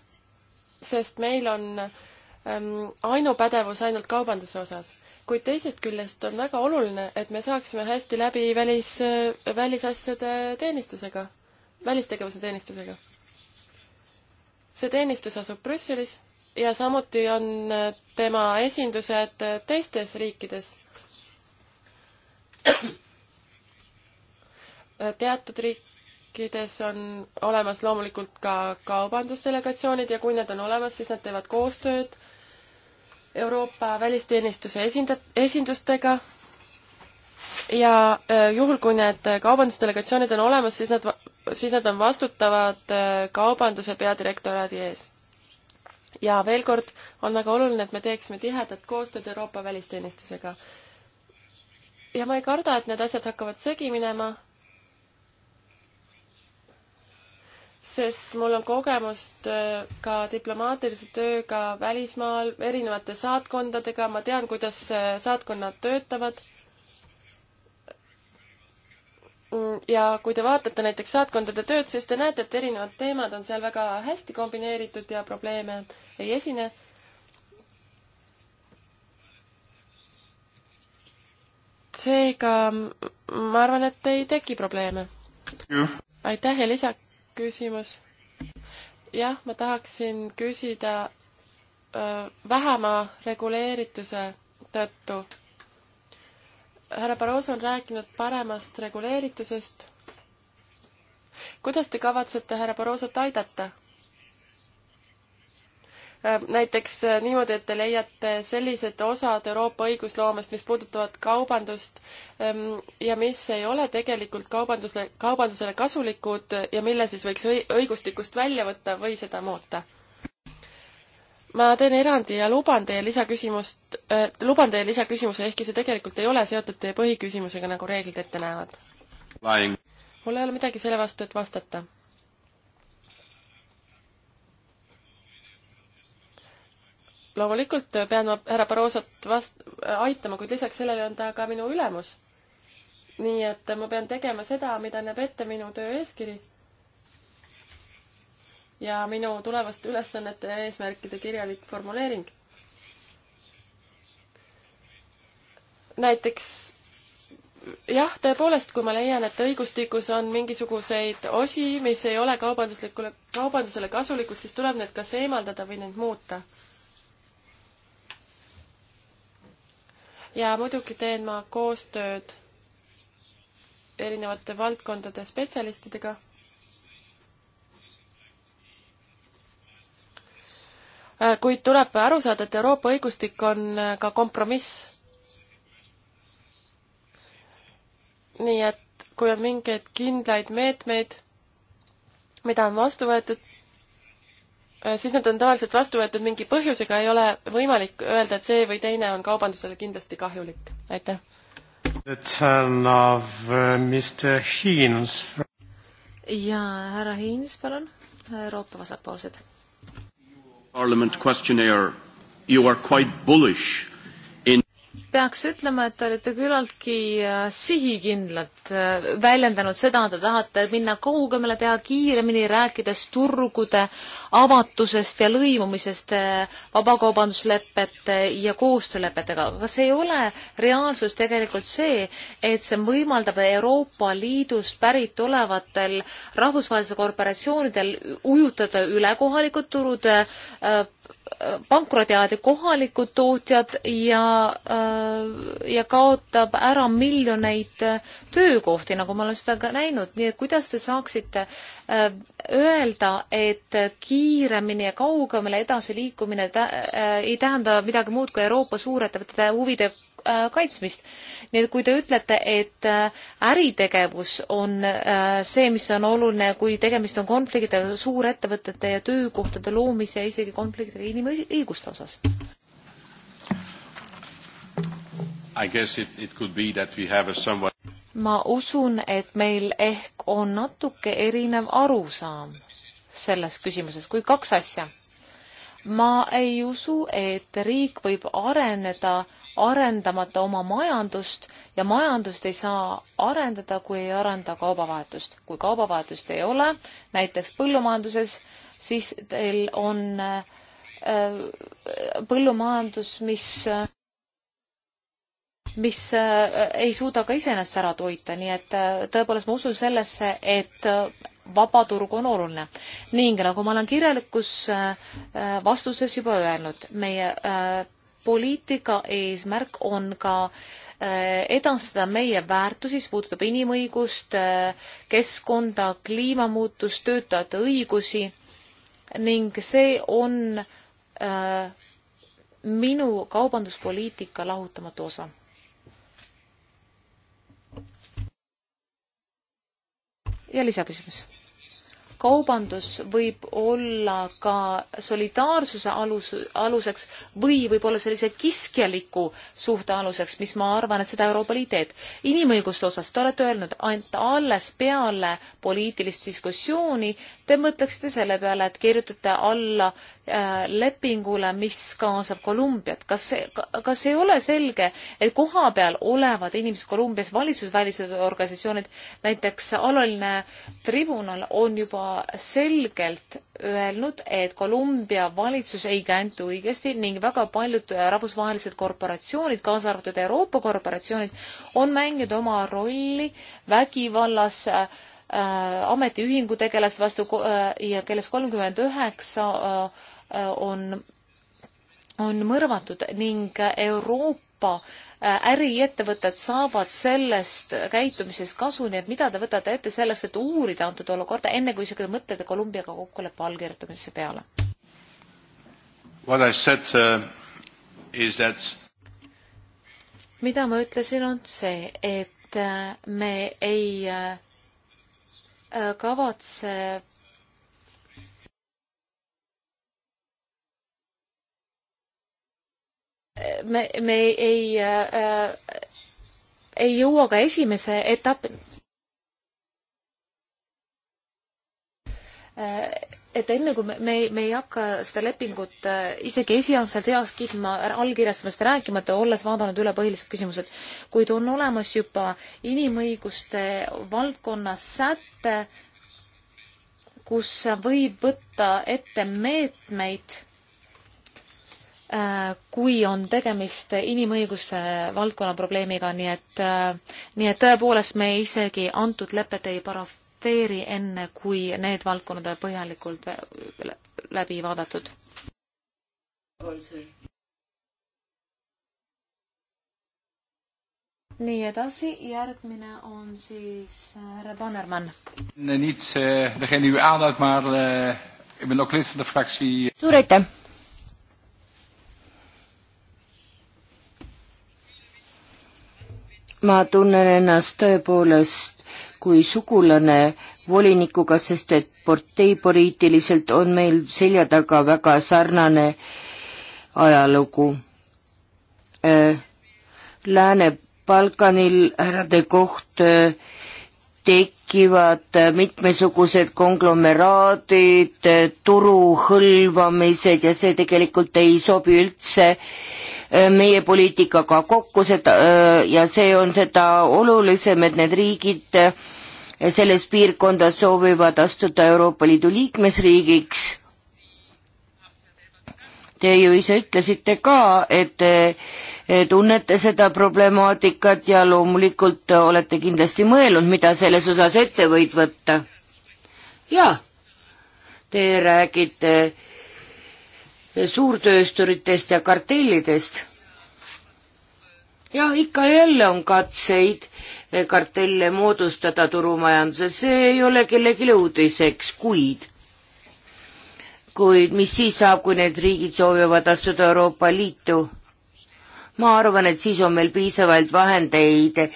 sest meil on ähm, ainupädevus ainult kaubanduse osas. kuid teisest küljest on väga oluline, et me saaksime hästi läbi välis, välisasjade teenistusega välistegevuse teenistusega. see teenistus asub Brüsselis ja samuti on tema esindused teistes riikides. teatud riikides on olemas loomulikult ka kaubandusdelegatsioonid ja kui need on olemas, siis nad teevad koostööd Euroopa välisteenistuse esinda-, esindustega ja äh, juhul, kui need kaubandusdelegatsioonid on olemas, siis nad siis nad on vastutavad äh, kaubanduse peadirektoraadi ees. ja veel kord, on väga oluline, et me teeksime tihedat koostööd Euroopa välisteenistusega. ja ma ei karda, et need asjad hakkavad segi minema, sest mul on kogemust äh, ka diplomaatilise tööga välismaal, erinevate saatkondadega, ma tean, kuidas äh, saatkonnad töötavad Mm, ja kui te vaatate näiteks saatkondade tööd, siis te näete, et erinevad teemad on seal väga hästi kombineeritud ja probleeme ei esine. seega ma arvan, et ei teki probleeme. aitäh ja lisaküsimus. jah, ma tahaksin küsida öö, vähema reguleerituse tõttu härra Barroso on rääkinud paremast reguleeritusest. kuidas te kavatsete härra Barrosot aidata? Äh, näiteks äh, niimoodi, et te leiate sellised osad Euroopa õigusloomest, mis puudutavad kaubandust ähm, ja mis ei ole tegelikult kaubandusele, kaubandusele kasulikud ja mille siis võiks õigustikust välja võtta või seda muuta ma teen erandi ja luban teie lisaküsimust äh,, luban teie lisaküsimuse, ehkki see tegelikult ei ole seotud teie põhiküsimusega, nagu reeglid ette näevad. mul ei ole midagi selle vastu, et vastata. loomulikult pean ma härra Barrosot vast-, aitama, kuid lisaks sellele on ta ka minu ülemus. nii et ma pean tegema seda, mida näeb ette minu töö eeskiri ja minu tulevaste ülesannete ja eesmärkide kirjalik formuleering. näiteks jah, tõepoolest, kui ma leian, et õigustikus on mingisuguseid osi, mis ei ole kaubanduslikule, kaubandusele kasulikud, siis tuleb need kas eemaldada või neid muuta. ja muidugi teen ma koostööd erinevate valdkondade spetsialistidega Äh, kuid tuleb aru saada, et Euroopa õigustik on äh, ka kompromiss. nii et kui on mingeid kindlaid meetmeid, mida on vastu võetud, äh, siis nad on tavaliselt vastu võetud mingi põhjusega, ei ole võimalik öelda, et see või teine on kaubandusele kindlasti kahjulik. aitäh. The turn of uh, Mr Hiins. ja härra Hiins, palun, Euroopa vasakpoolsed Parliament questionnaire, you are quite bullish peaks ütlema, et te olete küllaltki äh, sihikindlalt äh, väljendanud seda, te tahate minna kaugemale, teha kiiremini, rääkides turgude avatusest ja lõimumisest äh, vabakaubanduslepete ja koostöölepetega. kas ei ole reaalsus tegelikult see, et see võimaldab Euroopa Liidust pärit olevatel rahvusvahelistel korporatsioonidel ujutada üle kohalikud turud äh, pankrotti ajada kohalikud tootjad ja, äh, ja kaotab ära miljoneid äh, töökohti, nagu ma olen seda ka näinud, nii et kuidas te saaksite äh, öelda, et kiiremini ja kaugemale edasiliikumine tä ei tähenda midagi muud kui Euroopa suurettevõtete huvide Äh, kaitsmist. nii et kui te ütlete, et äh, äritegevus on äh, see, mis on oluline, kui tegemist on konfliktidega suurettevõtete ja töökohtade loomise ja isegi konfliktidega inimõiguste osas. I guess it, it could be that we have a somewhat ma usun, et meil ehk on natuke erinev arusaam selles küsimuses, kui kaks asja ma ei usu, et riik võib areneda arendamata oma majandust ja majandust ei saa arendada, kui ei arenda kaubavahetust. kui kaubavahetust ei ole, näiteks põllumajanduses, siis teil on äh, põllumajandus, mis, mis äh, ei suuda ka iseennast ära toita, nii et äh, tõepoolest ma usun sellesse, et äh, vaba turg on oluline. ning nagu ma olen kirjalikus äh, äh, vastuses juba öelnud, meie poliitika eesmärk on ka äh, edastada meie väärtusi, mis puudutab inimõigust, äh, keskkonda, kliimamuutust, töötajate õigusi ning see on äh, minu kaubanduspoliitika lahutamatu osa ja lisaküsimus kaubandus võib olla ka solidaarsuse alus, aluseks või võib olla sellise kiskjaliku suhte aluseks, mis ma arvan, et seda Euroopa Liit teeb. inimõiguste osas te olete öelnud, et alles peale poliitilist diskussiooni te mõtleksite selle peale, et kirjutate alla äh, lepingule, mis kaasab Kolumbiat. kas see ka,, kas ei ole selge, et kohapeal olevad inimesed Kolumbias, valitsusvälised organisatsioonid, näiteks alaline tribunal on juba selgelt öelnud, et Kolumbia valitsus ei käinud õigesti ning väga paljud rahvusvahelised korporatsioonid, kaasa arvatud Euroopa korporatsioonid, on mänginud oma rolli vägivallas äh, Äh, ametiühingu tegelast vastu äh, ja kellest kolmkümmend üheksa äh, on, on mõrvatud ning Euroopa äriettevõtted saavad sellest käitumisest kasu, nii et mida te võtate ette selleks, et uurida antud olukorda, enne kui isegi mõtlete Kolumbiaga kokkuleppe allkirjutamise peale? What I said uh, is that mida ma ütlesin, on see, et me ei uh, Äh, kavatseb me, me ei äh,, äh ei jõua ka esimese etapini äh, et enne kui me, me, me ei hakka seda lepingut äh, isegi esialgselt heaks kiitma, allkirjastama seda rääkimata, olles vaadanud üle põhilised küsimused, kuid on olemas juba inimõiguste valdkonnas säte, kus võib võtta ette meetmeid, äh, kui on tegemist inimõiguste valdkonna probleemiga, nii et, äh, nii et tõepoolest me isegi antud lepet ei paraf-, investeeri enne, kui need valdkonnad on põhjalikult läbi vaadatud. nii edasi, järgmine on siis äh, härra Bannermann. Eh, eh, eh. suur aitäh! ma tunnen ennast tõepoolest kui sugulane volinikuga, sest et parteipoliitiliselt on meil selja taga väga sarnane ajalugu. Äh, Lääne-Balkanil härrade koht äh, tekivad äh, mitmesugused konglomeraadid, turu hõlvamised ja see tegelikult ei sobi üldse äh, Äh, meie poliitikaga kokku seda äh, ja see on seda olulisem, et need riigid äh, selles piirkondas soovivad astuda Euroopa Liidu liikmesriigiks. Te ju ise ütlesite ka, et tunnete seda problemaatikat ja loomulikult olete kindlasti mõelnud, mida selles osas ette võid võtta. jaa, te räägite äh, suurtöösturitest ja kartellidest. jah, ikka ja jälle on katseid eh, kartelle moodustada turumajanduses, see ei ole kellelegi uudiseks, kuid kuid mis siis saab, kui need riigid soovivad astuda Euroopa Liitu? ma arvan, et siis on meil piisavalt vahendeid,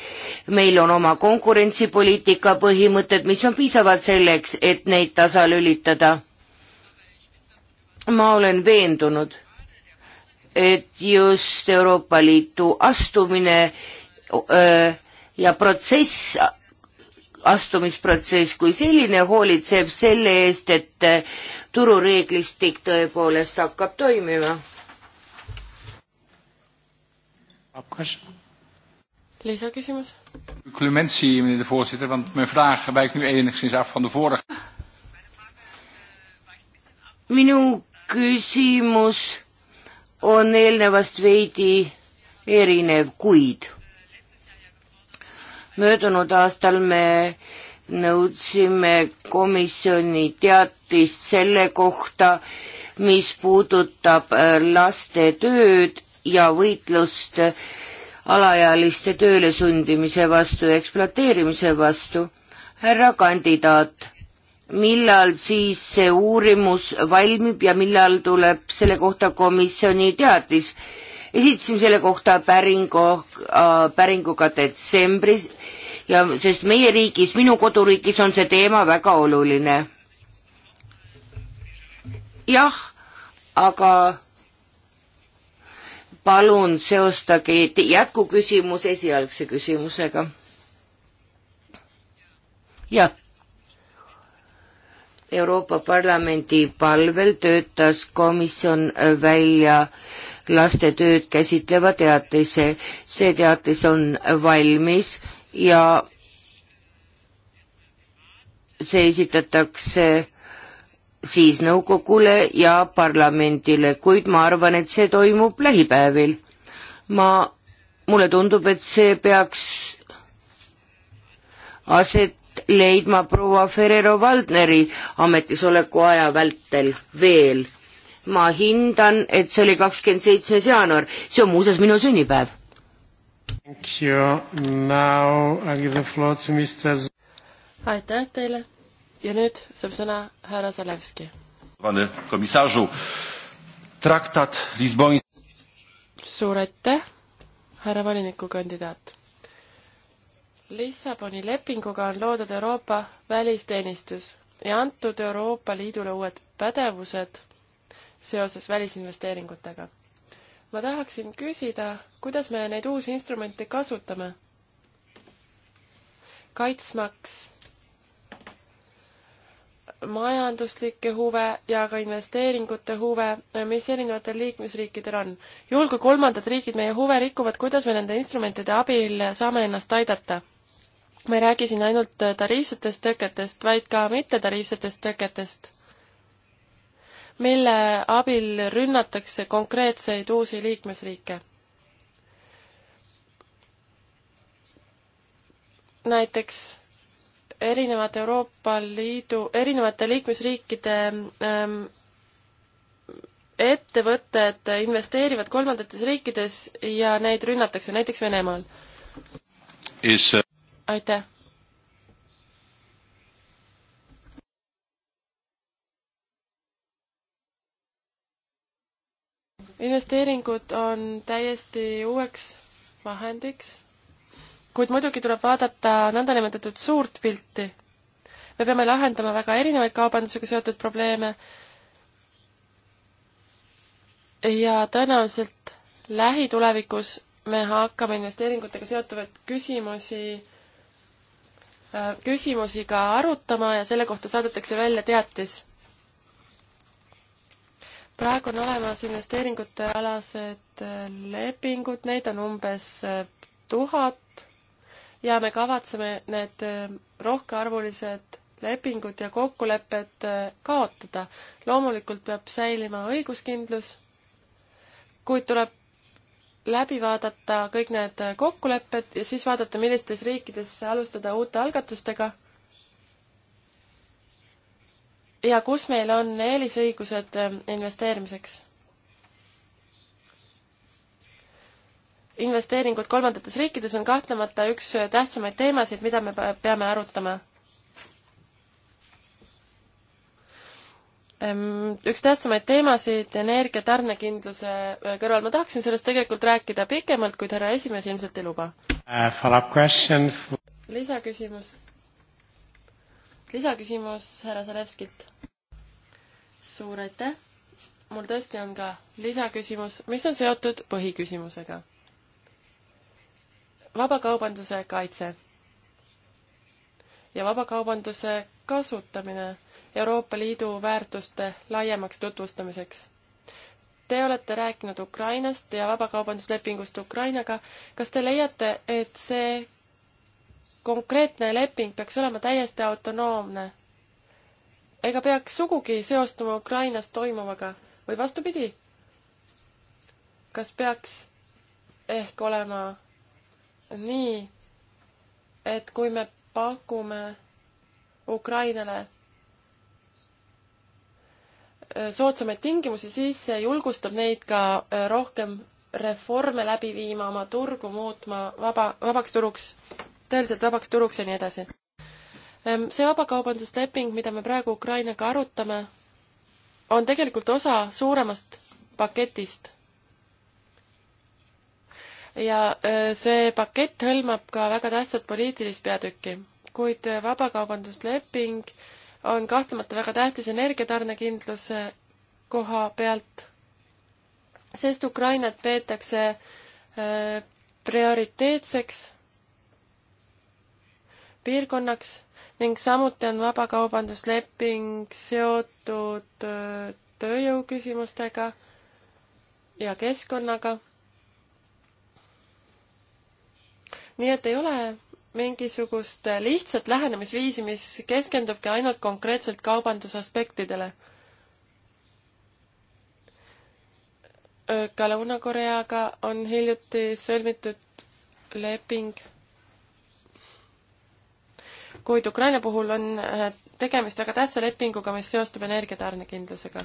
meil on oma konkurentsipoliitika põhimõtted, mis on piisavalt selleks, et neid tasalülitada ma olen veendunud, et just Euroopa Liitu astumine öö, ja protsess, astumisprotsess kui selline hoolitseb selle eest, et turureeglistik tõepoolest hakkab toimima. lisaküsimus? Clementie, meneer de voorzitter, want mijn vraag wijkt nu enigszins af van de vorige. minu küsimus on eelnevast veidi erinev, kuid möödunud aastal me nõudsime komisjoni teatist selle kohta, mis puudutab äh, laste tööd ja võitlust äh, alaealiste tööle sundimise vastu ja ekspluateerimise vastu. härra kandidaat, millal siis see uurimus valmib ja millal tuleb selle kohta komisjoni teatis. esitasime selle kohta päringu, äh, päringuga detsembris ja sest meie riigis, minu koduriigis on see teema väga oluline. jah, aga palun seostage jätkuküsimus esialgse küsimusega. jah Euroopa Parlamendi palvel töötas komisjon välja laste tööd käsitleva teatise. see teatis on valmis ja see esitatakse siis nõukogule ja parlamendile, kuid ma arvan, et see toimub lähipäevil. ma, mulle tundub, et see peaks aset leidma proua Ferrero Valdneri ametisoleku aja vältel veel. ma hindan, et see oli kakskümmend seitsmes jaanuar, see on muuseas minu sünnipäev. aitäh teile ja nüüd saab sõna härra Zalewski. traktat Lisboni. suur aitäh, härra volinikukandidaat Lissaboni lepinguga on loodud Euroopa välisteenistus ja antud Euroopa Liidule uued pädevused seoses välisinvesteeringutega. ma tahaksin küsida, kuidas me neid uusi instrumente kasutame? kaitsmaks majanduslikke huve ja ka investeeringute huve, mis erinevatel liikmesriikidel on. juhul, kui kolmandad riigid meie huve rikuvad, kuidas me nende instrumentide abil saame ennast aidata? ma ei räägi siin ainult äh, tariifsetest tõketest, vaid ka mittetariifsetest tõketest, mille abil rünnatakse konkreetseid uusi liikmesriike. näiteks erinevad Euroopa Liidu, erinevate liikmesriikide ähm, ettevõtted investeerivad kolmandates riikides ja neid rünnatakse, näiteks Venemaal. Is uh aitäh. investeeringud on täiesti uueks vahendiks, kuid muidugi tuleb vaadata nõndanimetatud suurt pilti. me peame lahendama väga erinevaid kaubandusega seotud probleeme ja tõenäoliselt lähitulevikus me hakkame investeeringutega seotuvaid küsimusi Äh, küsimusi ka arutama ja selle kohta saadetakse välja teatis. praegu on olemas investeeringute alased äh, lepingud, neid on umbes äh, tuhat ja me kavatseme need rohkearvulised lepingud ja kokkulepped kaotada. loomulikult peab säilima õiguskindlus, kuid tuleb läbi vaadata kõik need kokkulepped ja siis vaadata, millistes riikides alustada uute algatustega. ja kus meil on eelisõigused investeerimiseks. investeeringud kolmandates riikides on kahtlemata üks tähtsamaid teemasid, mida me peame arutama Ehm, üks tähtsamaid teemasid energia tarnekindluse äh, kõrval. ma tahaksin sellest tegelikult rääkida pikemalt, kuid härra esimees ilmselt ei luba uh,. lisaküsimus. lisaküsimus härra Zalevskilt. suur aitäh. mul tõesti on ka lisaküsimus, mis on seotud põhiküsimusega. vabakaubanduse kaitse ja vabakaubanduse kasutamine Euroopa Liidu väärtuste laiemaks tutvustamiseks. Te olete rääkinud Ukrainast ja vabakaubanduslepingust Ukrainaga. kas te leiate, et see konkreetne leping peaks olema täiesti autonoomne? ega peaks sugugi seostuma Ukrainas toimuvaga või vastupidi? kas peaks ehk olema nii, et kui me pakume Ukrainale soodsamaid tingimusi, siis see julgustab neid ka äh, rohkem reforme läbi viima, oma turgu muutma vaba, vabaks turuks, tõeliselt vabaks turuks ja nii edasi. Ehm, see vabakaubandusleping, mida me praegu Ukrainaga arutame, on tegelikult osa suuremast paketist. ja äh, see pakett hõlmab ka väga tähtsat poliitilist peatükki, kuid äh, vabakaubandusleping äh, on kahtlemata väga tähtis energiatarnekindluse eh, koha pealt, sest Ukrainat peetakse eh, prioriteetseks piirkonnaks ning samuti on vabakaubandusleping seotud eh, tööjõuküsimustega ja keskkonnaga. nii et ei ole mingisugust lihtsat lähenemisviisi, mis keskendubki ainult konkreetselt kaubandusaspektidele. ka Lõuna-Koreaga on hiljuti sõlmitud leping, kuid Ukraina puhul on äh, tegemist väga tähtsa lepinguga, mis seostub energiatarnekindlusega.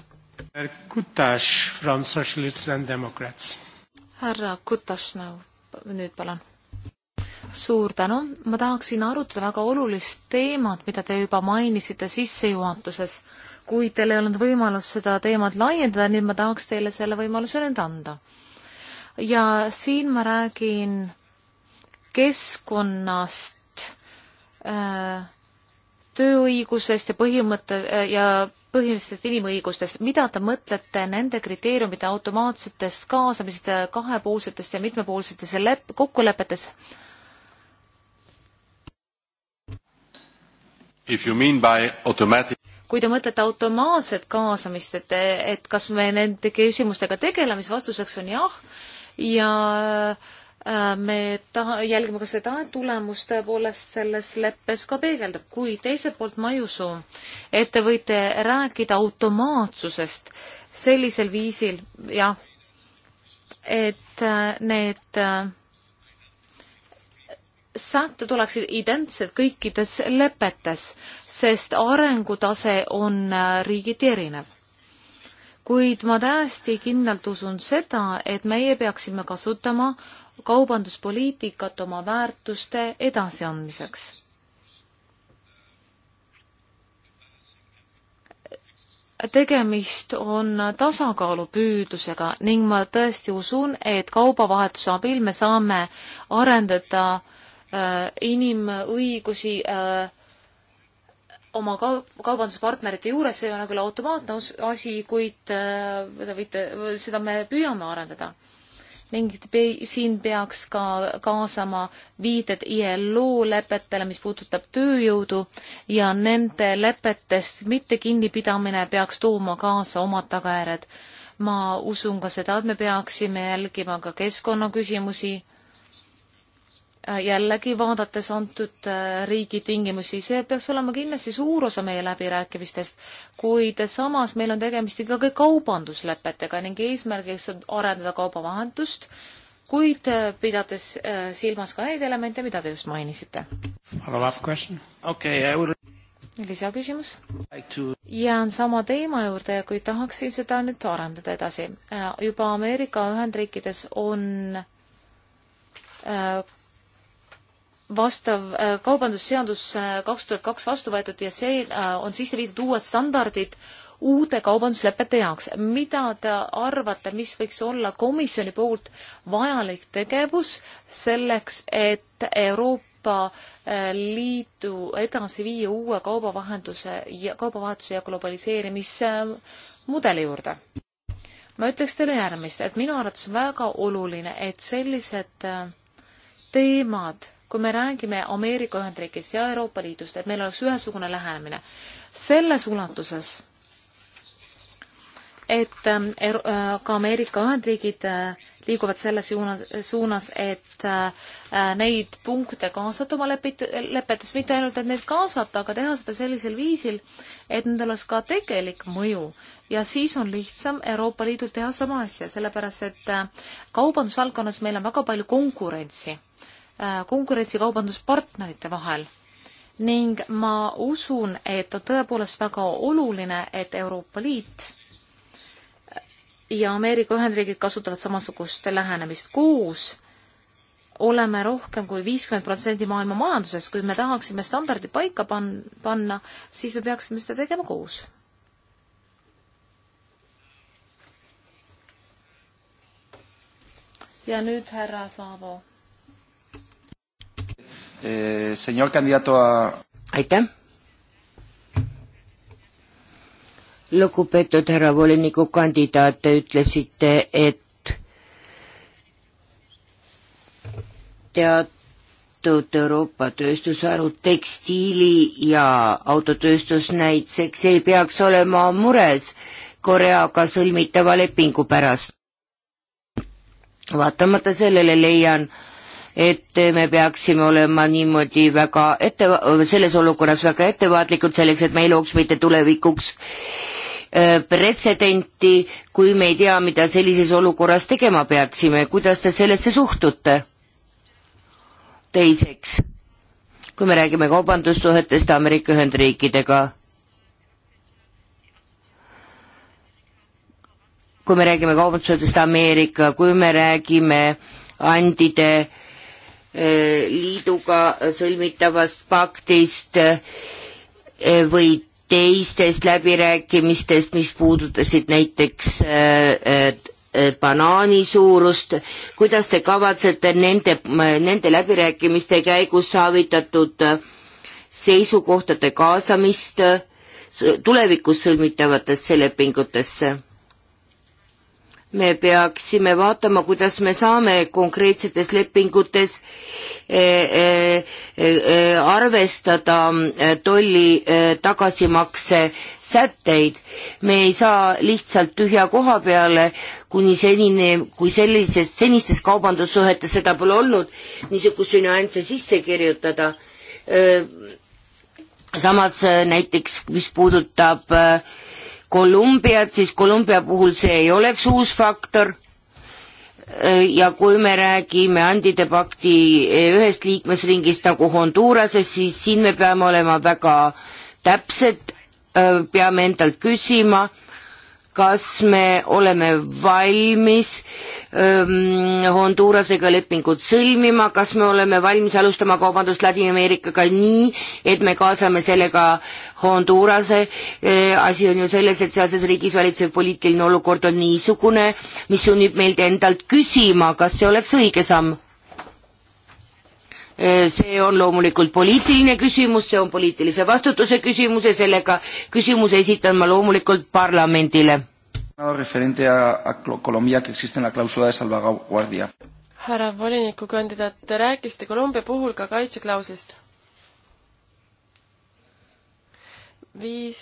härra Kutaš, härra Kutašnov, nüüd palun suur tänu, ma tahaksin arutada väga olulist teemat, mida te juba mainisite sissejuhatuses, kuid teil ei olnud võimalust seda teemat laiendada, nii et ma tahaks teile selle võimaluse nüüd anda. ja siin ma räägin keskkonnast äh,, tööõigusest ja põhimõtte äh, ja põhilistest inimõigustest, mida te mõtlete nende kriteeriumide automaatsetest kaasamisest, äh, kahepoolsetest ja mitmepoolsetest lepp-, kokkulepetest, Automatic... kui te mõtlete automaatset kaasamist, et, et kas me nende küsimustega tegeleme, siis vastuseks on jah ja äh, me taha, jälgime ka seda, et tulemus tõepoolest selles leppes ka peegeldub, kuid teiselt poolt ma ei usu, et te võite rääkida automaatsusest sellisel viisil, jah, et äh, need äh, sätted oleksid identsed kõikides lepetes, sest arengutase on äh, riigiti erinev kuid ma täiesti kindlalt usun seda, et meie peaksime kasutama kaubanduspoliitikat oma väärtuste edasiandmiseks. tegemist on tasakaalupüüdlusega ning ma tõesti usun, et kaubavahetuse abil me saame arendada äh, Äh, inimõigusi äh, oma kaubanduspartnerite juures, see ei ole küll automaatne asi, kuid te äh, võite, seda me püüame arendada ning siin peaks ka kaasama viited ILO lepetele, mis puudutab tööjõudu ja nende lepetest mitte kinnipidamine peaks tooma kaasa omad tagajärjed. ma usun ka seda, et me peaksime jälgima ka keskkonnaküsimusi Äh, jällegi, vaadates antud äh, riigi tingimusi, see peaks olema kindlasti suur osa meie läbirääkimistest, kuid samas meil on tegemist ikkagi kaubanduslepetega ning eesmärgiks on arendada kaubavahetust, kuid äh, pidades silmas ka neid elemente, mida te just mainisite. lisaküsimus? jään sama teema juurde, kuid tahaksin seda nüüd arendada edasi. juba Ameerika Ühendriikides on äh, vastav äh, kaubandusseadus äh, kaks tuhat kaks vastu võetud ja see äh, on sisse viidud uued standardid uute kaubanduslepete jaoks. mida te arvate, mis võiks olla komisjoni poolt vajalik tegevus selleks, et Euroopa Liidu edasi viia uue kaubavahenduse ja kaubavahetuse ja globaliseerimise mudeli juurde? ma ütleks teile järgmist, et minu arvates on väga oluline, et sellised teemad kui me räägime Ameerika Ühendriigist ja Euroopa Liidust, et meil oleks ühesugune lähenemine selles ulatuses, et ähm, äh, ka Ameerika Ühendriigid äh, liiguvad selles suunas, suunas, et äh, neid punkte kaasata oma lepit-, lepetes, mitte ainult, et neid kaasata, aga teha seda sellisel viisil, et nendel oleks ka tegelik mõju. ja siis on lihtsam Euroopa Liidul teha sama asja, sellepärast et kaubandusvaldkonnas meil on väga palju konkurentsi Äh, konkurentsi kaubanduspartnerite vahel ning ma usun, et on tõepoolest väga oluline, et Euroopa Liit ja Ameerika Ühendriigid kasutavad samasugust lähenemist koos oleme rohkem kui viiskümmend protsenti maailma majanduses, kui me tahaksime standardi paika pan-, panna, siis me peaksime seda tegema koos. ja nüüd härra Faavo. Eh, Senor candidato a... aitäh! lugupeetud härra voliniku kandidaat, te ütlesite, et teatud Euroopa tööstusharud, tekstiili ja autotööstus näiteks ei peaks olema mures Koreaga sõlmitava lepingu pärast. vaatamata sellele leian, et me peaksime olema niimoodi väga ette, selles olukorras väga ettevaatlikud, selleks et me ei looks mitte tulevikuks äh, pretsedenti, kui me ei tea, mida sellises olukorras tegema peaksime, kuidas te sellesse suhtute? teiseks, kui me räägime kaubandussuhetest Ameerika Ühendriikidega, kui me räägime kaubandussuhetest Ameerika, kui me räägime andide äh, Liiduga sõlmitavast paktist eh, või teistest läbirääkimistest, mis puudutasid näiteks eh, banaani suurust, kuidas te kavatsete nende, nende läbirääkimiste käigus saavutatud eh, seisukohtade kaasamist tulevikus sõlmitavatesse lepingutesse? me peaksime vaatama, kuidas me saame konkreetsetes lepingutes eh, eh, eh, arvestada tolli tagasimakse sätteid. me ei saa lihtsalt tühja koha peale, kuni senini, kui sellises, senistes kaubandussuhetes seda pole olnud, niisuguseid nüansse sisse kirjutada. samas näiteks, mis puudutab äh, Kolumbiat, siis Kolumbia puhul see ei oleks uus faktor äh, ja kui me räägime andide pakti äh, ühest liikmesringist nagu Hondurasest, siis siin me peame olema väga täpsed, äh, peame endalt küsima, kas me oleme valmis ähm, Hondurasega lepingut sõlmima, kas me oleme valmis alustama kaubandust Ladina-Ameerikaga nii, et me kaasame sellega Hondurase äh,. asi on ju selles, et sealses riigis valitsev poliitiline olukord on niisugune, mis sunnib meilt endalt küsima, kas see oleks õige samm Äh, see on loomulikult poliitiline küsimus, see on poliitilise vastutuse küsimus ja sellega küsimuse esitan ma loomulikult parlamendile. referente a, a Colombia que existe en la clausula de salvaguardia. härra volinikukandidaat, te rääkisite Kolumbia puhul ka kaitseklauslist. viis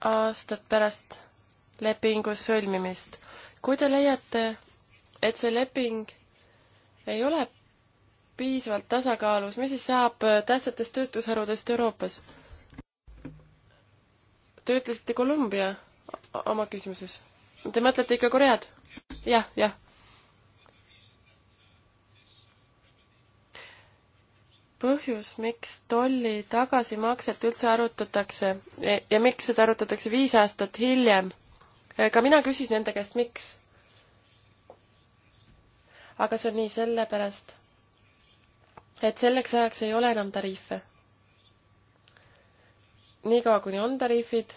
aastat pärast lepingu sõlmimist. kui te leiate, et see leping ei ole piisavalt tasakaalus, mis siis saab äh, tähtsatest tööstusharudest Euroopas? Te ütlesite Kolumbia oma küsimuses. Te mõtlete ikka Koread ja,? jah, jah. põhjus, miks tolli tagasimakset üldse arutatakse e-, ja miks seda arutatakse viis aastat hiljem, e, ka mina küsisin enda käest, miks. aga see on nii sellepärast et selleks ajaks ei ole enam tariife. niikaua, kuni on tariifid,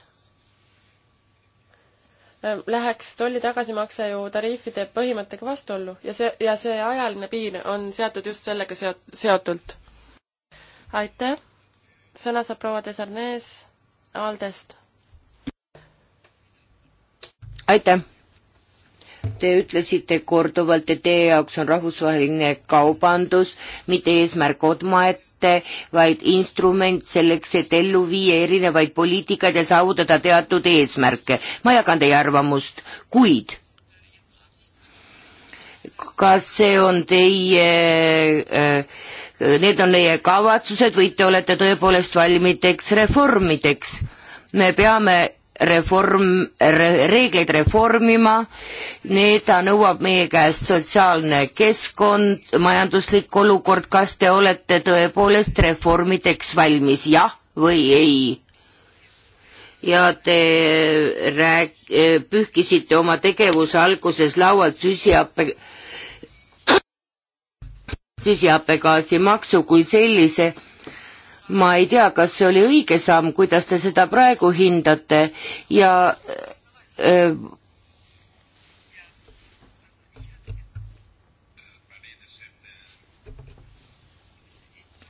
ähm, läheks tolli tagasimakse ju tariifide põhimõttega vastuollu ja see, ja see ajaline piir on seatud just sellega seot-, seotult. aitäh! sõna saab proua Desarnes Aldest. aitäh! Te ütlesite korduvalt, et teie jaoks on rahvusvaheline kaubandus mitte eesmärk omaette, vaid instrument selleks, et ellu viia erinevaid poliitikaid ja saavutada teatud eesmärke. ma jagan teie arvamust, kuid kas see on teie äh, need on teie kavatsused või te olete tõepoolest valmideks reformideks. me peame reform re,, reegleid reformima, ta nõuab meie käest sotsiaalne keskkond, majanduslik olukord, kas te olete tõepoolest reformideks valmis, jah või ei? ja te rääk-, pühkisite oma tegevuse alguses laualt süsihappe, süsihappegaasimaksu kui sellise ma ei tea, kas see oli õige samm, kuidas te seda praegu hindate ja öö, äh,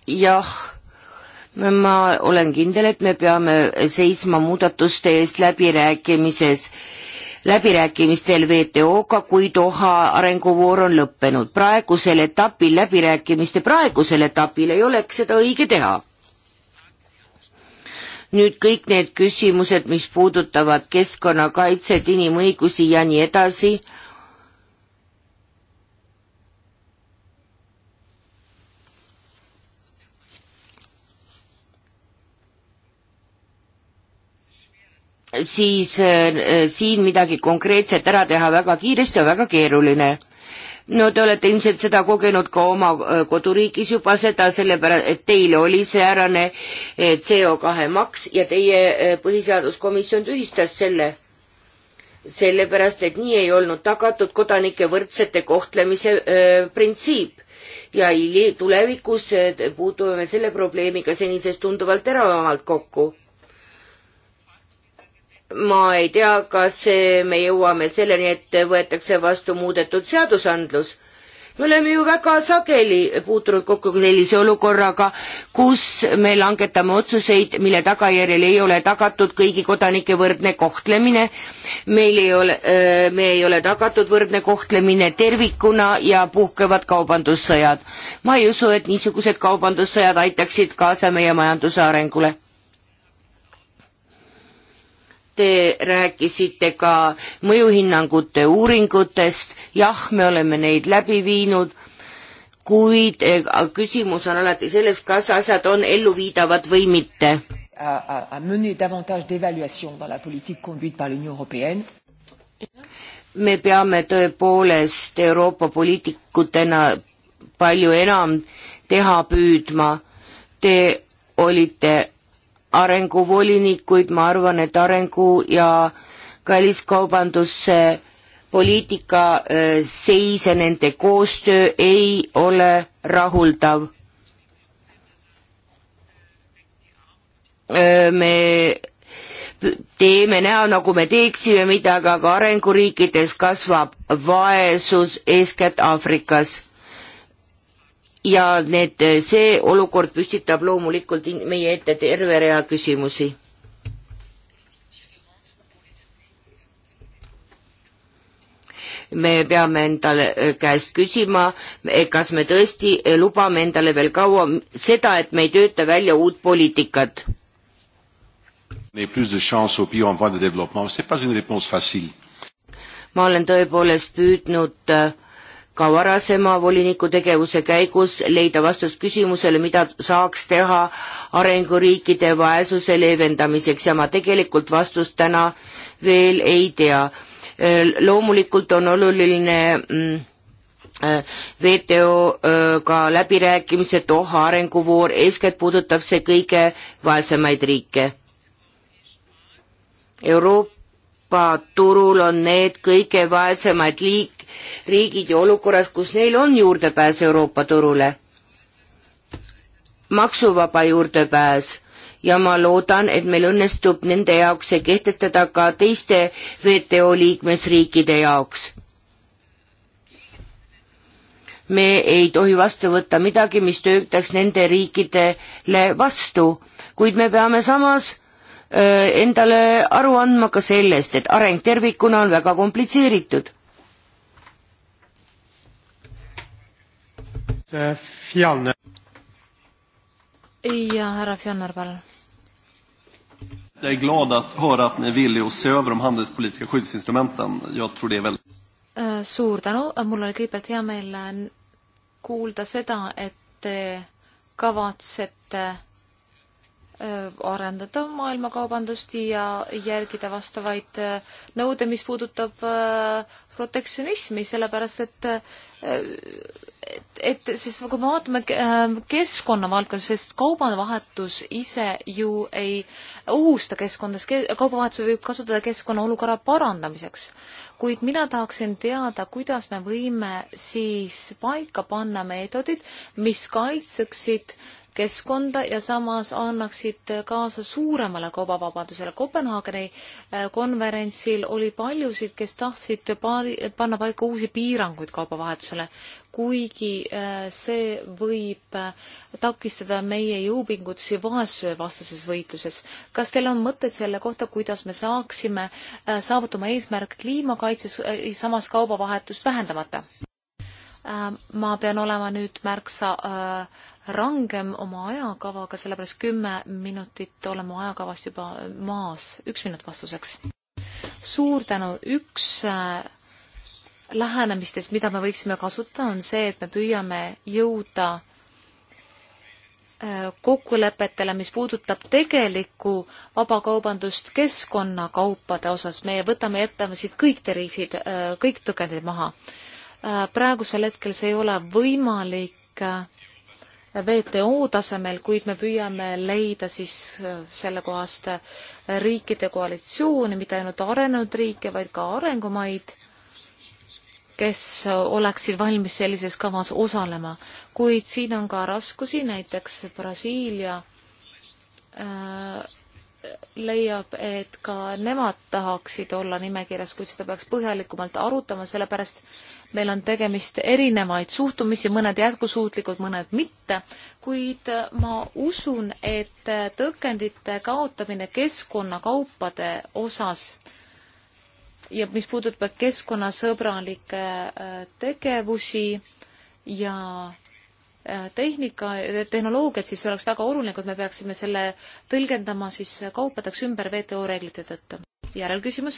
jah, ma olen kindel, et me peame seisma muudatuste eest läbirääkimises läbirääkimistel WTO-ga, kui Doha arenguvoor on lõppenud. praegusel etapil, läbirääkimiste praegusel etapil ei oleks seda õige teha nüüd kõik need küsimused, mis puudutavad keskkonnakaitset, inimõigusi ja nii edasi siis äh, siin midagi konkreetset ära teha väga kiiresti on väga keeruline no te olete ilmselt seda kogenud ka oma äh, koduriigis juba seda, sellepärast et teil oli säärane äh, CO2 maks ja teie äh, põhiseaduskomisjon tühistas selle sellepärast, et nii ei olnud tagatud kodanike võrdsete kohtlemise öö, printsiip ja tulevikus puutume selle probleemiga senisest tunduvalt teravamalt kokku ma ei tea, kas me jõuame selleni, et võetakse vastu muudetud seadusandlus. me oleme ju väga sageli puutunud kokku sellise olukorraga, kus me langetame otsuseid, mille tagajärjel ei ole tagatud kõigi kodanike võrdne kohtlemine, meil ei ole, äh, me ei ole tagatud võrdne kohtlemine tervikuna ja puhkevad kaubandussõjad. ma ei usu, et niisugused kaubandussõjad aitaksid kaasa meie majanduse arengule Te rääkisite ka mõjuhinnangute uuringutest, jah, me oleme neid läbi viinud, kuid eh, küsimus on alati selles, kas asjad on elluviidavad või mitte. À, à mener davantage d'évaluation dans la politique conduite par l'Union européenne me peame tõepoolest Euroopa poliitikutena palju enam teha püüdma. Te olite arenguvolinikuid, ma arvan, et arengu ja väliskaubanduspoliitika äh, seis ja nende koostöö ei ole rahuldav. Äh, me teeme näo, nagu me teeksime midagi, aga arenguriikides kasvab vaesus, eeskätt Aafrikas ja need, see olukord püstitab loomulikult meie ette terve rea küsimusi. me peame endale äh, käest küsima, eh, kas me tõesti eh, lubame endale veel kaua seda, et me ei tööta välja uut poliitikat. ma olen tõepoolest püüdnud äh, ka varasema voliniku tegevuse käigus leida vastus küsimusele, mida saaks teha arenguriikide vaesuse leevendamiseks ja ma tegelikult vastust täna veel ei tea. Äh, loomulikult on oluline mm, äh, WTO-ga äh, läbirääkimised, Doha arenguvoor, eeskätt puudutab see kõige vaesemaid riike. Euroopa Euroopa turul on need kõige vaesemad liik, riigid ja olukorras, kus neil on juurdepääs Euroopa turule, maksuvaba juurdepääs ja ma loodan, et meil õnnestub nende jaoks see kehtestada ka teiste WTO liikmesriikide jaoks. me ei tohi vastu võtta midagi, mis töötaks nende riikidele vastu, kuid me peame samas Äh, endale aru andma ka sellest, et areng tervikuna on väga komplitseeritud. Äh, ja härra Fjellner, palun. Jag är glad att höra att ni är villig att se över de handelspolitiska skyddsinstrumenten. Jag tror det är väldigt... Äh, suur tänu. Mul oli kõigepealt hea meel kuulda seda, et te kavatsete Äh, arendada maailmakaubandust ja järgida vastavaid äh, nõude, mis puudutab äh, protektsionismi, sellepärast et et, et sest kui me vaatame keskkonnavaldkonda, sest kaubavahetus ise ju ei ohusta keskkonda, kaubavahetus võib kasutada keskkonna olukorra parandamiseks. kuid mina tahaksin teada, kuidas me võime siis paika panna meetodid, mis kaitseksid keskkonda ja samas annaksid kaasa suuremale kaubavabadusele. Kopenhaageni äh, konverentsil oli paljusid, kes tahtsid paari, panna paika uusi piiranguid kaubavahetusele, kuigi äh, see võib äh, takistada meie jõupingutusi vaesusevastases võitluses. kas teil on mõtted selle kohta, kuidas me saaksime saavutama eesmärk kliimakaitses, samas kaubavahetust vähendamata? ma pean olema nüüd märksa äh, rangem oma ajakavaga, sellepärast kümme minutit oleme ajakavast juba maas. üks minut vastuseks. suur tänu, üks äh, lähenemistest, mida me võiksime kasutada, on see, et me püüame jõuda äh, kokkulepetele, mis puudutab tegelikku vabakaubandust keskkonnakaupade osas, me võtame ette siit kõik tariifid, äh, kõik tõkendid maha. praegusel hetkel see ei ole võimalik WTO tasemel, kuid me püüame leida siis äh, sellekohast äh, riikide koalitsiooni, mitte ainult arenenud riike, vaid ka arengumaid, kes oleksid valmis sellises kavas osalema. kuid siin on ka raskusi, näiteks Brasiilia äh, leiab, et ka nemad tahaksid olla nimekirjas, kuid seda peaks põhjalikumalt arutama, sellepärast meil on tegemist erinevaid suhtumisi, mõned jätkusuutlikud, mõned mitte, kuid ma usun, et tõkendite kaotamine keskkonnakaupade osas ja mis puudutab keskkonnasõbralikke äh, tegevusi ja Äh, tehnika, äh, tehnoloogiat, siis oleks väga oluline, kui me peaksime selle tõlgendama siis äh, kaupadeks ümber WTO reeglite tõttu. järelküsimus?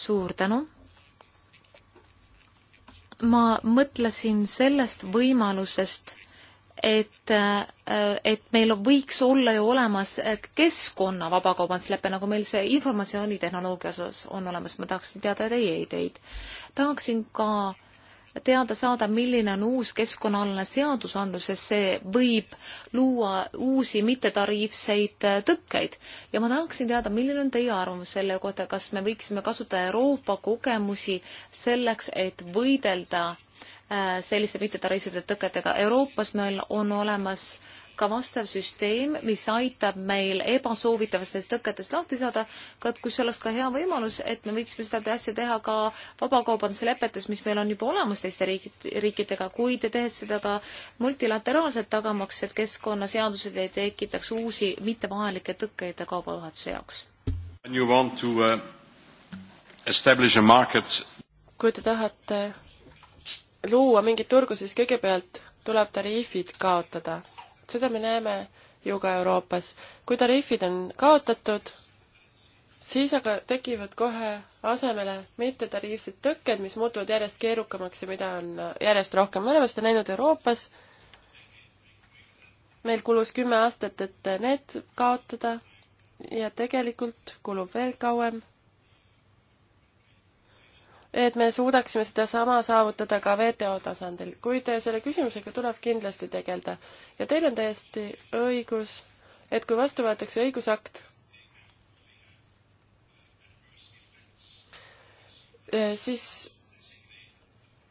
suur tänu! ma mõtlesin sellest võimalusest, et, et meil võiks olla ju olemas keskkonna vabakaubanduslepe, nagu meil see informatsioonitehnoloogia osas on olemas, ma tahaksin teada teie ideid. tahaksin ka äh, teada saada, milline on uus keskkonnaalane seadusandlus, sest see võib luua uusi mittetariifseid äh, tõkkeid. ja ma tahaksin teada, milline on teie arvamus selle kohta, kas me võiksime kasutada Euroopa kogemusi selleks, et võidelda äh, selliste mittetariifsete tõketega. Euroopas meil on olemas äh, ka vastav süsteem, mis aitab meil ebasoovitavatest tõketest lahti saada, ka kui see oleks ka hea võimalus, et me võiksime seda asja teha ka vabakaubanduslepetes, mis meil on juba olemas teiste riikid, riikidega, kuid tehes seda ka multilateraalselt, tagamaks, et keskkonnaseadused ei tekitaks uusi mittevajalikke tõkkeid kaubavahetuse jaoks. You want to uh, establish a market kui te tahate luua mingit turgu, siis kõigepealt tuleb tariifid kaotada seda me näeme ju ka Euroopas. kui tariifid on kaotatud, siis aga tekivad kohe asemele mittetariifsed tõkked, mis muutuvad järjest keerukamaks ja mida on järjest rohkem. me oleme seda näinud Euroopas. meil kulus kümme aastat, et need kaotada ja tegelikult kulub veel kauem et me suudaksime sedasama saavutada ka WTO tasandil, kuid selle küsimusega tuleb kindlasti tegeleda. ja teil on täiesti õigus, et kui vastu võetakse õigusakt, eh, siis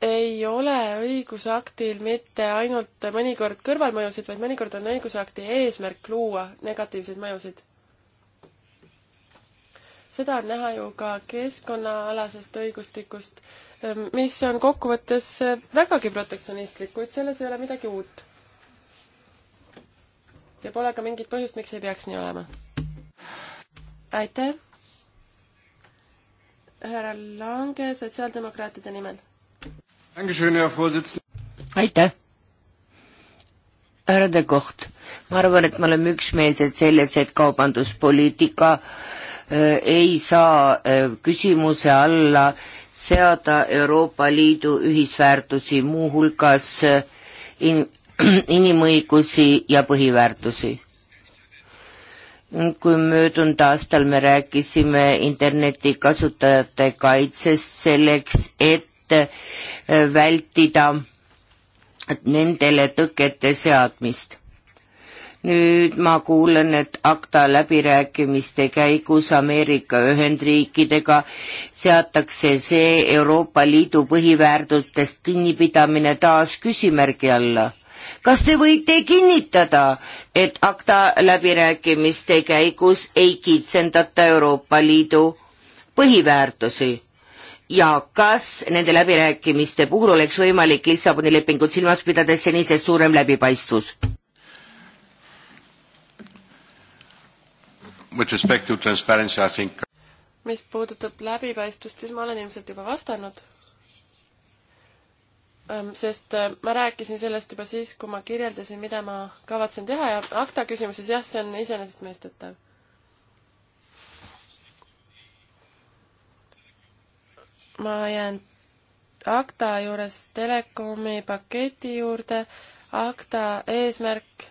ei ole õigusaktil mitte ainult mõnikord kõrvalmõjusid, vaid mõnikord on õigusakti eesmärk luua negatiivseid mõjusid seda on näha ju ka keskkonnaalasest õigustikust, ehm, mis on kokkuvõttes eh, vägagi protektsionistlik, kuid selles ei ole midagi uut. ja pole ka mingit põhjust, miks ei peaks nii olema. aitäh! härra Lange sotsiaaldemokraatide nimel. aitäh! härra De Koht, ma arvan, et me oleme üksmeelsed selles, et kaubanduspoliitika Äh, ei saa äh, küsimuse alla seada Euroopa Liidu ühisväärtusi, muuhulgas äh, in, inimõigusi ja põhiväärtusi. kui möödunud aastal me rääkisime interneti kasutajate kaitsest selleks, et vältida nendele tõkete seadmist nüüd ma kuulen, et akta läbirääkimiste käigus Ameerika Ühendriikidega seatakse see Euroopa Liidu põhiväärtustest kinnipidamine taas küsimärgi alla. kas te võite kinnitada, et akta läbirääkimiste käigus ei kitsendata Euroopa Liidu põhiväärtusi? ja kas nende läbirääkimiste puhul oleks võimalik Lissaboni lepingut silmas pidades senisest suurem läbipaistvus? With respect to transparency, I think mis puudutab läbipaistvust, siis ma olen ilmselt juba vastanud. Ähm, sest äh, ma rääkisin sellest juba siis, kui ma kirjeldasin, mida ma kavatsen teha ja akta küsimuses jah, see on iseenesestmõistetav. ma jään akta juures telekomi paketi juurde. akta eesmärk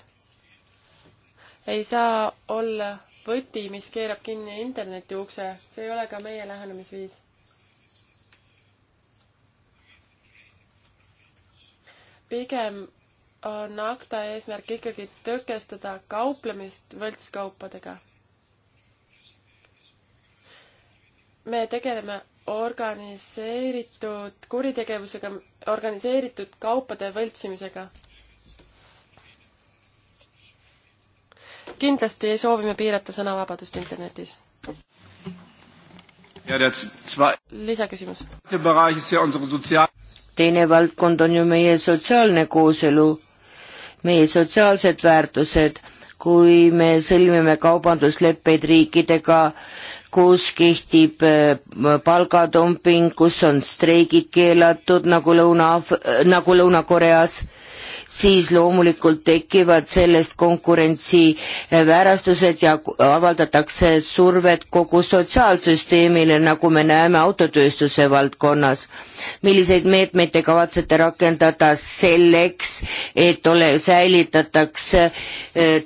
ei saa olla võti, mis keerab kinni interneti ukse, see ei ole ka meie lähenemisviis. pigem on akta eesmärk ikkagi tõkestada kauplemist võltskaupadega. me tegeleme organiseeritud kuritegevusega, organiseeritud kaupade võltsimisega kindlasti soovime piirata sõnavabadust internetis. lisaküsimus. teine valdkond on ju meie sotsiaalne kooselu, meie sotsiaalsed väärtused, kui me sõlmime kaubandusleppeid riikidega, kus kehtib äh, palgadumping, kus on streigid keelatud nagu Lõuna, äh, nagu Lõuna-Koreas, siis loomulikult tekivad sellest konkurentsiväärastused eh, ja avaldatakse survet kogu sotsiaalsüsteemile, nagu me näeme autotööstuse valdkonnas. milliseid meetmeid te kavatsete rakendada selleks, et ole, säilitataks eh,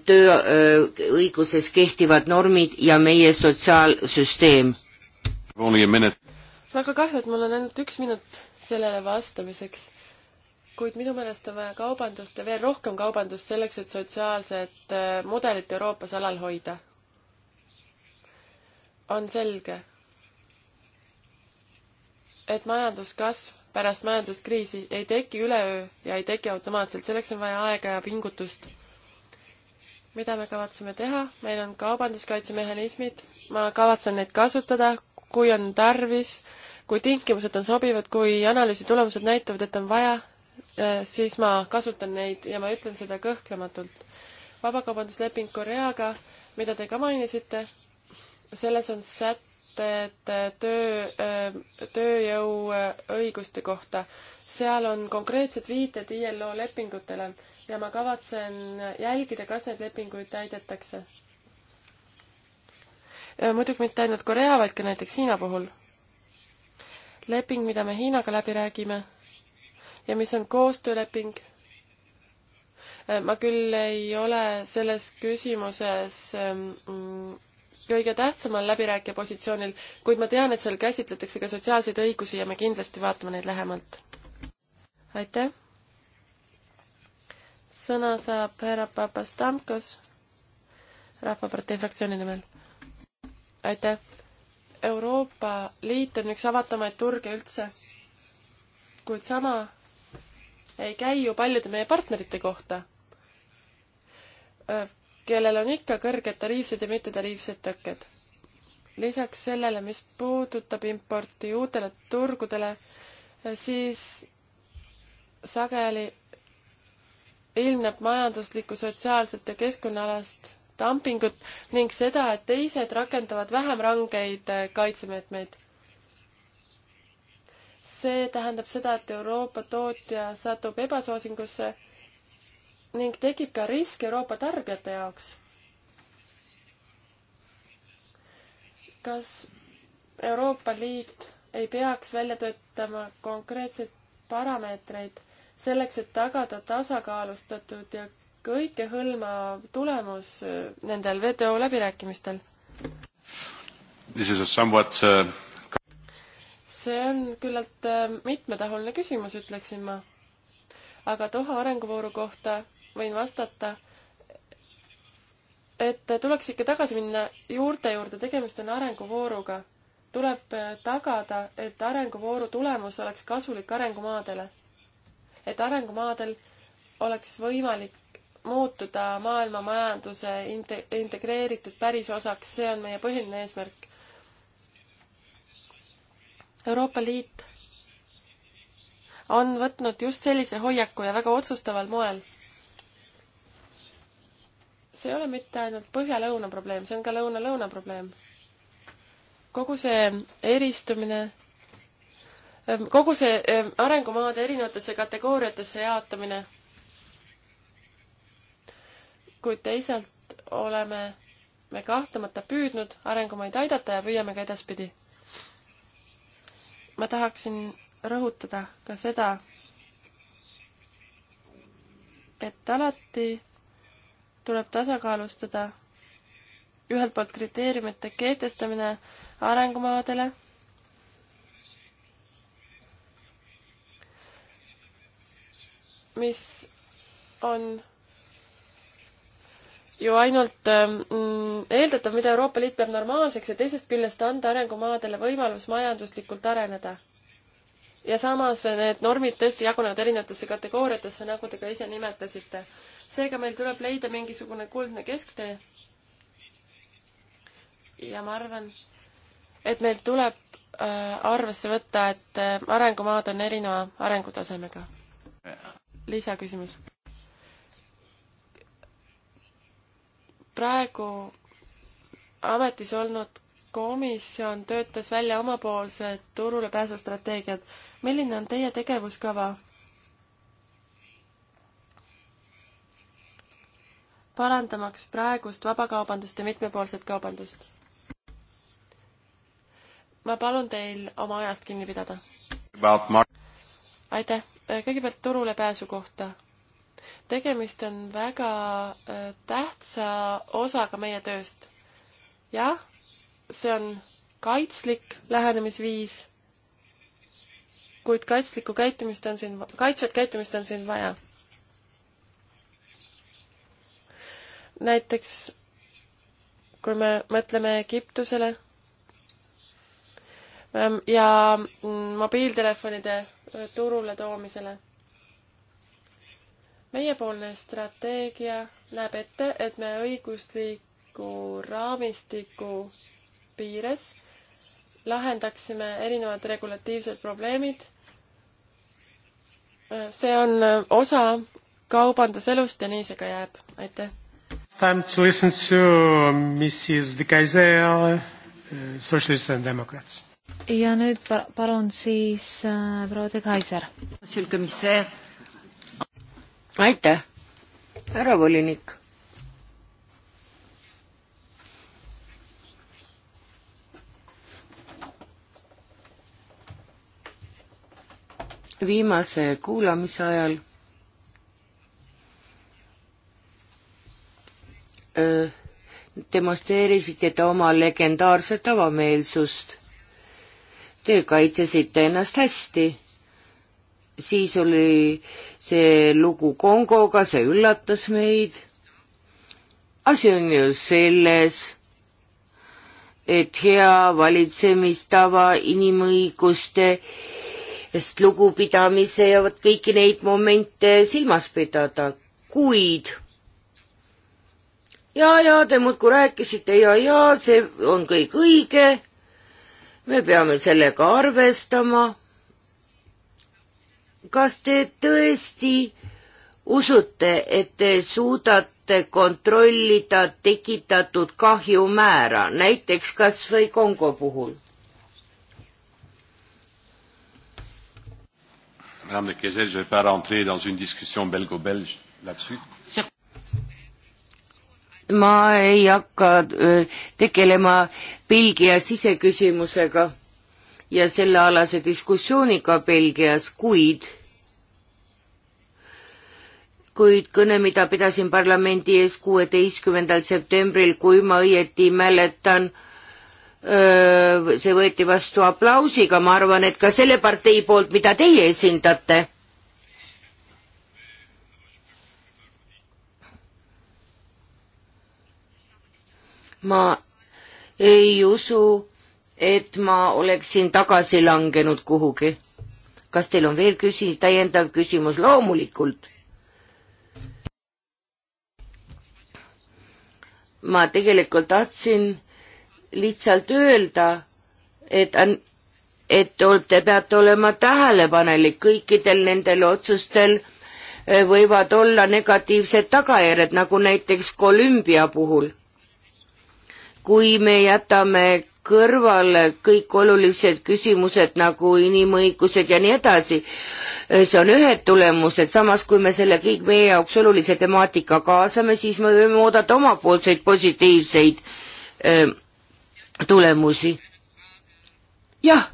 tööõiguses eh, kehtivad normid ja meie sotsiaalsüsteem? väga kahju, et mul on ainult üks minut sellele vastamiseks kuid minu meelest on vaja kaubandust ja veel rohkem kaubandust selleks, et sotsiaalset äh, mudelit Euroopas alal hoida. on selge, et majanduskasv pärast majanduskriisi ei teki üleöö ja ei teki automaatselt, selleks on vaja aega ja pingutust. mida me kavatseme teha? meil on kaubanduskaitsemehhanismid, ma kavatsen neid kasutada, kui on tarvis, kui tingimused on sobivad, kui analüüsi tulemused näitavad, et on vaja, Äh, siis ma kasutan neid ja ma ütlen seda kõhklematult. vabakaubandusleping Koreaga, mida te ka mainisite, selles on sätted äh, töö, äh, tööjõu õiguste kohta. seal on konkreetsed viited ILO lepingutele ja ma kavatsen jälgida, kas neid lepinguid täidetakse. muidugi mitte ainult Korea, vaid ka näiteks Hiina puhul. leping, mida me Hiinaga läbi räägime ja mis on koostööleping. Äh, ma küll ei ole selles küsimuses ähm, mm, kõige tähtsamal läbirääkija positsioonil, kuid ma tean, et seal käsitletakse ka sotsiaalseid õigusi ja me kindlasti vaatame neid lähemalt. aitäh! sõna saab härra Papastamkos Rahvapartei fraktsiooni nimel. aitäh! Euroopa Liit on üks avatumaid turge üldse, kuid sama ei käi ju paljude meie partnerite kohta, äh, kellel on ikka kõrged tariifsed ja mittetariifsed tõkked. lisaks sellele, mis puudutab importi uutele turgudele, äh, siis sageli ilmneb majanduslikku, sotsiaalset ja keskkonnaalast dumpingut ning seda, et teised rakendavad vähem rangeid äh, kaitsemeetmeid see tähendab seda, et Euroopa tootja satub ebasoosingusse ning tekib ka risk Euroopa tarbijate jaoks. kas Euroopa Liit ei peaks välja töötama konkreetseid parameetreid selleks, et tagada tasakaalustatud ja kõikehõlmav tulemus äh, nendel WTO läbirääkimistel? This is a somewhat uh see on küllalt äh, mitmetahuline küsimus, ütleksin ma. aga Doha arenguvooru kohta võin vastata, et äh, tuleks ikka tagasi minna juurte juurde, tegemist on arenguvooruga. tuleb äh, tagada, et arenguvooru tulemus oleks kasulik arengumaadele. et arengumaadel oleks võimalik muutuda maailma majanduse inte-, integreeritud pärisosaks, see on meie põhiline eesmärk Euroopa Liit on võtnud just sellise hoiaku ja väga otsustaval moel. see ei ole mitte ainult põhja-lõuna probleem, see on ka lõuna-lõuna probleem. kogu see eristumine, ähm, kogu see ähm, arengumaade erinevatesse kategooriatesse jaotamine, kuid teisalt oleme me kahtlemata püüdnud arengumaid aidata ja püüame ka edaspidi ma tahaksin rõhutada ka seda, et alati tuleb tasakaalustada ühelt poolt kriteeriumite kehtestamine arengumaadele, mis on ju ainult ähm, mm, eeldatav, mida Euroopa Liit peab normaalseks ja teisest küljest anda arengumaadele võimalus majanduslikult areneda. ja samas need normid tõesti jagunevad erinevatesse kategooriatesse, nagu te ka ise nimetasite. seega meil tuleb leida mingisugune kuldne kesktee. ja ma arvan, et meil tuleb äh, arvesse võtta, et äh, arengumaad on erineva arengutasemega. lisaküsimus praegu ametis olnud komisjon töötas välja omapoolsed turule pääsustrateegiad. milline on teie tegevuskava? parandamaks praegust vabakaubandust ja mitmepoolset kaubandust. ma palun teil oma ajast kinni pidada. aitäh, kõigepealt turule pääsu kohta tegemist on väga äh, tähtsa osaga meie tööst. jah, see on kaitslik lähenemisviis, kuid kaitslikku käitumist on siin, kaitsvat käitumist on siin vaja. näiteks kui me mõtleme Egiptusele ähm, ja mm, mobiiltelefonide äh, turule toomisele meiepoolne strateegia näeb ette, et me õigusliku raamistiku piires lahendaksime erinevad regulatiivsed probleemid. see on osa kaubanduselust ja nii see ka jääb, aitäh. Time to listen to Mrs De Kaiser, uh, Socialists and Democrats. ja nüüd palun siis äh, proua De Kaiser. Monsieur le commissaire aitäh, härra volinik. viimase kuulamise ajal öö, demonstreerisite te oma legendaarset avameelsust. Te kaitsesite ennast hästi siis oli see lugu Kongoga, see üllatas meid. asi on ju selles, et hea valitsemistava, inimõiguste sest lugupidamise ja vot kõiki neid momente silmas pidada, kuid ja, ja te muudkui rääkisite ja, ja see on kõik õige. me peame sellega arvestama kas te tõesti usute, et te suudate kontrollida tekitatud kahju määra, näiteks kas või Kongo puhul? Madame de Kessel, je ne vais pas rentrer dans une discussion belgo-belge là-dessus. ma ei hakka äh, tegelema Belgia siseküsimusega ja sellealase diskussiooniga Belgias, kuid kuid kõne, mida pidasin parlamendi ees kuueteistkümnendal septembril, kui ma õieti mäletan, see võeti vastu aplausiga, ma arvan, et ka selle partei poolt, mida teie esindate. ma ei usu, et ma oleksin tagasi langenud kuhugi. kas teil on veel küsi-, täiendav küsimus? loomulikult ma tegelikult tahtsin lihtsalt öelda, et, et te peate olema tähelepanelik, kõikidel nendel otsustel eh, võivad olla negatiivsed tagajärjed, nagu näiteks Kolumbia puhul. kui me jätame kõrvale kõik olulised küsimused nagu inimõigused ja nii edasi. see on ühed tulemused, samas kui me selle kõik meie jaoks olulise temaatika kaasame, siis me võime oodata omapoolseid positiivseid öö, ähm, tulemusi. jah.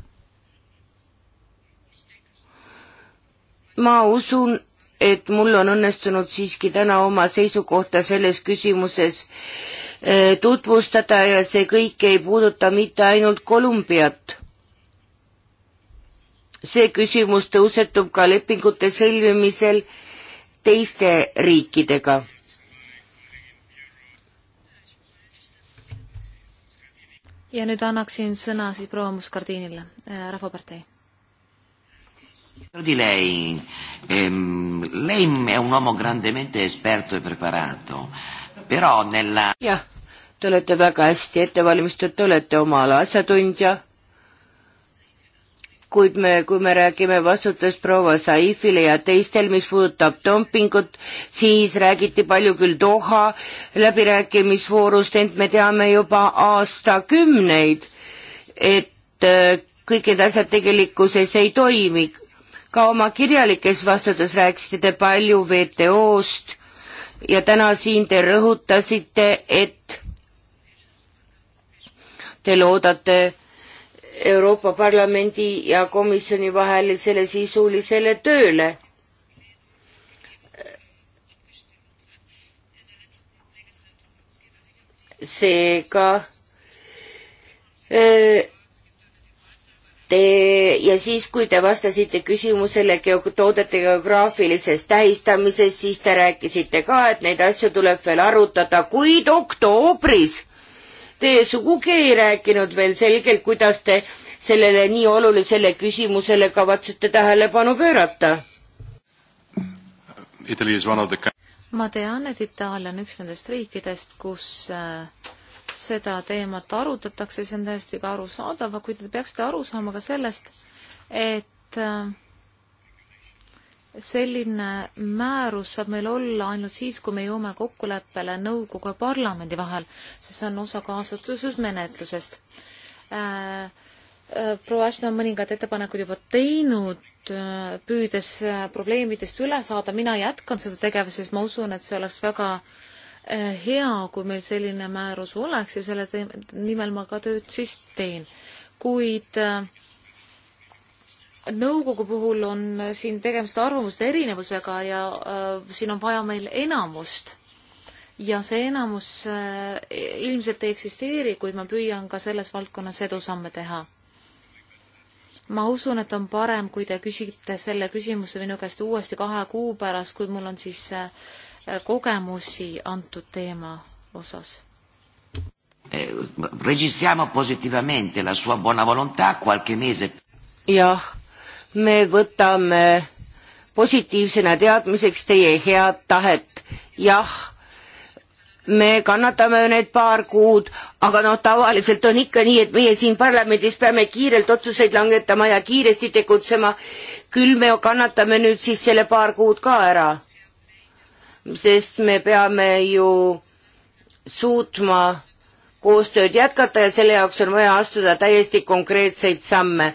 ma usun, et mul on õnnestunud siiski täna oma seisukohta selles küsimuses öö, Eh, tutvustada ja see kõik ei puuduta mitte ainult Kolumbiat. see küsimus tõusetub ka lepingute sõlmimisel teiste riikidega. ja nüüd annaksin sõna siis proua Muskardiinile, eh, Rahvapartei. Di lei, ehm, lei è un uomo grandemente esperto e preparato. Eh, bera nella... jah, te olete väga hästi ette valmistatud, te olete oma ala asjatundja, kuid me, kui me räägime vastutest proua Saifile ja teistel, mis puudutab dumpingut, siis räägiti palju küll Doha läbirääkimisvoorust, ent me teame juba aastakümneid, et äh, kõik need asjad tegelikkuses ei toimi. ka oma kirjalikes vastutes rääkisite te palju WTO-st ja täna siin te rõhutasite, et te loodate Euroopa Parlamendi ja komisjoni vahelisele sisulisele tööle. seega äh, Te, ja siis, kui te vastasite küsimusele toodete geograafilisest tähistamisest, siis te rääkisite ka, et neid asju tuleb veel arutada, kuid oktoobris te sugugi ei rääkinud veel selgelt, kuidas te sellele nii olulisele küsimusele kavatsete tähelepanu pöörata. ma tean, et Itaalia on üks nendest riikidest, kus äh, seda teemat arutatakse, see on täiesti ka arusaadav, aga kui te peaksite aru saama ka sellest, et äh, selline määrus saab meil olla ainult siis, kui me jõuame kokkuleppele nõukogu ja parlamendi vahel, sest see on osa kaasotsustusmenetlusest. Äh, äh, proua Ashton on mõningad ettepanekud juba teinud, püüdes probleemidest üle saada, mina jätkan seda tegevust, sest ma usun, et see oleks väga äh, Eh, hea, kui meil selline määrus oleks ja selle nimel ma ka tööd siis teen. kuid eh, nõukogu puhul on siin tegemist arvamuste erinevusega ja äh, siin on vaja meil enamust. ja see enamus äh, ilmselt ei eksisteeri, kuid ma püüan ka selles valdkonnas edusamme teha ma usun, et on parem, kui te küsite selle küsimuse minu käest uuesti kahe kuu pärast, kui mul on siis äh, kogemusi antud teema osas? Eh, registriamo positivamente la sua buona volontà qualche mese. jah, me võtame positiivsena teadmiseks teie head tahet. jah, me kannatame need paar kuud, aga noh, tavaliselt on ikka nii, et meie siin parlamendis peame kiirelt otsuseid langetama ja kiiresti tegutsema. küll me kannatame nüüd siis selle paar kuud ka ära sest me peame ju suutma koostööd jätkata ja selle jaoks on vaja astuda täiesti konkreetseid samme.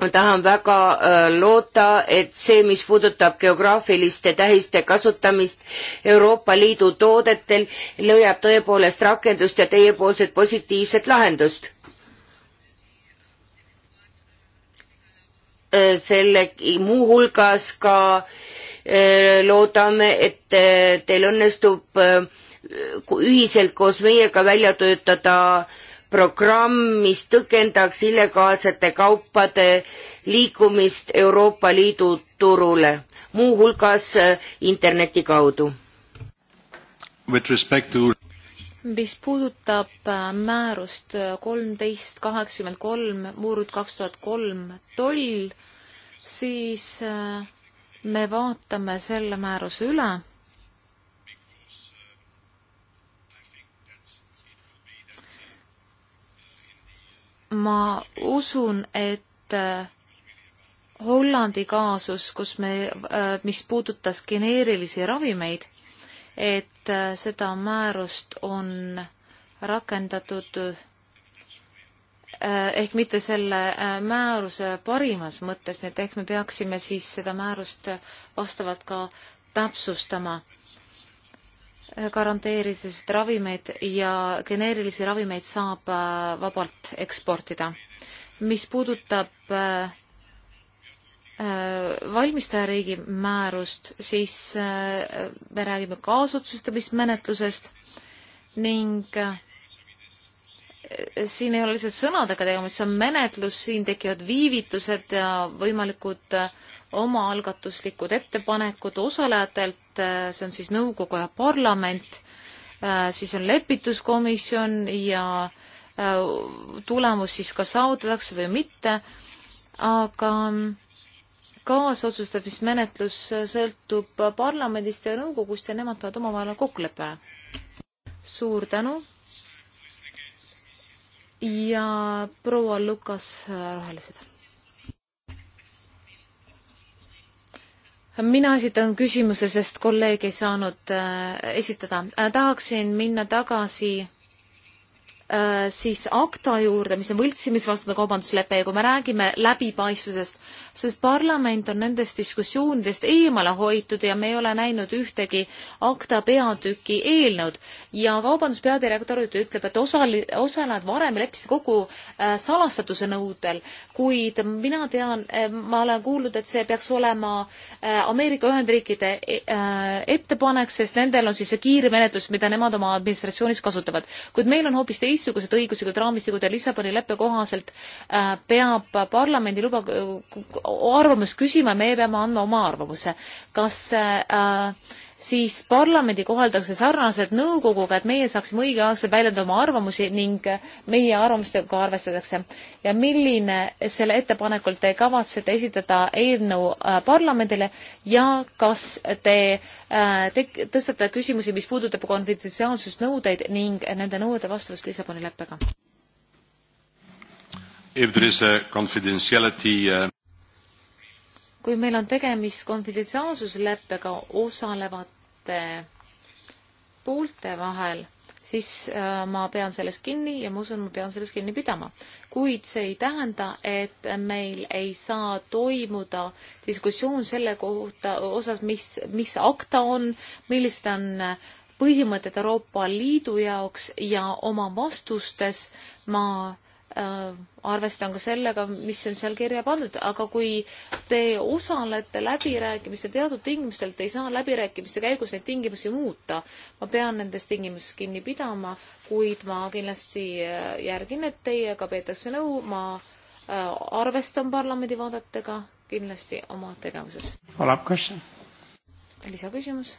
ma tahan väga äh, loota, et see, mis puudutab geograafiliste tähiste kasutamist Euroopa Liidu toodetel, leiab tõepoolest rakendust ja teiepoolset positiivset lahendust Äh, selle muuhulgas ka äh, loodame, et äh, teil õnnestub ühiselt koos meiega välja töötada programm, mis tõkendaks illegaalsete kaupade liikumist Euroopa Liidu turule, muuhulgas interneti kaudu. With respect to mis puudutab äh, määrust äh, kolmteist kaheksakümmend kolm, murd kaks tuhat kolm toll, siis äh, me vaatame selle määruse üle. ma usun, et Hollandi kaasus, kus me, mis puudutas geneerilisi ravimeid, et et äh, seda määrust on rakendatud äh, ehk mitte selle äh, määruse parimas mõttes, nii et ehk me peaksime siis seda määrust vastavalt ka täpsustama, garanteerides, et ravimeid ja geneerilisi ravimeid saab vabalt eksportida. mis puudutab äh, Äh, valmistajariigi määrust, siis äh, me räägime kaasotsustamismenetlusest ning äh, siin ei ole lihtsalt sõnadega tegemist, see on menetlus, siin tekivad viivitused ja võimalikud omaalgatuslikud ettepanekud osalejatelt, see on siis nõukogu ja parlament, siis on lepituskomisjon ja tulemus siis kas saavutatakse või mitte, aga kaasotsustamismenetlus sõltub parlamendist ja nõukogust ja nemad peavad omavahel kokkuleppe. suur tänu. ja proua Lukas äh, Rohelised. mina esitan küsimuse, sest kolleeg ei saanud äh, esitada äh,. tahaksin minna tagasi äh, Äh, siis akta juurde, mis on võltsimisvastane kaubanduslepe ja kui me räägime läbipaistvusest, sest parlament on nendest diskussioonidest eemale hoitud ja me ei ole näinud ühtegi akta peatüki eelnõud ja kaubandus peadirektorit ütleb, et osali-, osalejad varem leppisid kokku äh, salastatuse nõudel, kuid mina tean äh,, ma olen kuulnud, et see peaks olema äh, Ameerika Ühendriikide e-, äh, ettepanek, sest nendel on siis see kiirmenetlus, mida nemad oma administratsioonis kasutavad. kuid meil on hoopis teised teistsugused õiguslikud raamistikud ja Lissaboni leppe kohaselt äh, peab parlamendi luba, arvamust küsima ja meie peame andma oma arvamuse. kas äh, siis parlamendi koheldakse sarnaselt nõukoguga, et meie saaksime õigeaegselt väljendada oma arvamusi ning meie arvamustega arvestatakse. ja milline selle ettepanekul te kavatsete esitada eelnõu äh, parlamendile ja kas te, äh, te tõstate küsimusi, mis puudutab konfidentsiaalsusnõudeid ning nende nõuete vastavust Lissaboni leppega? If there is a confidentiality uh kui meil on tegemist konfidentsiaalsusleppega osalevate poolte vahel, siis äh, ma pean sellest kinni ja ma usun, ma pean sellest kinni pidama. kuid see ei tähenda, et meil ei saa toimuda diskussioon selle kohta osas, mis, mis akta on, millised on põhimõtted Euroopa Liidu jaoks ja oma vastustes ma äh, Äh, arvestan ka sellega, mis on seal kirja pandud, aga kui te osalete läbirääkimistel teatud tingimustel, te ei saa läbirääkimiste käigus neid tingimusi muuta. ma pean nendest tingimustest kinni pidama, kuid ma kindlasti äh, järgin, et teiega peetakse nõu, ma äh, arvestan parlamendi vaadetega kindlasti oma tegevuses. lisaküsimus.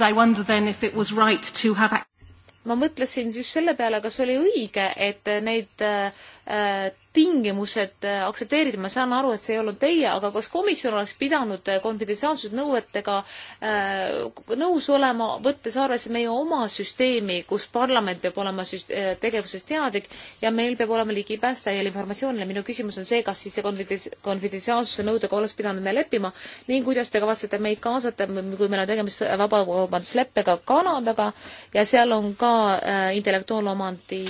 I wonder then if it was right to have ma mõtlesin just selle peale, kas oli õige, et neid äh, Äh, tingimused äh, aktsepteerida, ma saan aru, et see ei olnud teie, aga kas komisjon oleks pidanud äh, konfidentsiaalsusnõuetega nõus olema, võttes arvesse meie oma süsteemi, kus parlament peab olema süst-, tegevusest teadlik ja meil peab olema ligipääs täiele informatsioonile. minu küsimus on see, kas siis see konfidents-, konfidentsiaalsuse nõudega oleks pidanud me leppima ning kuidas te kavatsete meid kaasata, kui meil on tegemist vabakaubandusleppega Kanadaga ja seal on ka intellektuaalomandi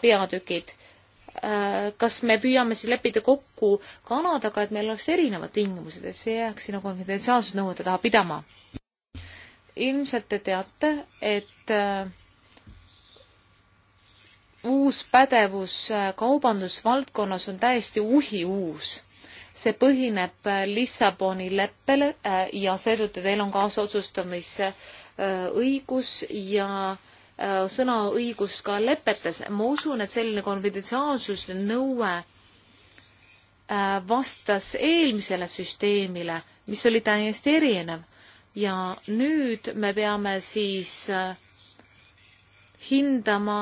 peatükid Äh, kas me püüame siis leppida kokku Kanadaga, et meil oleks erinevad tingimused, et see ei jääks sinna konfidentsiaalsusnõuete taha pidama? ilmselt te teate, et äh, uus pädevus äh, kaubandusvaldkonnas on täiesti uhiuus see põhineb Lissaboni leppele ja seetõttu teil on kaasotsustamise õigus ja Äh, sõnaõigust ka lepetes. ma usun, et selline konfidentsiaalsuse nõue äh, vastas eelmisele süsteemile, mis oli täiesti erinev ja nüüd me peame siis äh, hindama,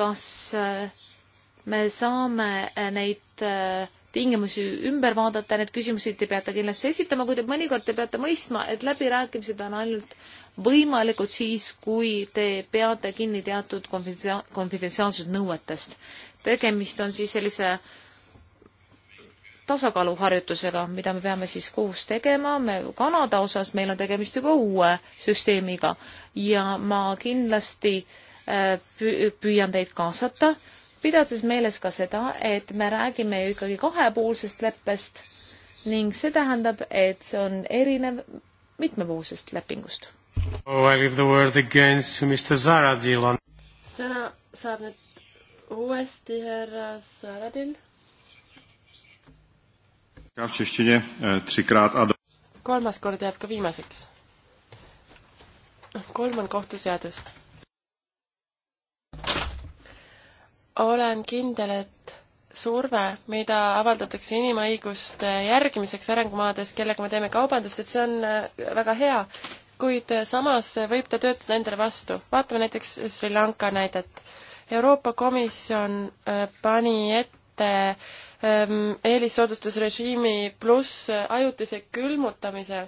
kas me saame neid tingimusi ümber vaadata, need küsimused te peate kindlasti esitama, kuid mõnikord te peate mõistma, et läbirääkimised on ainult võimalikud siis, kui te peate kinni teatud konfidentsiaalsuse nõuetest. tegemist on siis sellise tasakaaluharjutusega, mida me peame siis koos tegema, me Kanada osas meil on tegemist juba uue süsteemiga ja ma kindlasti äh, püüan teid kaasata, pidades meeles ka seda, et me räägime ju ikkagi kahepoolsest leppest ning see tähendab, et see on erinev mitmepoolsest lepingust oh,. sõna saab nüüd uuesti härra Zaradil. Eh, kolmas kord jääb ka viimaseks. kolm on kohtuseadus. olen kindel, et surve, mida avaldatakse inimõiguste järgimiseks arengumaades, kellega me teeme kaubandust, et see on eh, väga hea kuid samas võib ta töötada endale vastu. vaatame näiteks Sri Lanka näidet. Euroopa Komisjon äh, pani ette ähm, eelissoodustusrežiimi pluss ajutise külmutamise,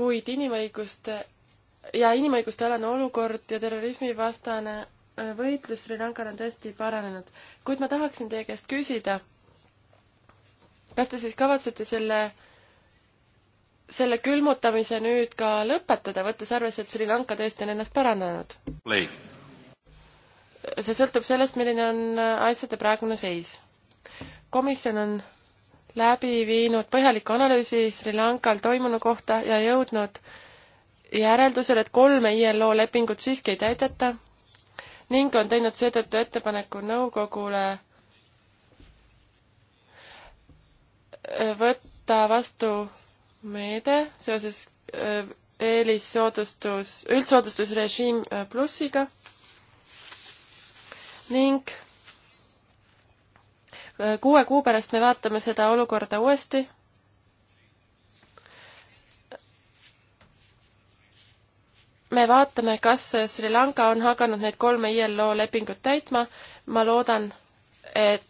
kuid inimõiguste ja inimõiguste alane olukord ja terrorismivastane äh, võitlus Sri Lankal on tõesti paranenud. kuid ma tahaksin teie käest küsida, kas te siis kavatsete selle äh, selle külmutamise nüüd ka lõpetada, võttes arvesse, et Sri Lanka tõesti on ennast parandanud? see sõltub sellest, milline on asjade praegune seis. komisjon on läbi viinud põhjaliku analüüsi Sri Lankal toimunu kohta ja jõudnud järeldusele, et kolme ILO lepingut siiski ei täideta ning on teinud seetõttu ettepaneku nõukogule võtta vastu meede seoses äh, eelissoodustus, üldsoodustusrežiim äh, plussiga ning äh, kuue kuu pärast me vaatame seda olukorda uuesti. me vaatame, kas Sri Lanka on hakanud neid kolme ILO lepingut täitma. ma loodan, et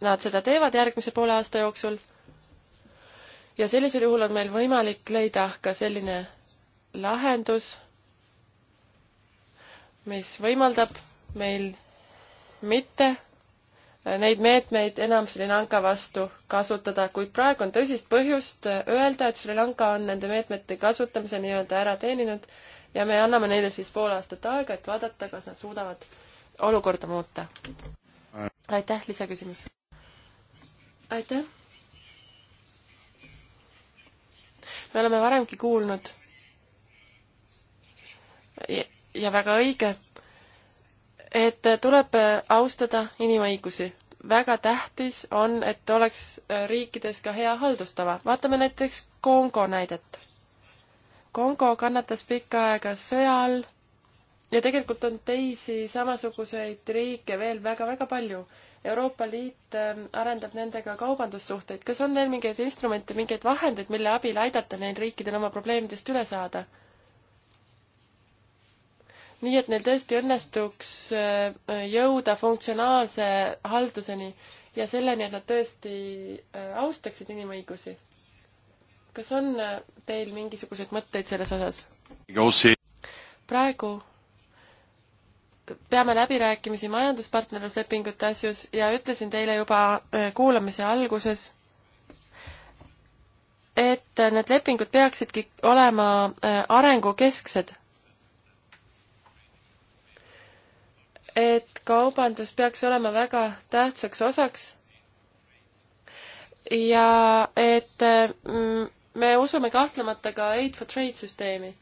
nad seda teevad järgmise poole aasta jooksul ja sellisel juhul on meil võimalik leida ka selline lahendus, mis võimaldab meil mitte äh, neid meetmeid enam Sri Lanka vastu kasutada, kuid praegu on tõsist põhjust äh, öelda, et Sri Lanka on nende meetmete kasutamise nii-öelda ära teeninud ja me anname neile siis pool aastat aega, et vaadata, kas nad suudavad olukorda muuta. Äh. aitäh, lisaküsimus. aitäh me oleme varemgi kuulnud ja väga õige, et tuleb austada inimõigusi. väga tähtis on, et oleks riikides ka hea haldustava. vaatame näiteks Kongo näidet. Kongo kannatas pikka aega sõja all ja tegelikult on teisi samasuguseid riike veel väga-väga palju. Euroopa Liit ähm, arendab nendega kaubandussuhteid. kas on veel mingeid instrumente, mingeid vahendeid, mille abil aidata neil riikidel oma probleemidest üle saada? nii et neil tõesti õnnestuks äh, jõuda funktsionaalse halduseni ja selleni, et nad tõesti äh, austaksid inimõigusi. kas on äh, teil mingisuguseid mõtteid selles osas? praegu peame läbirääkimisi majanduspartnerluslepingute asjus ja ütlesin teile juba äh, kuulamise alguses, et need lepingud peaksidki olema äh, arengukesksed. et kaubandus peaks olema väga tähtsaks osaks ja et äh, me usume kahtlemata ka aid for trade süsteemi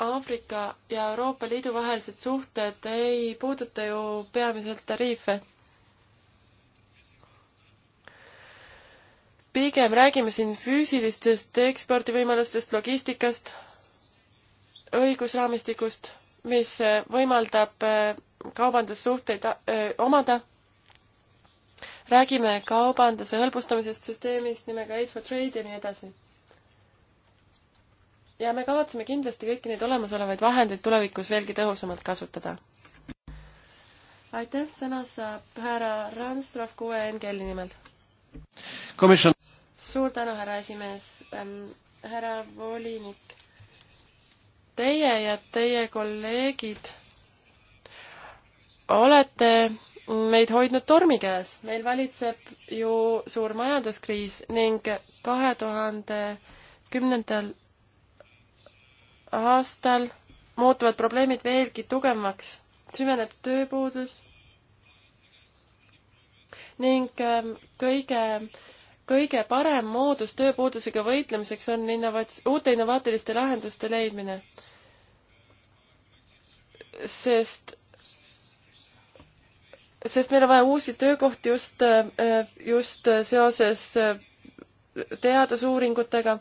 Aafrika ja Euroopa Liidu vahelised suhted ei puuduta ju peamiselt tariife. pigem räägime siin füüsilistest ekspordivõimalustest, logistikast, õigusraamistikust, mis võimaldab äh, kaubandussuhteid äh, omada. räägime kaubanduse hõlbustamisest, süsteemist nimega Aid for Trade ja nii edasi ja me kavatseme kindlasti kõiki neid olemasolevaid vahendeid tulevikus veelgi tõhusamalt kasutada. aitäh, sõna saab härra Ranstrov kuue NGL-i nimel. Komisjon. suur tänu, härra esimees ähm,, härra volinik. Teie ja teie kolleegid olete meid hoidnud tormi käes, meil valitseb ju suur majanduskriis ning kahe tuhande kümnendal aastal muutuvad probleemid veelgi tugevamaks, süveneb tööpuudus ning ähm, kõige, kõige parem moodus tööpuudusega võitlemiseks on innovats-, uute innovaatiliste lahenduste leidmine. sest sest meil on vaja uusi töökohti just, äh, just seoses äh, teadusuuringutega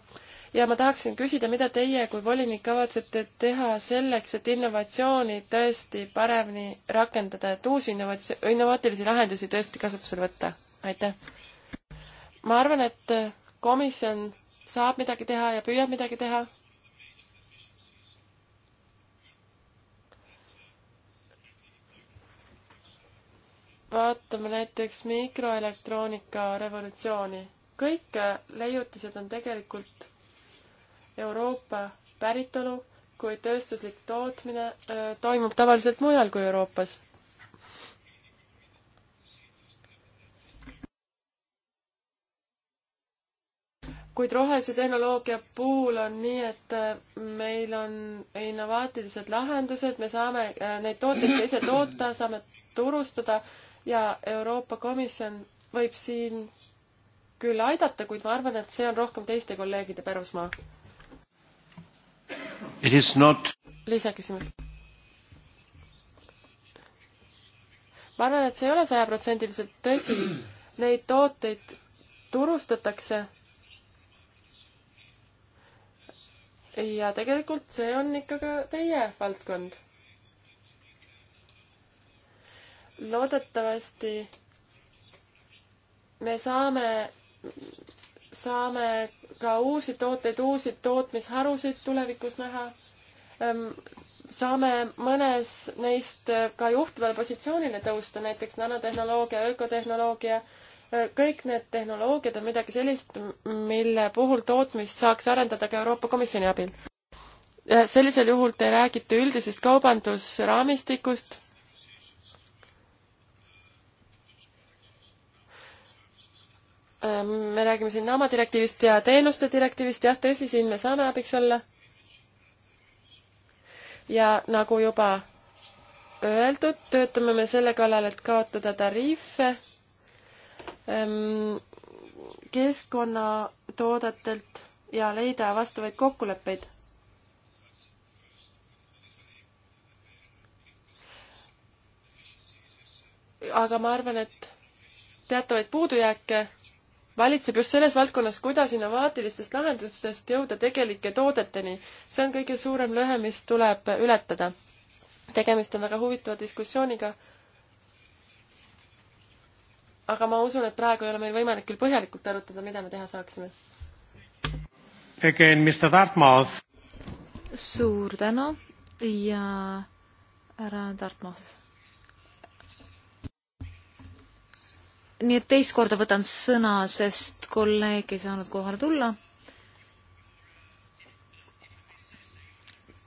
ja ma tahaksin küsida, mida teie kui volinik kavatsete teha selleks, et innovatsiooni tõesti paremini rakendada, et uusi innovatsi-, innovaatilisi lahendusi tõesti kasutusele võtta? aitäh! ma arvan, et komisjon saab midagi teha ja püüab midagi teha. vaatame näiteks mikroelektroonika revolutsiooni kõik leiutised on tegelikult Euroopa päritolu, kuid tööstuslik tootmine öö, äh, toimub tavaliselt mujal kui Euroopas kuid rohelise tehnoloogia puhul on nii, et äh, meil on innovaatilised lahendused, me saame äh, neid tooteid ka ise toota, saame turustada ja Euroopa Komisjon võib siin küll aidata, kuid ma arvan, et see on rohkem teiste kolleegide pärusmaa. Not... lisaküsimus. ma arvan, et see ei ole sajaprotsendiliselt tõsi. Neid tooteid turustatakse. ja tegelikult see on ikka ka teie valdkond. loodetavasti me saame saame ka uusi tooteid, uusi tootmisharusid tulevikus näha. Ehm, saame mõnes neist eh, ka juhtivale positsioonile tõusta, näiteks nanotehnoloogia, ökotehnoloogia. Eh, kõik need tehnoloogiad on midagi sellist, mille puhul tootmist saaks arendada ka Euroopa Komisjoni abil. Eh, sellisel juhul te räägite üldisest kaubandusraamistikust Ehm, me räägime siin NAMA direktiivist ja teenuste direktiivist, jah, tõsi, siin me saame abiks olla. ja nagu juba öeldud, töötame me selle kallal, et kaotada tariife ehm, keskkonnatoodetelt ja leida vastavaid kokkuleppeid. aga ma arvan, et teatavaid puudujääke valitseb just selles valdkonnas, kuidas innovaatilistest lahendustest jõuda tegelike toodeteni. see on kõige suurem lõhe, mis tuleb ületada. tegemist on väga huvitava diskussiooniga. aga ma usun, et praegu ei ole meil võimalik küll põhjalikult arutada, mida me teha saaksime. Again, Mr Dartmouth. suur tänu ja härra Dartmouth nii et teist korda võtan sõna, sest kolleeg ei saanud kohale tulla.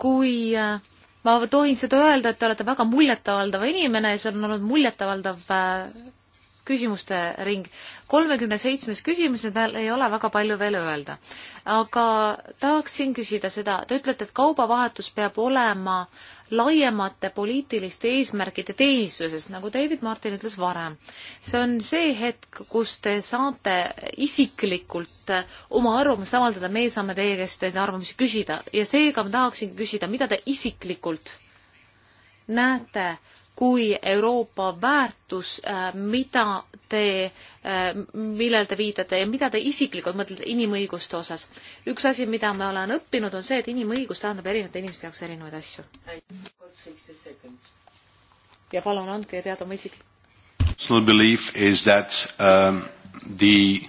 kui äh, ma tohin seda öelda, et te olete väga muljetavaldava inimene ja see on olnud muljetavaldav äh, küsimuste ring. kolmekümne seitsmes küsimus, nüüd veel ei ole väga palju veel öelda. aga tahaksin küsida seda, te ütlete, et kaubavahetus peab olema laiemate poliitiliste eesmärkide teenistuses, nagu David Martin ütles varem. see on see hetk, kus te saate isiklikult oma arvamust avaldada, meie saame teie käest neid arvamusi küsida ja seega ma tahaksin küsida, mida te isiklikult näete kui Euroopa väärtus, äh, mida te, äh, millele te viitate ja mida te isiklikult mõtlete inimõiguste osas. üks asi, mida ma olen õppinud, on see, et inimõigus tähendab erinevate inimeste jaoks erinevaid asju. ja palun andke teada oma isiklik. Belief is that um, the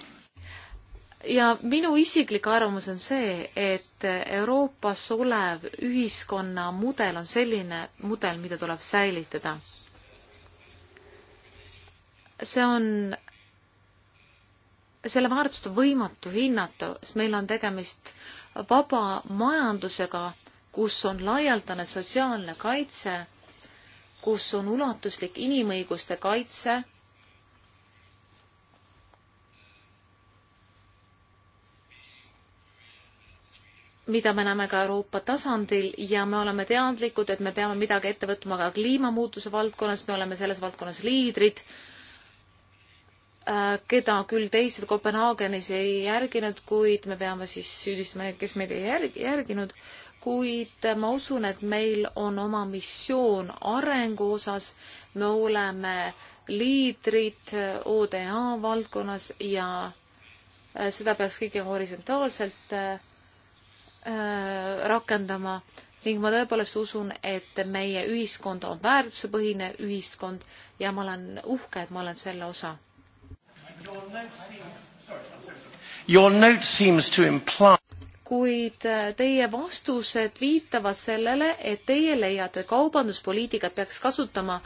ja minu isiklik arvamus on see, et Euroopas olev ühiskonna mudel on selline mudel, mida tuleb säilitada. see on, selle väärtust on võimatu hinnata, sest meil on tegemist vaba majandusega, kus on laialdane sotsiaalne kaitse, kus on ulatuslik inimõiguste kaitse mida me näeme ka Euroopa tasandil ja me oleme teadlikud, et me peame midagi ette võtma ka kliimamuutuse valdkonnas, me oleme selles valdkonnas liidrid, äh, keda küll teised Kopenhaagenis ei järginud, kuid me peame siis süüdistama neid, kes meid ei järgi, järginud, kuid ma usun, et meil on oma missioon arengu osas, me oleme liidrid ODA valdkonnas ja äh, seda peaks kõige horisontaalselt äh, Äh, rakendama ning ma tõepoolest usun, et meie ühiskond on väärtusepõhine ühiskond ja ma olen uhke, et ma olen selle osa. kuid äh, teie vastused viitavad sellele, et teie leiate, kaubanduspoliitikat peaks kasutama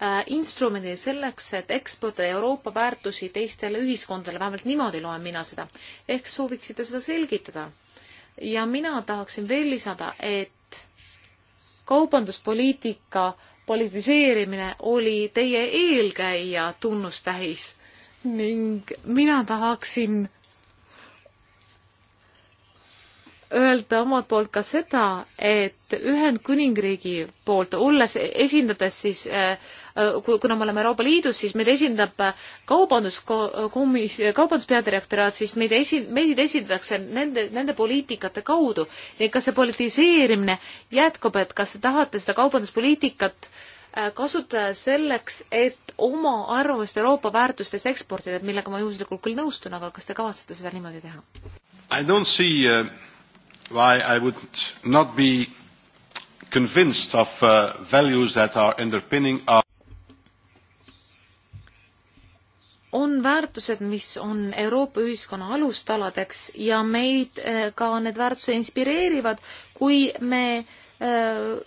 äh, instrumendi selleks, et eksportida Euroopa väärtusi teistele ühiskondadele, vähemalt niimoodi loen mina seda. ehk sooviksite seda selgitada? ja mina tahaksin veel lisada, et kaubanduspoliitika politiseerimine oli teie eelkäija tunnustähis ning mina tahaksin öelda omalt poolt ka seda, et Ühendkuningriigi poolt, olles, esindades siis äh, Äh, kuna me oleme Euroopa Liidus, siis meid esindab äh, kaubanduskomis-, äh, kaubanduspeadirektoraat, siis meid esi-, meid esindatakse nende, nende poliitikate kaudu. ja kas see politiseerimine jätkub, et kas te tahate seda kaubanduspoliitikat kasutada selleks, et oma arvamust Euroopa väärtustes eksportida, et millega ma juhuslikult küll nõustun, aga kas te kavatsete seda niimoodi teha? I don't see uh, why I would not be convinced of uh, values that are underpinning our on väärtused, mis on Euroopa ühiskonna alustaladeks ja meid eh, ka need väärtused inspireerivad, kui me eh,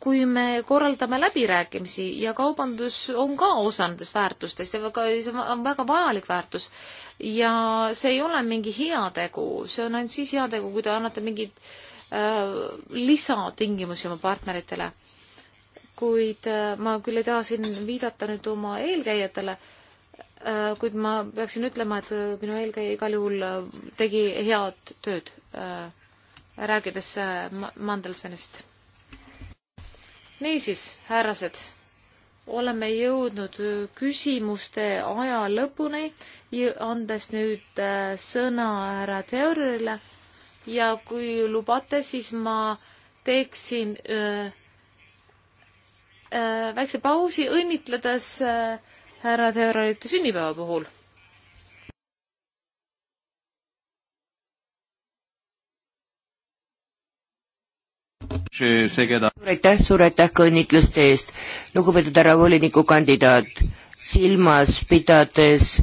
kui me korraldame läbirääkimisi ja kaubandus on ka osa nendest väärtustest ja väga, see on väga vajalik väärtus ja see ei ole mingi heategu, see on ainult siis heategu, kui te annate mingeid eh, lisatingimusi oma partneritele kuid äh, ma küll ei taha siin viidata nüüd oma eelkäijatele, äh, kuid ma peaksin ütlema, et äh, minu eelkäija igal juhul tegi head tööd, rääkides Mandelsonist. niisiis, härrased, oleme jõudnud küsimuste aja lõpuni, andes nüüd sõna härra Teorile ja kui lubate, siis ma teeksin öö, Äh, väikse pausi, õnnitledes äh, härra Teoralite sünnipäeva puhul suur aitäh, suur aitäh ka õnnitluste eest, lugupeetud härra volinikukandidaat, silmas pidades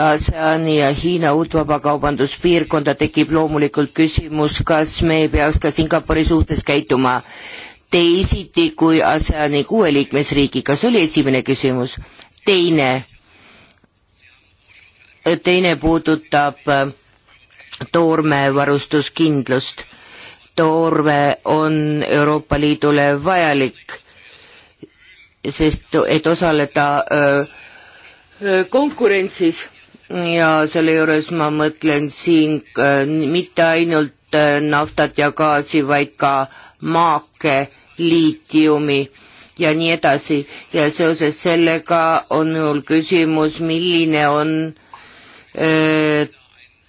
ASEAN-i ja Hiina uut vabakaubanduspiirkonda tekib loomulikult küsimus, kas me ei peaks ka Singapuri suhtes käituma teisiti kui ASEAN-i kuue liikmesriigiga, see oli esimene küsimus. teine, teine puudutab äh, toormevarustuskindlust. toorme on Euroopa Liidule vajalik, sest et osaleda öö, äh, äh, konkurentsis ja selle juures ma mõtlen siin mitte ainult naftat ja gaasi, vaid ka maake, liitiumi ja nii edasi ja seoses sellega on mul küsimus, milline on öö,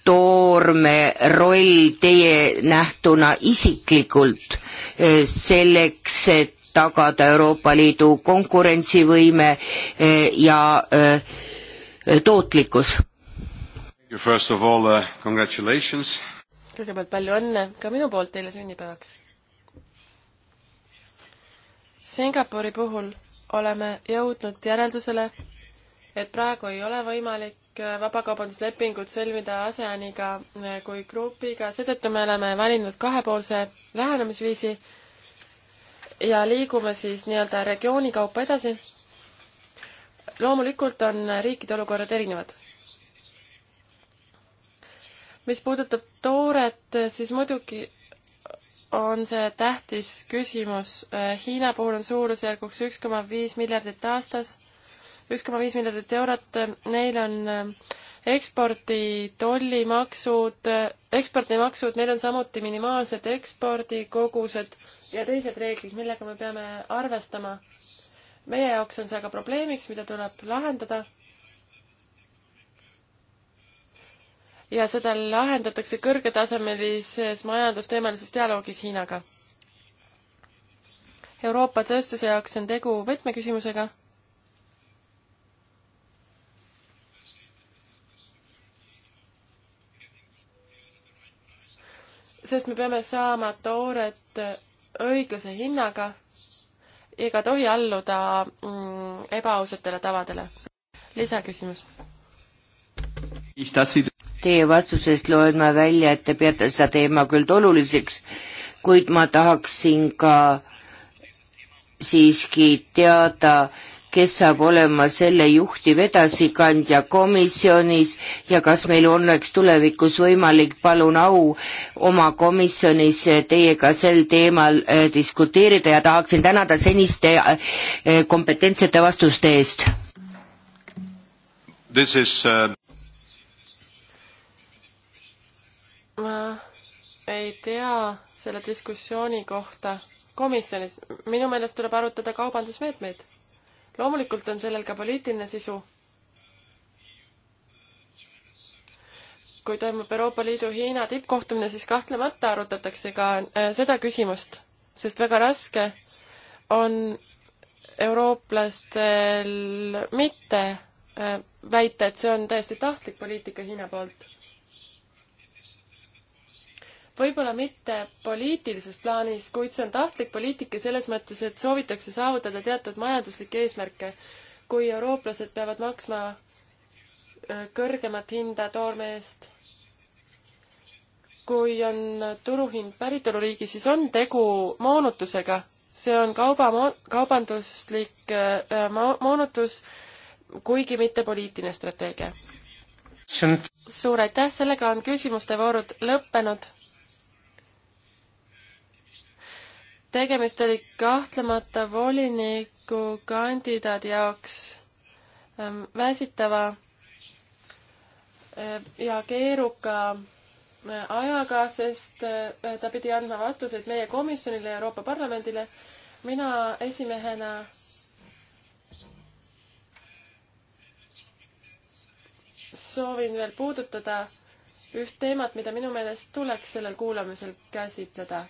toorme roll teie nähtuna isiklikult öö, selleks, et tagada Euroopa Liidu konkurentsivõime öö, ja tootlikkus? Uh, kõigepealt palju õnne ka minu poolt teile sünnipäevaks Singapuri puhul oleme jõudnud järeldusele, et praegu ei ole võimalik äh, vabakaubanduslepingut sõlmida ASEANiga äh, kui grupiga, seetõttu me oleme valinud kahepoolse lähenemisviisi ja liigume siis nii-öelda regiooni kaupa edasi. loomulikult on riikide olukorrad erinevad. mis puudutab tooret, siis muidugi on see tähtis küsimus. Äh, Hiina puhul on suurusjärguks üks koma viis miljardit aastas, üks koma viis miljardit eurot, neil on äh, ekspordi tollimaksud, äh, ekspordimaksud, neil on samuti minimaalsed ekspordikogused ja teised reeglid, millega me peame arvestama. meie jaoks on see aga probleemiks, mida tuleb lahendada ja seda lahendatakse kõrgetasemelises majandusteemalises dialoogis Hiinaga. Euroopa tööstuse jaoks on tegu võtmeküsimusega sest me peame saama tooret õiglase hinnaga ega tohi alluda mm, ebaausatele tavadele. lisaküsimus. Teie vastusest loen ma välja, et te peate seda teema küll oluliseks, kuid ma tahaksin ka siiski teada, kes saab olema selle juhtiv edasikandja komisjonis ja kas meil oleks tulevikus võimalik, palun au, oma komisjonis teiega sel teemal äh, diskuteerida ja tahaksin tänada seniste äh, kompetentsete vastuste eest. This is uh ma ei tea selle diskussiooni kohta komisjonis. minu meelest tuleb arutada kaubandusmeetmeid. loomulikult on sellel ka poliitiline sisu. kui toimub Euroopa Liidu Hiina tippkohtumine, siis kahtlemata arutatakse ka äh, seda küsimust, sest väga raske on eurooplastel mitte äh, väita, et see on täiesti tahtlik poliitika Hiina poolt võib-olla mitte poliitilises plaanis, kuid see on tahtlik poliitika selles mõttes, et soovitakse saavutada teatud majanduslikke eesmärke. kui eurooplased peavad maksma äh, kõrgemat hinda toorme eest, kui on turuhind päritoluriigis, siis on tegu moonutusega. see on kauba, kaubanduslik äh, äh, mo-, moonutus, kuigi mitte poliitiline strateegia. suur aitäh, sellega on küsimuste voorud lõppenud tegemist oli kahtlemata voliniku kandidaadi jaoks ähm, väsitava äh, ja keeruka äh, ajaga, sest äh, ta pidi andma vastuseid meie komisjonile ja Euroopa Parlamendile. mina esimehena soovin veel puudutada üht teemat, mida minu meelest tuleks sellel kuulamisel käsitleda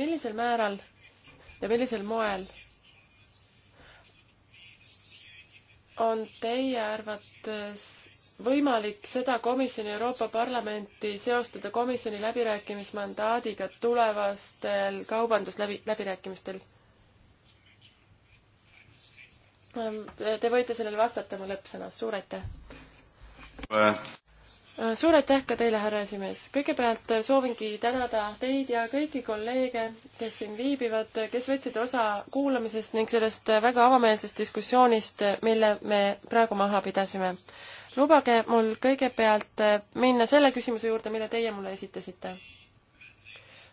millisel määral ja millisel moel on teie arvates võimalik seda komisjoni Euroopa Parlamenti seostada komisjoni läbirääkimismandaadiga tulevastel kaubandusläbirääkimistel? Te võite sellele vastata mu lõppsõnas, suur aitäh! Äh. Äh, suur aitäh ka teile, härra esimees. kõigepealt äh, soovingi tänada teid ja kõiki kolleege, kes siin viibivad, äh, kes võtsid osa kuulamisest ning sellest väga avameelsest diskussioonist, mille me praegu maha pidasime. lubage mul kõigepealt minna selle küsimuse juurde, mille teie mulle esitasite.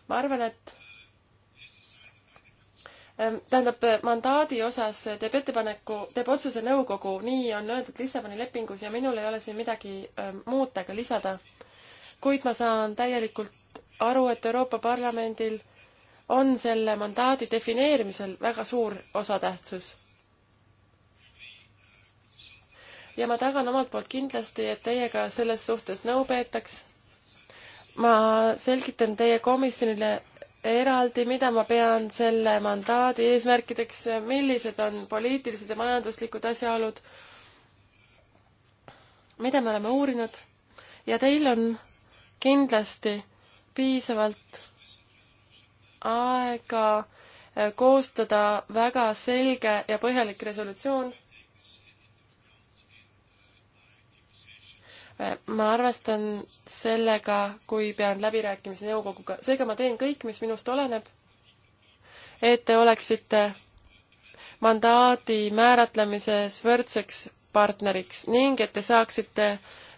ma arvan, et Ehm, tähendab, mandaadi osas teeb ettepaneku, teeb otsuse nõukogu, nii on öeldud Lissaboni lepingus ja minul ei ole siin midagi ehm, muuta ega lisada. kuid ma saan täielikult aru, et Euroopa Parlamendil on selle mandaadi defineerimisel väga suur osatähtsus. ja ma tagan omalt poolt kindlasti, et teiega selles suhtes nõu peetaks. ma selgitan teie komisjonile eraldi, mida ma pean selle mandaadi eesmärkideks, millised on poliitilised ja majanduslikud asjaolud, mida me oleme uurinud ja teil on kindlasti piisavalt aega koostada väga selge ja põhjalik resolutsioon ma arvestan sellega, kui pean läbirääkimisi nõukoguga, seega ma teen kõik, mis minust oleneb, et te oleksite mandaadi määratlemises võrdseks partneriks ning et te saaksite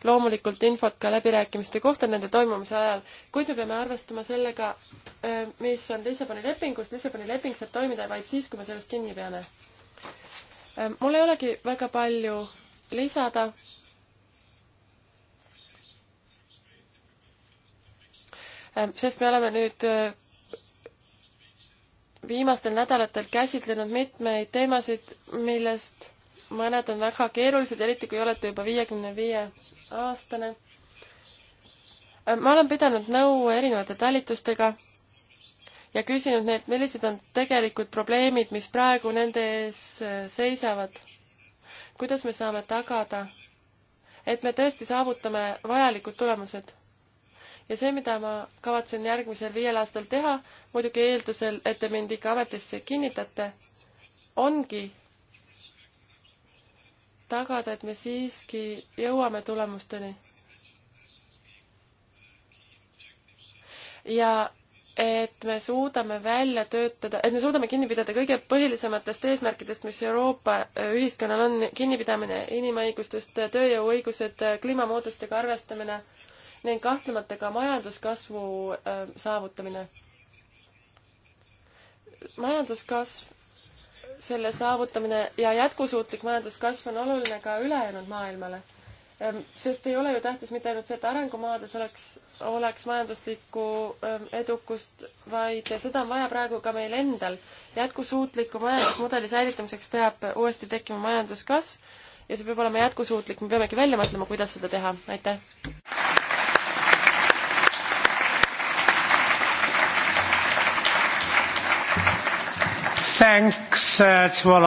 loomulikult infot ka läbirääkimiste kohta nende toimumise ajal, kuid me peame arvestama sellega, äh, mis on Lissaboni lepingus, Lissaboni leping saab toimida vaid siis, kui me sellest kinni peame. Äh, mul ei olegi väga palju lisada, Äh, sest me oleme nüüd äh, viimastel nädalatel käsitlenud mitmeid teemasid, millest mõned on väga keerulised, eriti kui olete juba viiekümne viie aastane. Äh, ma olen pidanud nõu erinevate talitustega ja küsinud neilt, millised on tegelikud probleemid, mis praegu nende ees seisavad. kuidas me saame tagada, et me tõesti saavutame vajalikud tulemused ja see, mida ma kavatsen järgmisel viiel aastal teha, muidugi eeldusel, et te mind ikka ametisse kinnitate, ongi tagada, et me siiski jõuame tulemusteni. ja et me suudame välja töötada, et me suudame kinni pidada kõige põhilisematest eesmärkidest, mis Euroopa äh, ühiskonnal on, kinnipidamine inimõigustest, tööjõuõigused, äh, kliimamuutustega arvestamine ning kahtlemata ka majanduskasvu ähm, saavutamine. majanduskasv, selle saavutamine ja jätkusuutlik majanduskasv on oluline ka ülejäänud maailmale. Ähm, sest ei ole ju tähtis mitte ainult see, et arengumaades oleks, oleks majanduslikku ähm, edukust, vaid seda on vaja praegu ka meil endal. jätkusuutliku majandusmudeli säilitamiseks peab uuesti tekkima majanduskasv ja see peab olema jätkusuutlik, me peamegi välja mõtlema, kuidas seda teha, aitäh! Thanks uh, to all